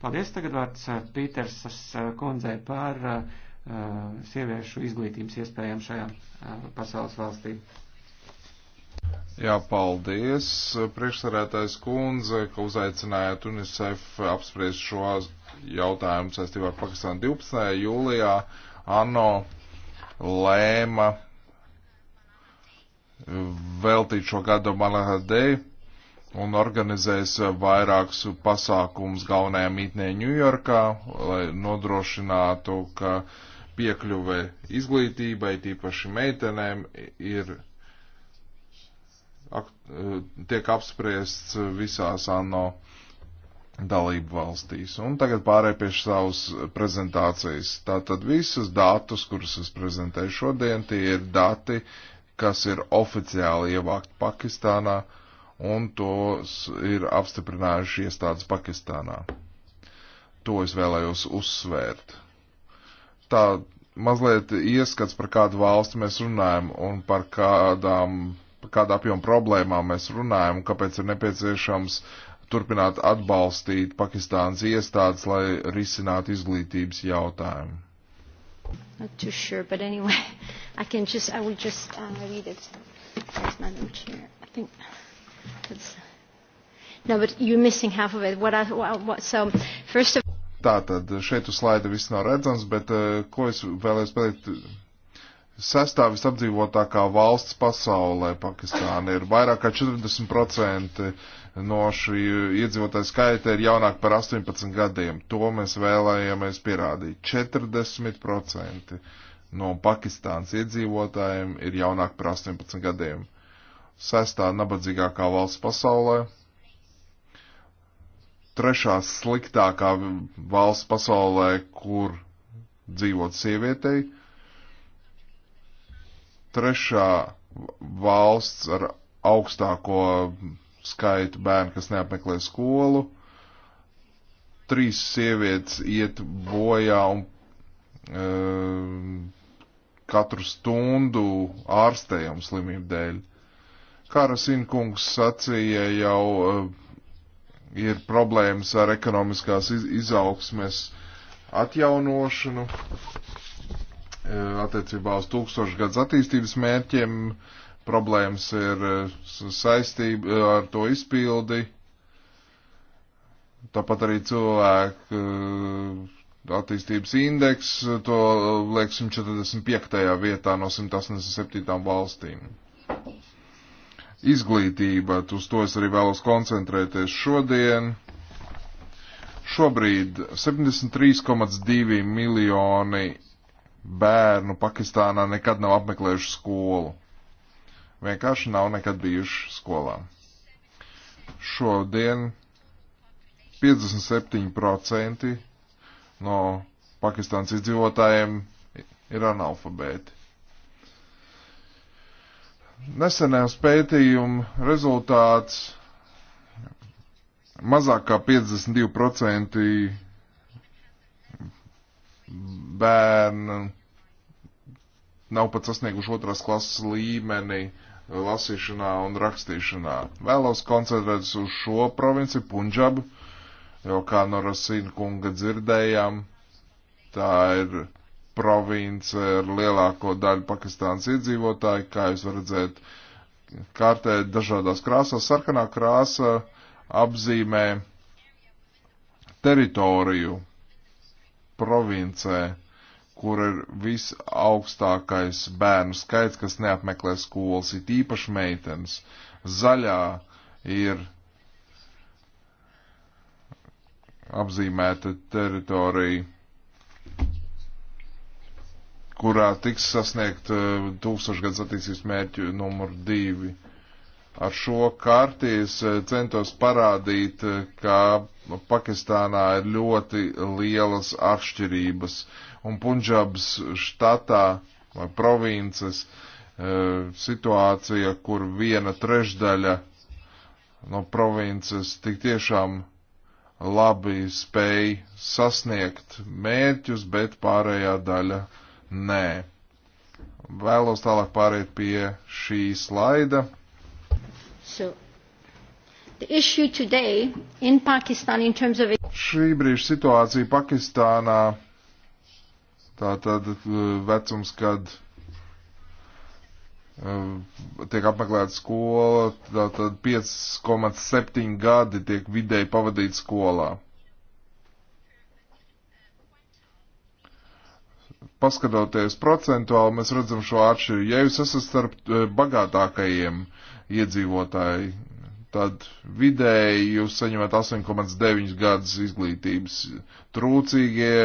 Paldies tagad vārds eh, Pītersas eh, kundzei par sieviešu izglītības iespējām šajā pasaules valstī. Jā, paldies, priekšsarētais kundze, ka uzaicinājāt UNICEF apspriest šo jautājumu saistībā ar Pakistānu 12. jūlijā. ANO lēma veltīt šo gadu Malahadei un organizēs vairākus pasākumus galvenajā mītnē Ņujorkā, lai nodrošinātu, ka piekļuve izglītībai, tīpaši meitenēm, ir tiek apspriests visās ANO dalību valstīs. Un tagad pārēj pie savas prezentācijas. Tātad visus datus, kurus es prezentēju šodien, tie ir dati kas ir oficiāli ievākt Pakistānā, un tos ir apstiprinājuši iestādes Pakistānā. To es vēlējos uzsvērt. Tā mazliet ieskats, par kādu valsti mēs runājam un par kādām, par kādu apjomu problēmām mēs runājam un kāpēc ir nepieciešams turpināt atbalstīt Pakistānas iestādes, lai risinātu izglītības jautājumu. Not too sure, but anyway, I can just, I will just uh, read it. There's Madam Chair. I think that's. No, but you're missing half of it. What I, what, what, so, first of Tātad, šeit uz slaida viss nav redzams, bet uh, ko es vēlēs pateikt? Sestā visapdzīvotākā valsts pasaulē Pakistāna ir vairāk kā 40% no šī iedzīvotāja skaita ir jaunāk par 18 gadiem. To mēs vēlējāmies pierādīt. 40% no Pakistānas iedzīvotājiem ir jaunāk par 18 gadiem. Sestā nabadzīgākā valsts pasaulē, trešā sliktākā valsts pasaulē, kur dzīvot sievietei, trešā valsts ar augstāko skaitu bērnu, kas neapmeklē skolu. Trīs sievietes iet bojā un e, katru stundu ārstējam slimību dēļ. Karasinkungs sacīja jau e, ir problēmas ar ekonomiskās iz, izaugsmes atjaunošanu e, attiecībā uz tūkstošgads attīstības mērķiem. E, problēmas ir eh, saistība eh, ar to izpildi. Tāpat arī cilvēku eh, attīstības indeks, to liek 145. vietā no 187 valstīm. Izglītība, uz to es arī vēlos koncentrēties šodien. Šobrīd 73,2 miljoni bērnu Pakistānā nekad nav apmeklējuši skolu vienkārši nav nekad bijuši skolā. Šodien 57% no Pakistāns izdzīvotājiem ir analfabēti. Nesenās pētījuma rezultāts mazāk kā 52% bērnu nav pat sasnieguši otrās klases līmeni lasīšanā un rakstīšanā. Vēlos koncentrēties uz šo provinci, Punjabu, jo, kā no Rasīna kunga dzirdējām, tā ir province ar lielāko daļu Pakistānas iedzīvotāju, kā jūs varat redzēt, kārtē dažādās krāsās. Sarkanā krāsa apzīmē teritoriju provincē, kur ir visaugstākais bērnu skaits, kas neapmeklē skolas, ir īpaši meitenes. Zaļā ir apzīmēta teritorija, kurā tiks sasniegt eh, tūkstošgads attīstības mērķu numur divi. Ar šo karti es eh, centos parādīt, eh, ka Pakistānā ir ļoti lielas atšķirības uh, un Punjabas štatā vai provinces e, situācija, kur viena trešdaļa no provinces tik tiešām labi spēj sasniegt mērķus, bet pārējā daļa nē. Vēlos tālāk pāriet pie šī slaida. So. Today, in Pakistan, in of... Šī brīža situācija Pakistānā Tā tad eh, vecums, kad eh, tiek apmeklēta skola, tātad 5,7 gadi tiek vidēji pavadīti skolā. Paskatoties procentuāli, mēs redzam šo atšķirību. Ja jūs esat starp eh, bagātākajiem iedzīvotāji, tad vidēji jūs saņemat 8,9 gadus izglītības, trūcīgie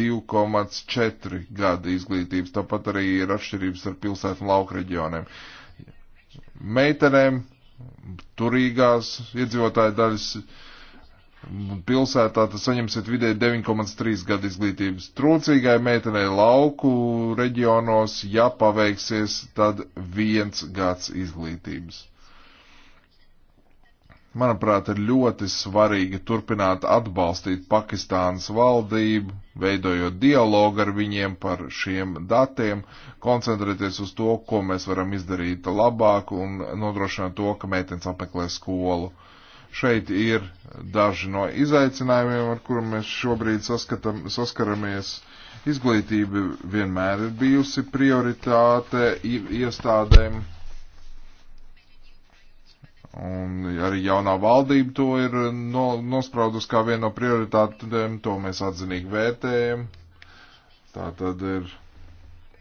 2,4 gadi izglītības, tāpat arī ir atšķirības ar pilsētu un lauku reģioniem. Meitenēm turīgās iedzīvotāju daļas pilsētā tad saņemsiet vidēji 9,3 gadu izglītības. Trūcīgai meitenei lauku reģionos, ja paveiksies, tad viens gads izglītības. Manuprāt, ir ļoti svarīgi turpināt atbalstīt Pakistānas valdību, veidojot dialogu ar viņiem par šiem datiem, koncentrēties uz to, ko mēs varam izdarīt labāk un nodrošināt to, ka meitenes apmeklē skolu. Šeit ir daži no izaicinājumiem, ar kuriem mēs šobrīd saskatam, saskaramies. Izglītība vienmēr ir bijusi prioritāte iestādēm. Un arī jaunā valdība to ir no, nospraudus kā vienu no prioritātēm, to mēs atzinīgi vērtējam. Tā tad ir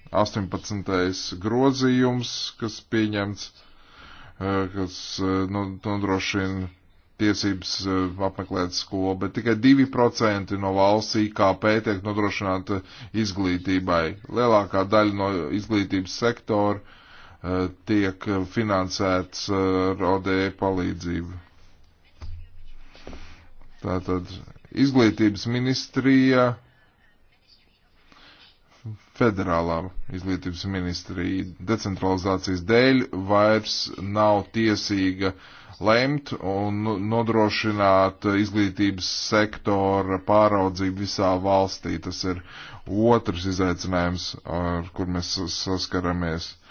18. grozījums, kas pieņemts, e, kas e, nu, nodrošina tiesības e, apmeklēt skolu, bet tikai 2% no valsts IKP tiek nodrošināta izglītībai. Lielākā daļa no izglītības sektora tiek finansēts ar ODE palīdzību. Tātad izglītības ministrija, federālā izglītības ministrija decentralizācijas dēļ vairs nav tiesīga lemt un nodrošināt izglītības sektora pāraudzību visā valstī. Tas ir otrs izaicinājums, ar kur mēs saskaramies. Uh,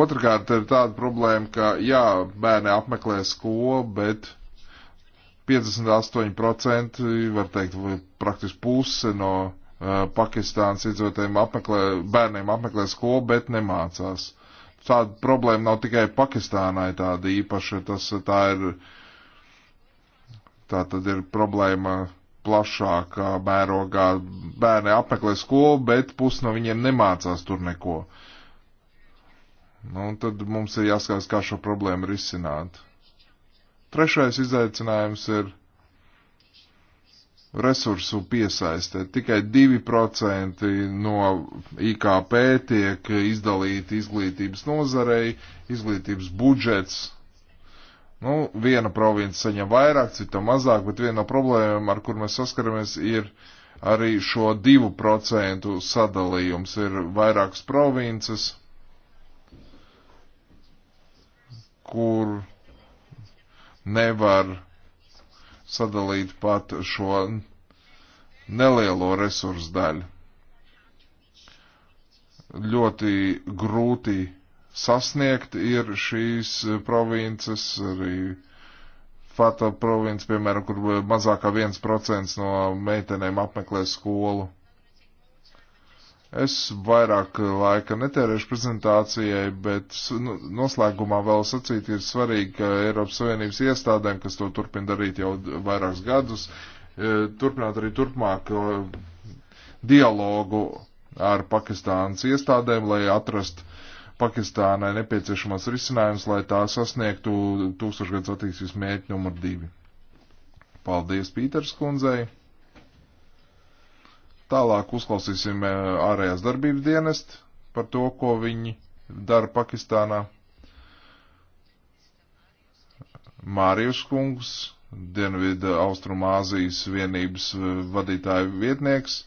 Otrakārt, ir tāda problēma, ka jā, bērni apmeklē skolu, bet 58%, var teikt, praktiski puse no uh, Pakistānas iedzīvotājiem apmeklē, bērniem apmeklē skolu, bet nemācās. Tāda problēma nav tikai Pakistānai tāda īpaša, tas tā ir, tā tad ir problēma plašākā mērogā. Bērni apmeklē skolu, bet puse no viņiem nemācās tur neko. Uh, Nu, tad mums ir jāskatās, kā šo problēmu risināt. Trešais izaicinājums ir resursu piesaistē. Tikai 2% no IKP tiek izdalīti izglītības nozarei, izglītības budžets. Nu, viena province saņem vairāk, cita mazāk, bet viena no problēmām, ar kur mēs saskaramies, ir arī šo 2% sadalījums. Ir vairākas provinces kur nevar sadalīt pat šo nelielo resursu daļu. Ļoti grūti sasniegt ir šīs provinces, arī Fata provinces, piemēram, kur mazākā 1% no meitenēm apmeklē skolu. Es vairāk eh, laika netērēšu prezentācijai, bet nu, noslēgumā vēl sacīt ir svarīgi, ka Eiropas Savienības iestādēm, kas to turpina darīt jau vairākus gadus, eh, turpināt arī turpmāk eh, dialogu ar Pakistānas iestādēm, lai atrastu Pakistānai nepieciešamās risinājumus, lai tā sasniegtu tūkstošgadus attīstības mērķi numur divi. Paldies Pīters kundzei! Tālāk uzklausīsim eh, ārējās darbības dienestu par to, ko viņi dara Pakistānā. Mārijus Kungs, Dienvidu Austrumāzijas vienības eh, vadītāja vietnieks.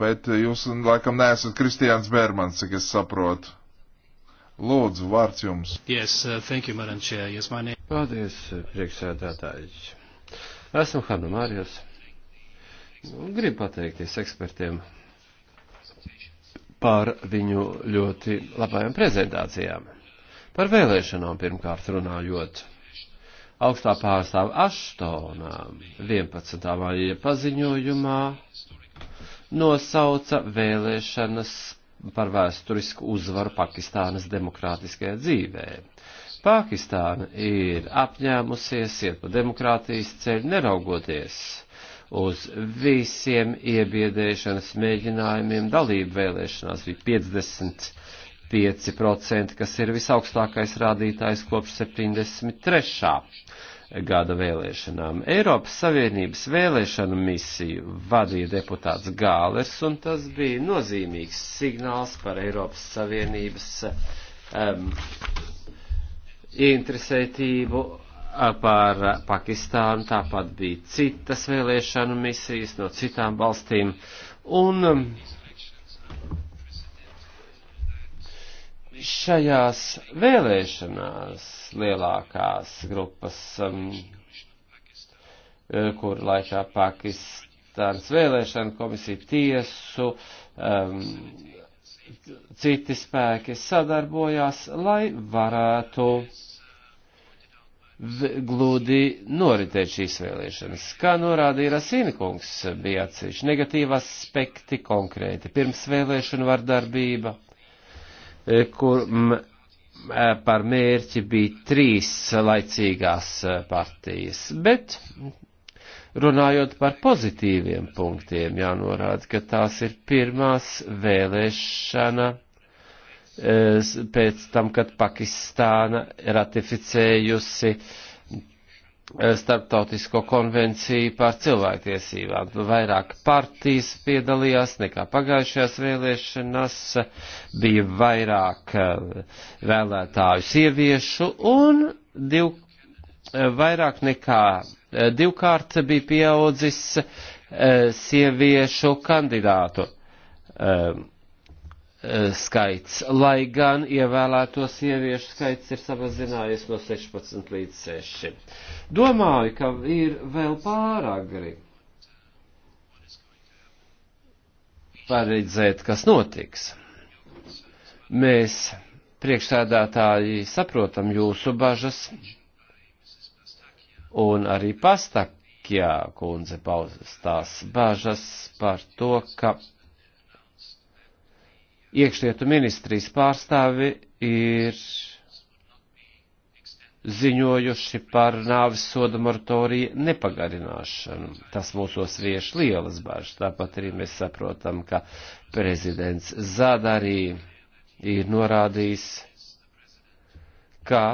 Bet jūs laikam neesat Kristiāns Bērmans, cik es saprotu. Lūdzu, vārds jums. Yes, uh, thank you, Madam Chair. Yes, my name. Paldies, priekšsēdētājs. Esmu Hanna Mārijus. Gribu pateikties ekspertiem par viņu ļoti labajām prezentācijām. Par vēlēšanām pirmkārt runājot augstā pārstāva Aštonā 11. maija paziņojumā nosauca vēlēšanas par vēsturisku uzvaru Pakistānas demokrātiskajā dzīvē. Pakistāna ir apņēmusies iet pa demokrātijas ceļu neraugoties uz visiem iebiedēšanas mēģinājumiem. Dalība vēlēšanās bija 55%, kas ir visaugstākais rādītājs kopš 73. gada vēlēšanām. Eiropas Savienības vēlēšanu misiju vadīja deputāts Gālers, un tas bija nozīmīgs signāls par Eiropas Savienības um, interesētību par Pakistānu, tāpat bija citas vēlēšanu misijas no citām valstīm. Un um, šajās vēlēšanās lielākās grupas, um, eh, kur laikā Pakistānas vēlēšana komisija tiesu, um, citi spēki sadarbojās, lai varētu glūdi noritēt šīs vēlēšanas. Kā norādīja Rasīnkungs, bija atsevišķi negatīvi aspekti konkrēti. Pirms vēlēšana vardarbība, e, kur e, par mērķi bija trīs laicīgās e, partijas, bet runājot par pozitīviem punktiem, jānorāda, ka tās ir pirmās vēlēšana pēc tam, kad Pakistāna ratificējusi e, starptautisko konvenciju par cilvēktiesībām. Vairāk partijas piedalījās nekā pagājušajās vēlēšanās, bija vairāk e, vēlētāju sieviešu un div, e, vairāk nekā divkārt bija pieaudzis sieviešu kandidātu. Um, Eh, skaits, lai gan ievēlēto sieviešu skaits ir samazinājies no 16 līdz 6. Domāju, ka ir vēl pārāk gari paredzēt, kas notiks. Mēs, priekšsēdētāji, saprotam jūsu bažas, un arī pastakjā kundze pauzas tās bažas par to, ka iekšlietu ministrijas pārstāvi ir ziņojuši par nāvis soda moratoriju nepagarināšanu. Tas mūsos vieš lielas bažas. Tāpat arī mēs saprotam, ka prezidents Zāda arī ir norādījis, ka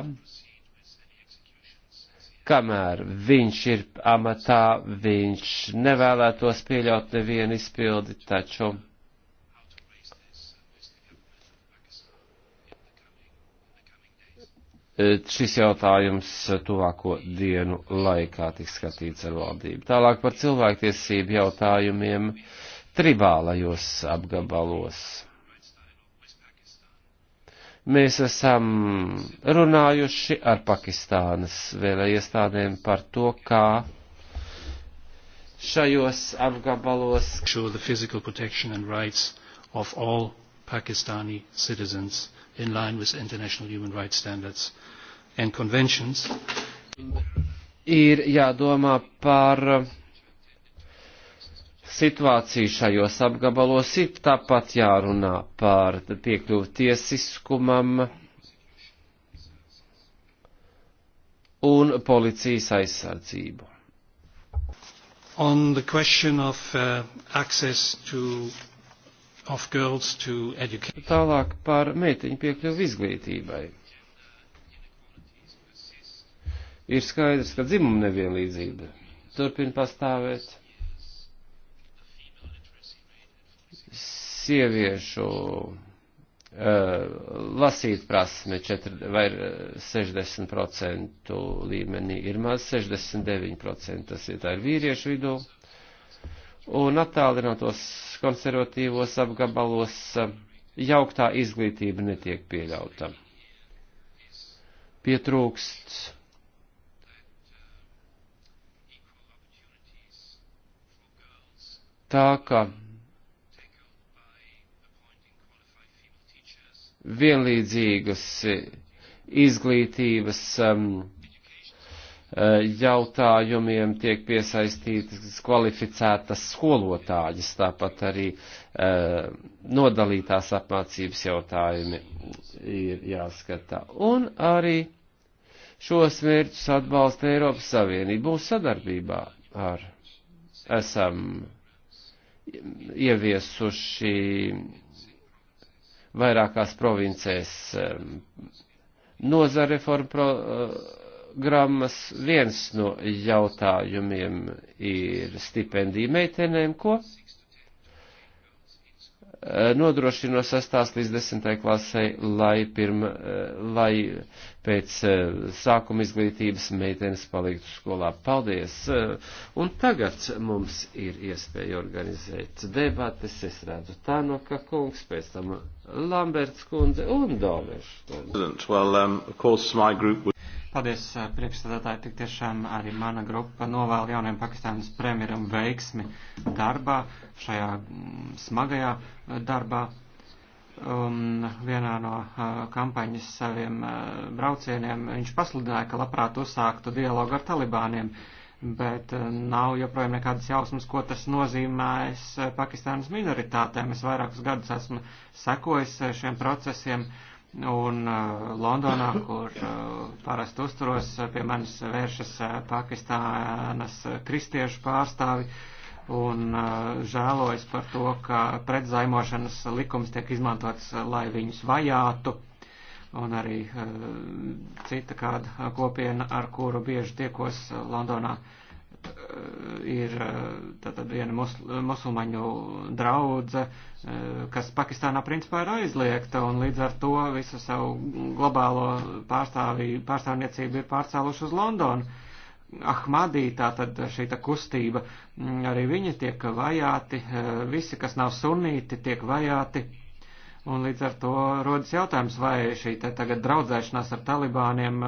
kamēr viņš ir amatā, viņš nevēlētos pieļaut nevienu izpildi, taču E, šis jautājums tuvāko dienu laikā tiks skatīts ar valdību. Tālāk par cilvēktiesību jautājumiem tribālajos apgabalos. Mēs esam runājuši ar Pakistānas vēlē iestādēm par to, kā šajos apgabalos. Show the physical protection and rights of all Pakistani citizens. Uh, in line with international human rights standards and conventions. Ir jādomā par uh, situāciju šajos apgabalos, ir tāpat jārunā par piekļuvu tiesiskumam un policijas aizsardzību. On the question of uh, access to Tālāk par meitiņu piekļuvu izglītībai. Ir skaidrs, ka dzimuma nevienlīdzība turpina pastāvēt. Sieviešu eh, lasīt prasme 4, vai 60% eh, līmenī ir maz, 69% tas ir tā ir vīriešu vidū un attālinātos konservatīvos apgabalos eh, jauktā izglītība netiek pieļauta. Pietrūkst tā, ka vienlīdzīgas izglītības um, Eh, jautājumiem tiek piesaistītas kvalificētas skolotājas, tāpat arī eh, nodalītās apmācības jautājumi ir jāskatā. Un arī šos mērķus atbalsta Eiropas Savienība mūsu sadarbībā ar esam ieviesuši vairākās provincēs eh, nozara reformu pro, programmas viens no jautājumiem ir stipendija meitenēm, ko eh, nodrošina no 6. līdz 10. klasē, lai, pirma, eh, lai pēc eh, sākuma izglītības meitenes paliktu skolā. Paldies! Un tagad mums ir iespēja organizēt debates. Es redzu Tanoka kungs, pēc tam Lamberts kundze un Domeša kundze. Well, um, Paldies, eh, priekšstādātāji. Tik tiešām arī mana grupa novēl jaunajam Pakistānas premjeram veiksmi darbā, šajā mm, smagajā eh, darbā. Un vienā no eh, kampaņas saviem braucieniem viņš pasludināja, ka labprāt uzsāktu dialogu ar talibāniem, bet nav joprojām nekādas jausmas, ko tas nozīmēs Pakistānas minoritātēm. Es vairākus gadus esmu sekojis šiem procesiem. Uh, Un uh, Londonā, kur uh, parasti uzturos, uh, pie manis vēršas uh, Pakistānas uh, kristiešu pārstāvi un uh, žēlojas par to, ka predzaimošanas likums tiek izmantots, uh, lai viņus vajātu. Un arī uh, cita kāda kopiena, ar kuru bieži tiekos Londonā. Uh, Eh, ir eh, tātad viena musl musulmaņu draudze, eh, kas Pakistānā principā ir aizliegta, un līdz ar to visu savu globālo pārstāvniecību ir pārcēluši uz Londonu. Ahmadī, tātad šī tā kustība, mm, arī viņi tiek vajāti, visi, kas nav sunīti, tiek vajāti. Un līdz ar to rodas jautājums, vai šī te tagad draudzēšanās ar talibāniem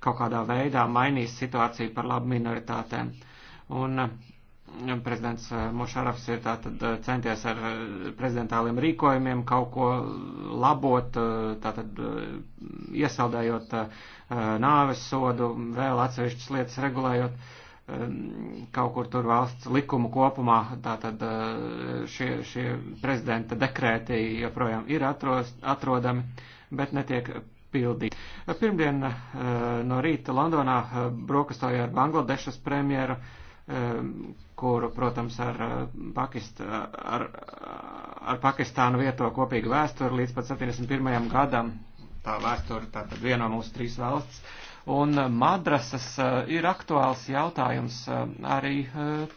kaut kādā veidā mainīs situāciju par labu minoritātēm. Uh, Un eh, prezidents eh, Mošarafs ir tātad eh, centies ar prezidentāliem rīkojumiem kaut ko labot, tātad iesaldējot nāves sodu, vēl atsevišķas lietas regulējot kaut kur tur valsts likumu kopumā, tātad šie, šie prezidenta dekrēti joprojām ir atrost, atrodami, bet netiek pildīti. Pirmdien no rīta Londonā brokastoju ar Bangladešas premjeru Um, kuru, protams, ar, uh, Pakist, uh, ar, ar Pakistānu vieto kopīgu vēsturi līdz pat 71. gadam. Tā vēsture tātad vieno mūsu trīs valsts. Un uh, madrasas ir aktuāls jautājums arī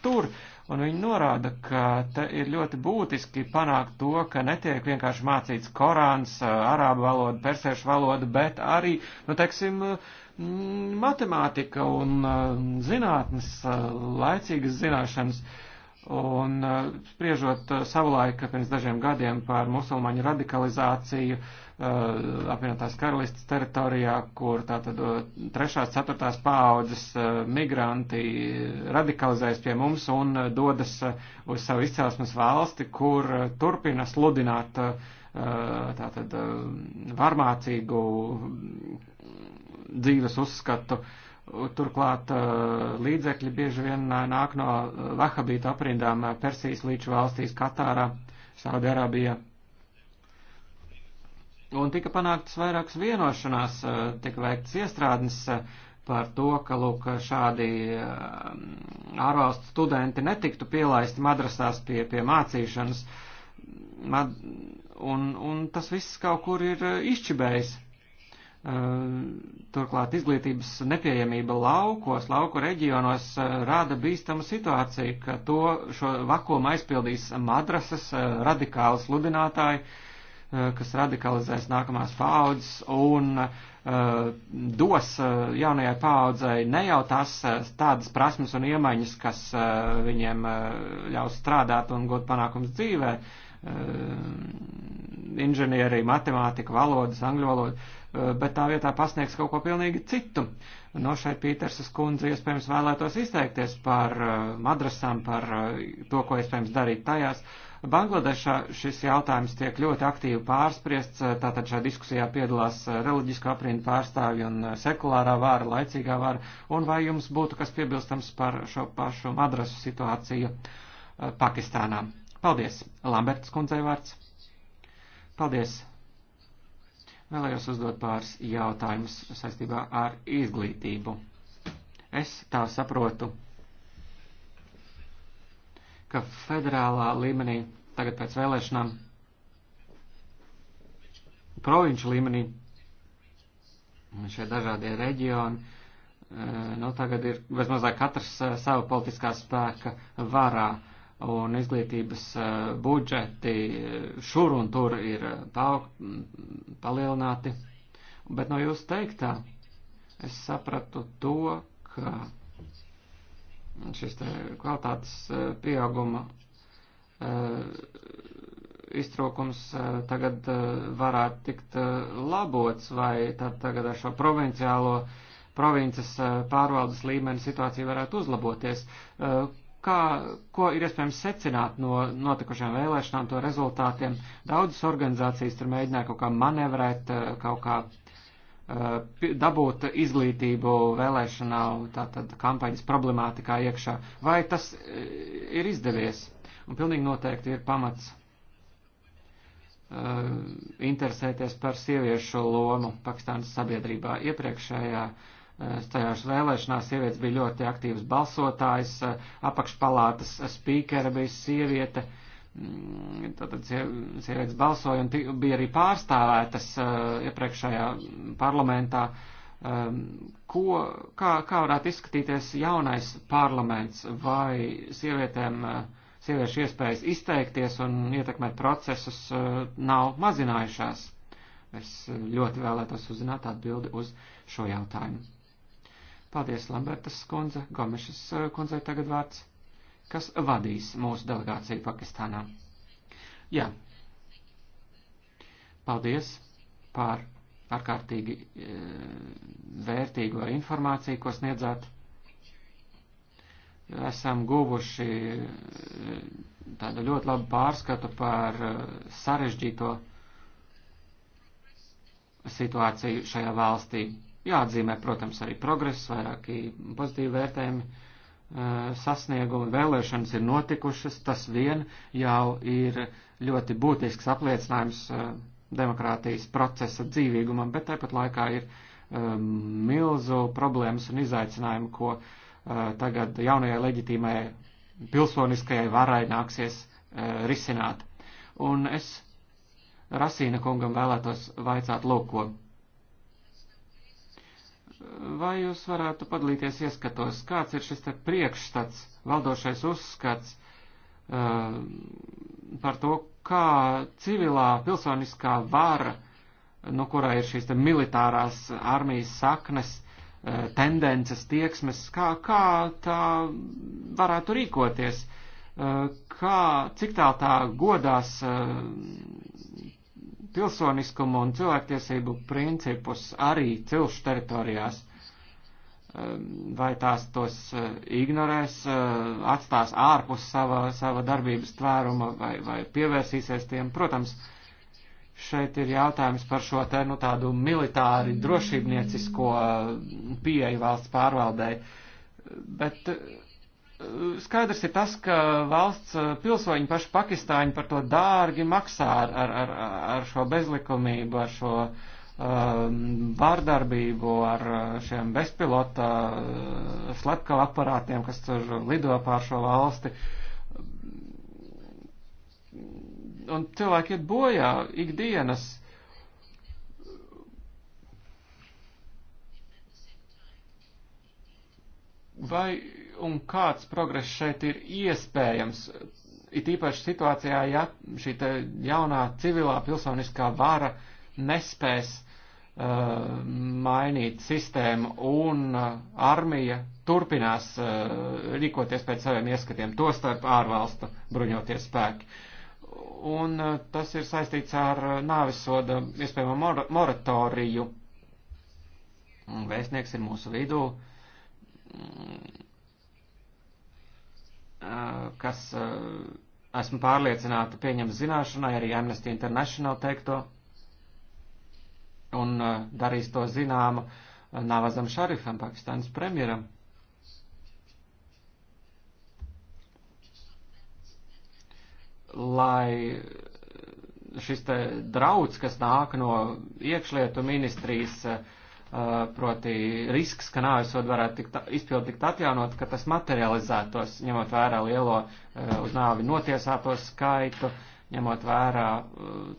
tur. Un viņi norāda, ka te ir ļoti būtiski panākt to, ka netiek vienkārši mācīts Korāns, arābu valoda, persiešu valoda, bet arī, nu, teiksim, uh, Mm, matemātika un eh, zinātnes, eh, laicīgas zināšanas. Un eh, spriežot savulaik pirms dažiem gadiem par musulmaņu radikalizāciju apvienotās karalistas teritorijā, kur tātad trešās, ceturtās paaudzes migranti radikalizējas pie mums un dodas uz savu izcelsmes valsti, kur turpina sludināt tātad varmācīgu dzīves uzskatu. Turklāt uh, līdzekļi bieži vien uh, nāk no uh, vahabīta aprindām Persijas līča valstīs Katārā, Saudarābijā. Un tika panāktas vairākas vienošanās, tika veikts iestrādnes par to, ka lūk, šādi um, ārvalstu studenti netiktu pielaisti madrasās pie, pie mācīšanas. Mad, un, un tas viss kaut kur ir izčibējis. Eh, turklāt izglītības nepieejamība laukos, lauku reģionos eh, rāda bīstamu situāciju, ka to šo vakumu aizpildīs madrasas, eh, radikāli sludinātāji, kas radikalizēs nākamās paaudzes un dos jaunajai paaudzei ne jau tas tādas prasmes un iemaņas, kas viņiem ļaus strādāt un gūt panākums dzīvē, Ehm, inženierija, matemātika, valodas, angļu valoda, eh, bet tā vietā pasniegs kaut ko pilnīgi citu. No šeit Pītersas kundze iespējams vēlētos izteikties par eh, madrasām, par eh, to, ko iespējams darīt tajās. Bangladešā šis jautājums tiek ļoti aktīvi pārspriests, tātad šajā diskusijā piedalās reliģisko aprindu pārstāvju un sekulārā vāra, laicīgā vāra, un vai jums būtu kas piebilstams par šo pašu madrasu situāciju Pakistānā? Paldies, Lamberts kundzei vārds. Paldies. Vēlējos uzdot pāris jautājumus saistībā ar izglītību. Es tā saprotu, ka federālā līmenī tagad pēc vēlēšanām, provinču līmenī, šie dažādie reģioni, eh, nu tagad ir bezmazāk katrs eh, savu politiskā spēka varā un izglītības eh, budžeti eh, šur un tur ir eh, paug, palielināti. Bet no jūsu teiktā es sapratu to, ka šis kvalitātes pieauguma iztrūkums tagad varētu tikt labots, vai tad tagad ar šo provinciālo provinces pārvaldes līmeni situācija varētu uzlaboties kā, ko ir iespējams secināt no notikušajām vēlēšanām, to rezultātiem. Daudzas organizācijas tur mēģināja kaut kā manevrēt, eh, kaut kā eh, dabūt izglītību vēlēšanā, tātad kampaņas problemātikā iekšā. Vai tas eh, ir izdevies? Un pilnīgi noteikti ir pamats interesēties par sieviešu lomu Pakistānas sabiedrībā. Iepriekšējā uh, stājošas vēlēšanās, sievietes bija ļoti aktīvas balsotājs, apakšpalātas spīkera bija sieviete, mm, tātad sievietes balsoja un bija arī pārstāvētas eh, iepriekšējā parlamentā. Ehm, ko, kā, kā varētu izskatīties jaunais parlaments vai sievietēm, eh, sieviešu iespējas izteikties un ietekmēt procesus eh, nav mazinājušās? Es ļoti vēlētos uzzināt atbildi uz šo jautājumu. Paldies, Lambertas skundze, Gomešas eh, kundzei tagad vārds, kas vadīs mūsu delegāciju Pakistānā. Jā. Paldies par ārkārtīgi e, vērtīgo informāciju, ko sniedzāt. Esam guvuši eh, tādu ļoti labu pārskatu par sarežģīto situāciju šajā valstī Jāatzīmē, protams, arī progress, vairāki pozitīvi vērtējumi, sasniegumi, vēlēšanas ir notikušas, tas vien jau ir ļoti būtisks apliecinājums demokrātijas procesa dzīvīgumam, bet tāpat laikā ir milzu problēmas un izaicinājumu, ko tagad jaunajai leģitīmai pilsoniskajai varai nāksies risināt. Un es Rasīna kungam vēlētos vaicāt lūko. Vai jūs varētu padalīties ieskatos, kāds ir šis te priekšstats, valdošais uzskats uh, par to, kā civilā pilsoniskā vara, no kurā ir šīs te militārās armijas saknes, uh, tendences, tieksmes, kā, kā tā varētu rīkoties, uh, kā, cik tā tā godās pilsoniskumu un cilvēktiesību principus arī cilšu teritorijās. Ehm, vai tās tos eh, ignorēs, eh, atstās ārpus sava, sava darbības tvēruma vai, vai pievērsīsies tiem? Protams, šeit ir jautājums par šo te, nu, tādu militāri drošībniecisko eh, pieeju valsts pārvaldei. Bet skaidrs ir tas, ka valsts eh, pilsoņi paši Pakistāņi par to dārgi maksā ar, ar, ar, ar šo bezlikumību, ar šo um, vārdarbību, ar eh, šiem bezpilota uh, slepkavu aparātiem, kas tur lido pār šo valsti. Un cilvēki iet bojā ikdienas. Vai un kāds progress šeit ir iespējams, it īpaši situācijā, ja šī jaunā civilā pilsoniskā vara nespēs uh, mainīt sistēmu un uh, armija turpinās uh, rīkoties pēc saviem ieskatiem, to starp ārvalstu bruņoties spēki. Un uh, tas ir saistīts ar uh, nāvisoda iespējamo mor moratoriju. Vēstnieks ir mūsu vidū. Mm Eh, kas eh, esmu pārliecināta pieņem zināšanai arī Amnesty International teikto un eh, darīs to zināmu Navazam Šarifam, Pakistānas premjeram. Lai šis te drauds, kas nāk no iekšlietu ministrijas, uh, proti risks, ka nāvisot varētu tikt, izpildi tikt atjaunot, ka tas materializētos, ņemot vērā lielo uz nāvi notiesāto skaitu, ņemot vērā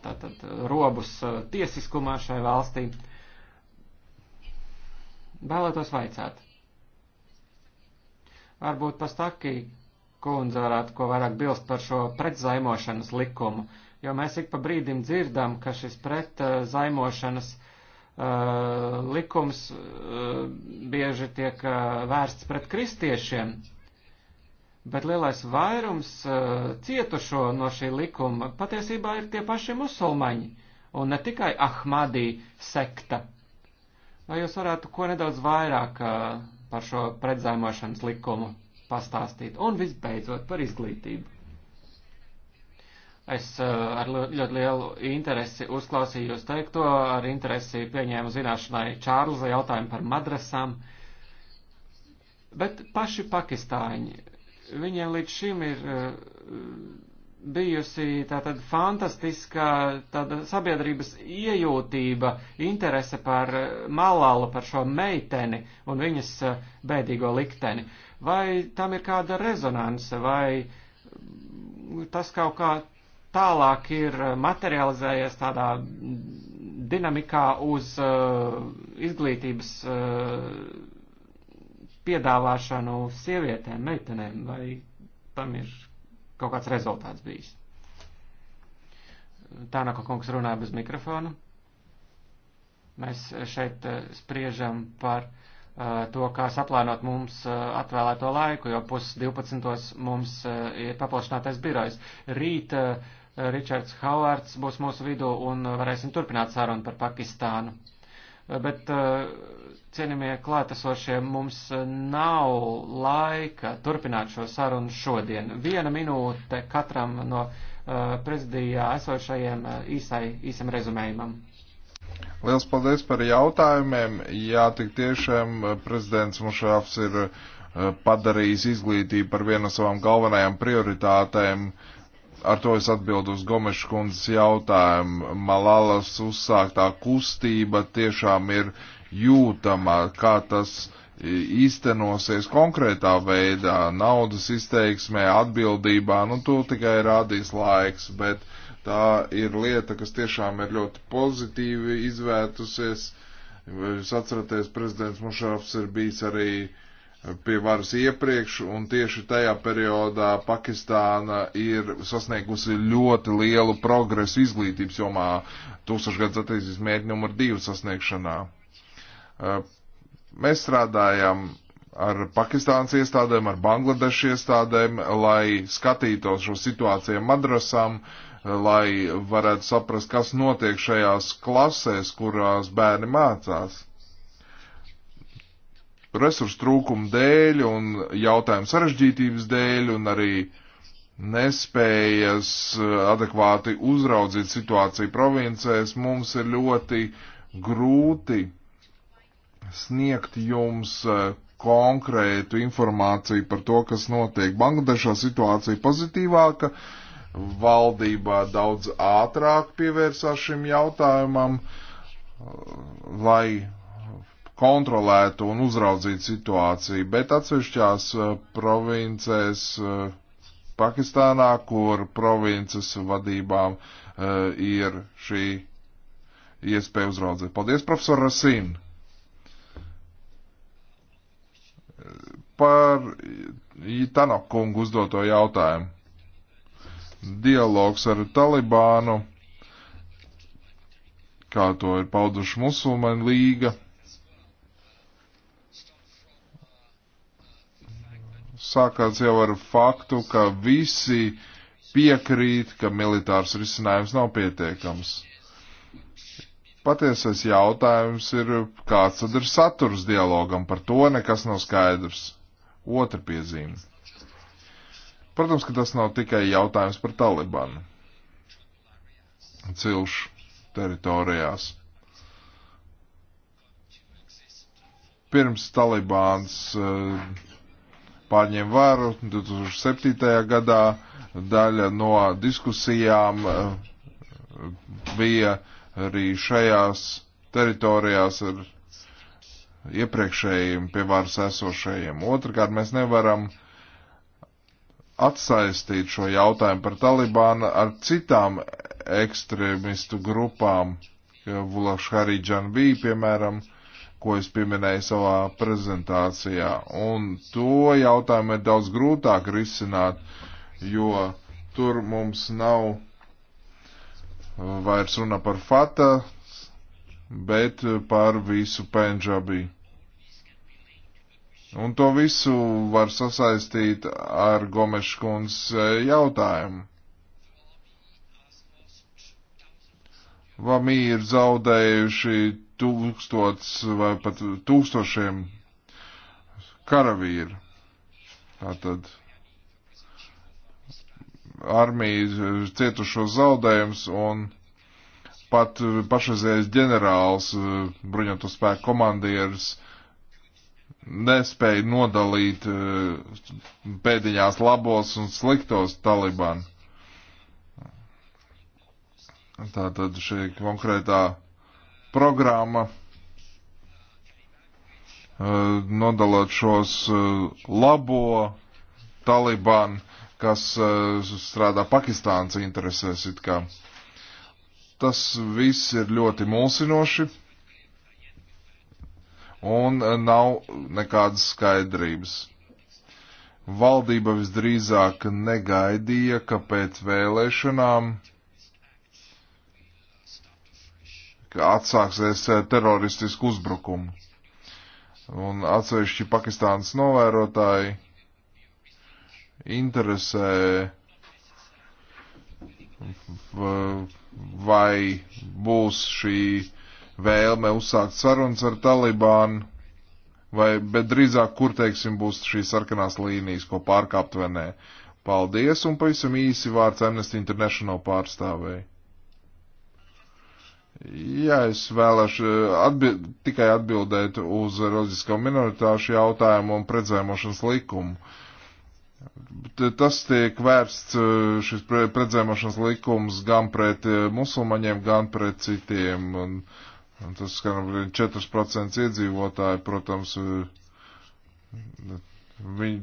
tātad robus tiesiskumā šai valstī. Vēlētos vaicāt. Varbūt pastakī kundze varētu ko vairāk bilst par šo pretzaimošanas likumu, jo mēs ik pa brīdim dzirdam, ka šis pretzaimošanas uh, Eh, likums eh, bieži tiek eh, vērsts pret kristiešiem, bet lielais vairums cietušo no šī likuma patiesībā ir tie paši musulmaņi un ne tikai Ahmadī sekta. Vai jūs varētu ko nedaudz vairāk par šo predzēmošanas likumu pastāstīt? Un visbeidzot par izglītību. Es eh, ar ļoti lielu interesi uzklausīju jūs teikto, ar interesi pieņēmu zināšanai Čārlza jautājumu par madrasām. Bet paši pakistāņi, viņiem līdz šim ir eh, bijusi tātad fantastiska tāda sabiedrības iejūtība, interese par eh, malālu, par šo meiteni un viņas bēdīgo likteni. Vai tam ir kāda rezonance, vai tas kaut kā tālāk ir eh, materializējies tādā dinamikā uz uh, izglītības uh, piedāvāšanu sievietēm, meitenēm, vai tam ir kaut kāds rezultāts bijis? Tānaka nu, kungs runāja bez mikrofona. Mēs šeit spriežam par uh, to, kā saplānot mums uh, atvēlēto laiku, jo pus 12. mums uh, ir paplašinātais birojs. Rīt uh, Ričards Hauards būs mūsu vidū un varēsim turpināt sarunu par Pakistānu. Bet, eh, cienījamie klātesošie, mums nav laika turpināt šo sarunu šodien. Viena minūte katram no eh, prezidijā esošajiem eh, īsai, īsam rezumējumam. Liels paldies par jautājumiem. Jā, tik tiešām prezidents Mušāfs ir padarījis izglītību par vienu no savām galvenajām prioritātēm uh, Ar to es atbildu uz Gomeša kundzes jautājumu. Malalas uzsāktā kustība tiešām ir jūtama, kā tas īstenosies konkrētā veidā, naudas izteiksmē, atbildībā, nu to tikai rādīs laiks, bet tā ir lieta, kas tiešām ir ļoti pozitīvi izvērtusies. Jūs atceraties, prezidents Mušāfs ir bijis arī uh, pie varas iepriekš, un tieši tajā periodā Pakistāna ir sasniegusi ļoti lielu progresu izglītības jomā, tūkstošgads attīstības mērķi numur divu sasniegšanā. Mēs strādājam ar Pakistānas iestādēm, ar Bangladešu iestādēm, lai skatītos šo situāciju madrasām, lai varētu saprast, kas notiek šajās klasēs, kurās bērni mācās resursu trūkumu dēļ un jautājumu sarežģītības dēļ un arī nespējas eh, adekvāti uzraudzīt situāciju provincēs, mums ir ļoti grūti sniegt jums eh, konkrētu informāciju par to, kas notiek. Bangladešā situācija pozitīvāka, valdībā daudz ātrāk pievērsās šim jautājumam, eh, lai kontrolētu un uzraudzītu situāciju, bet atsevišķās eh, provincēs eh, Pakistānā, kur provinces vadībām eh, ir šī iespēja uzraudzīt. Paldies, profesor Rasīn! Par Tano kungu uzdoto jautājumu. Dialogs ar Talibānu, kā to ir pauduši musulmaņu līga sākās jau ar faktu, ka visi piekrīt, ka militārs risinājums nav pietiekams. Patiesais jautājums ir, kāds tad ir saturs dialogam, par to nekas nav skaidrs. Otra piezīme. Protams, ka tas nav tikai jautājums par Talibanu. Cilšu teritorijās. Pirms Talibāns uh, pārņēma varu 2007. gadā. Daļa no diskusijām eh, bija arī šajās teritorijās ar iepriekšējiem pie varas esošajiem. Otrakārt, mēs nevaram atsaistīt šo jautājumu par Talibānu ar citām ekstrēmistu grupām. Vulašharī Džanbī, piemēram, uh, ko es pieminēju savā prezentācijā. Un to jautājumu ir daudz grūtāk risināt, jo tur mums nav eh, vairs runa par fata, bet par visu Pendžabī. Un to visu var sasaistīt ar Gomeškundas eh, jautājumu. Vamī ir zaudējuši tūkstots vai pat tūkstošiem karavīru. Tātad armija cietušo zaudējums un pat pašreizējais ģenerālis, eh, bruņoto spēku komandieris, nespēja nodalīt eh, pēdiņās labos un sliktos Taliban. Tātad šī konkrētā programma eh, nodalot šos eh, labo Taliban, kas eh, strādā Pakistānas interesēs it kā. Tas viss ir ļoti mulsinoši un nav nekādas skaidrības. Valdība visdrīzāk negaidīja, ka pēc vēlēšanām uh, ka atsāksies eh, teroristisku uzbrukumu. Un atsevišķi Pakistānas novērotāji interesē, eh, vai būs šī vēlme uzsākt sarunas ar Talibānu, vai, bet drīzāk, kur, teiksim, būs šīs sarkanās līnijas, ko pārkāpt vai nē. Paldies, un pavisam īsi vārds Amnesty International pārstāvēja. Jā, es vēlēšu eh, atbild, tikai atbildēt uz reliģisko minoritāšu jautājumu un predzēmošanas likumu. Tas tiek vērsts, eh, šis predzēmošanas likums, gan pret eh, musulmaņiem, gan pret citiem. Un, un tas, ka 4% iedzīvotāji, protams, viņi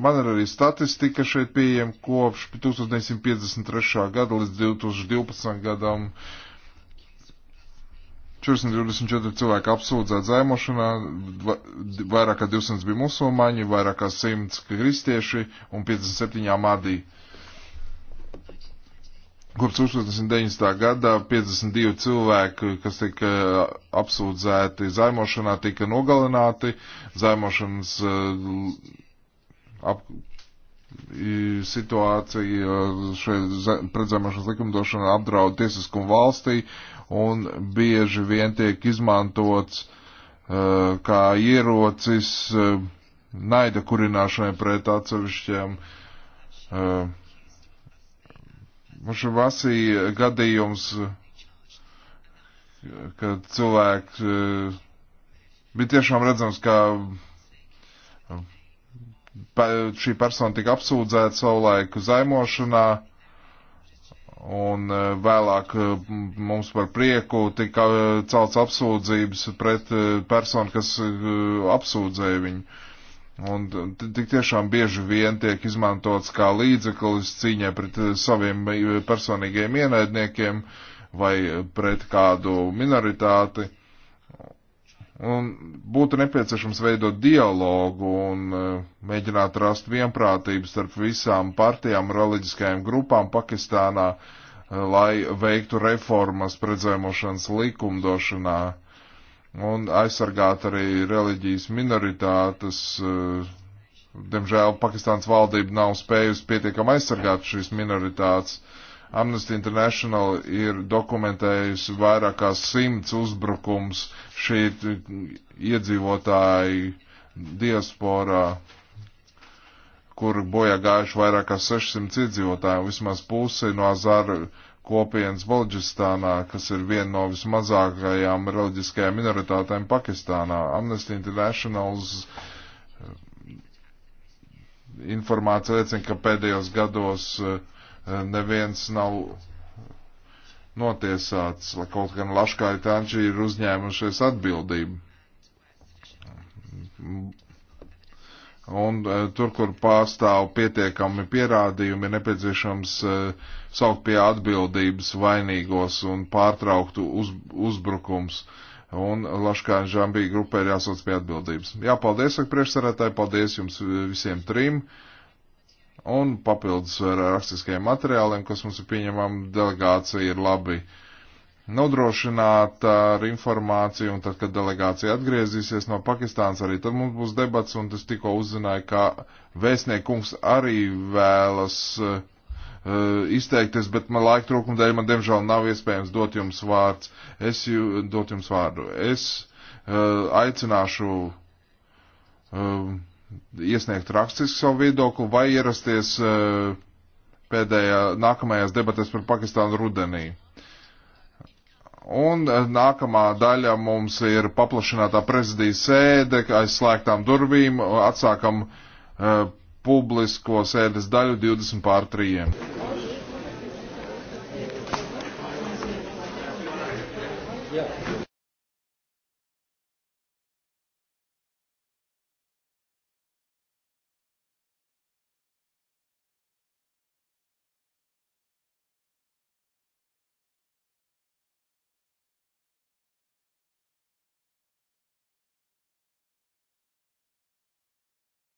Man ir arī statistika šeit pieejama kopš 1953. gada līdz 2012. gadam. Uh, 424 cilvēki apsūdzēti zaimošanā, vairāk kā 200 bija musulmaņi, vairāk kā 100 kristieši un 57 madī. Kopš 1990. gada 52 cilvēki, kas tika apsūdzēti zaimošanā, tika nogalināti. Zaimošanas ap, situācija šeit pretzaimošanas likumdošana apdraud tiesiskumu valstī un bieži vien tiek izmantots uh, kā ierocis uh, naida kurināšanai pret atsevišķiem. Uh, Mums ir vasī gadījums, kad cilvēks uh, bija tiešām redzams, ka uh, šī persona tika apsūdzēta savulaik zaimošanā Un eh, vēlāk eh, mums par prieku tika eh, celts apsūdzības pret personu, kas apsūdzēja viņu. Un tik tiešām bieži vien tiek izmantots kā līdzeklis cīņā pret saviem personīgiem ienaidniekiem vai pret kādu minoritāti. Un būtu nepieciešams veidot dialogu un e, mēģināt rast vienprātību starp visām partijām, reliģiskajām grupām Pakistānā, e, lai veiktu reformas predzēmošanas likumdošanā un aizsargāt arī reliģijas minoritātes. E, Diemžēl Pakistāns valdība nav spējusi pietiekam aizsargāt šīs minoritātes Amnesty International ir dokumentējusi vairāk kā simts uzbrukums šī iedzīvotāju diasporā, kur bojā gājuši vairāk kā 600 iedzīvotāju, vismaz pusi no Azāru kopienas Balģistānā, kas ir viena no vismazākajām reliģiskajām minoritātēm Pakistānā. Amnesty International's eh, informācija liecina, ka pēdējos gados uh, neviens nav notiesāts, lai kaut gan Laškāri Tanči ir uzņēmušies atbildību. Un e, tur, kur pārstāv pietiekami pierādījumi, ir nepieciešams e, saukt pie atbildības vainīgos un pārtrauktu uz, uzbrukums. Un Laškāri Žambī grupē ir jāsauc pie atbildības. Jā, paldies, saka priekšsarētāji, paldies jums visiem trim un papildus rakstiskajiem materiāliem, kas mums ir pieņemama, delegācija ir labi nodrošināta ar informāciju, un tad, kad delegācija atgriezīsies no Pakistānas, arī tad mums būs debats, un es tikko uzzināju, ka vēstniekums arī vēlas uh, izteikties, bet man laika trūkuma dēļ man diemžēl nav iespējams dot jums vārds. Es jū, dot jums vārdu. Es uh, aicināšu. Um, iesniegt rakstiski savu viedokli vai ierasties e, pēdējā, nākamajās debatēs par Pakistānu rudenī. Un e, nākamā daļa mums ir paplašinātā prezidijas sēde aizslēgtām durvīm. Atsākam uh, publisko sēdes daļu 20 pār 3. Yeah.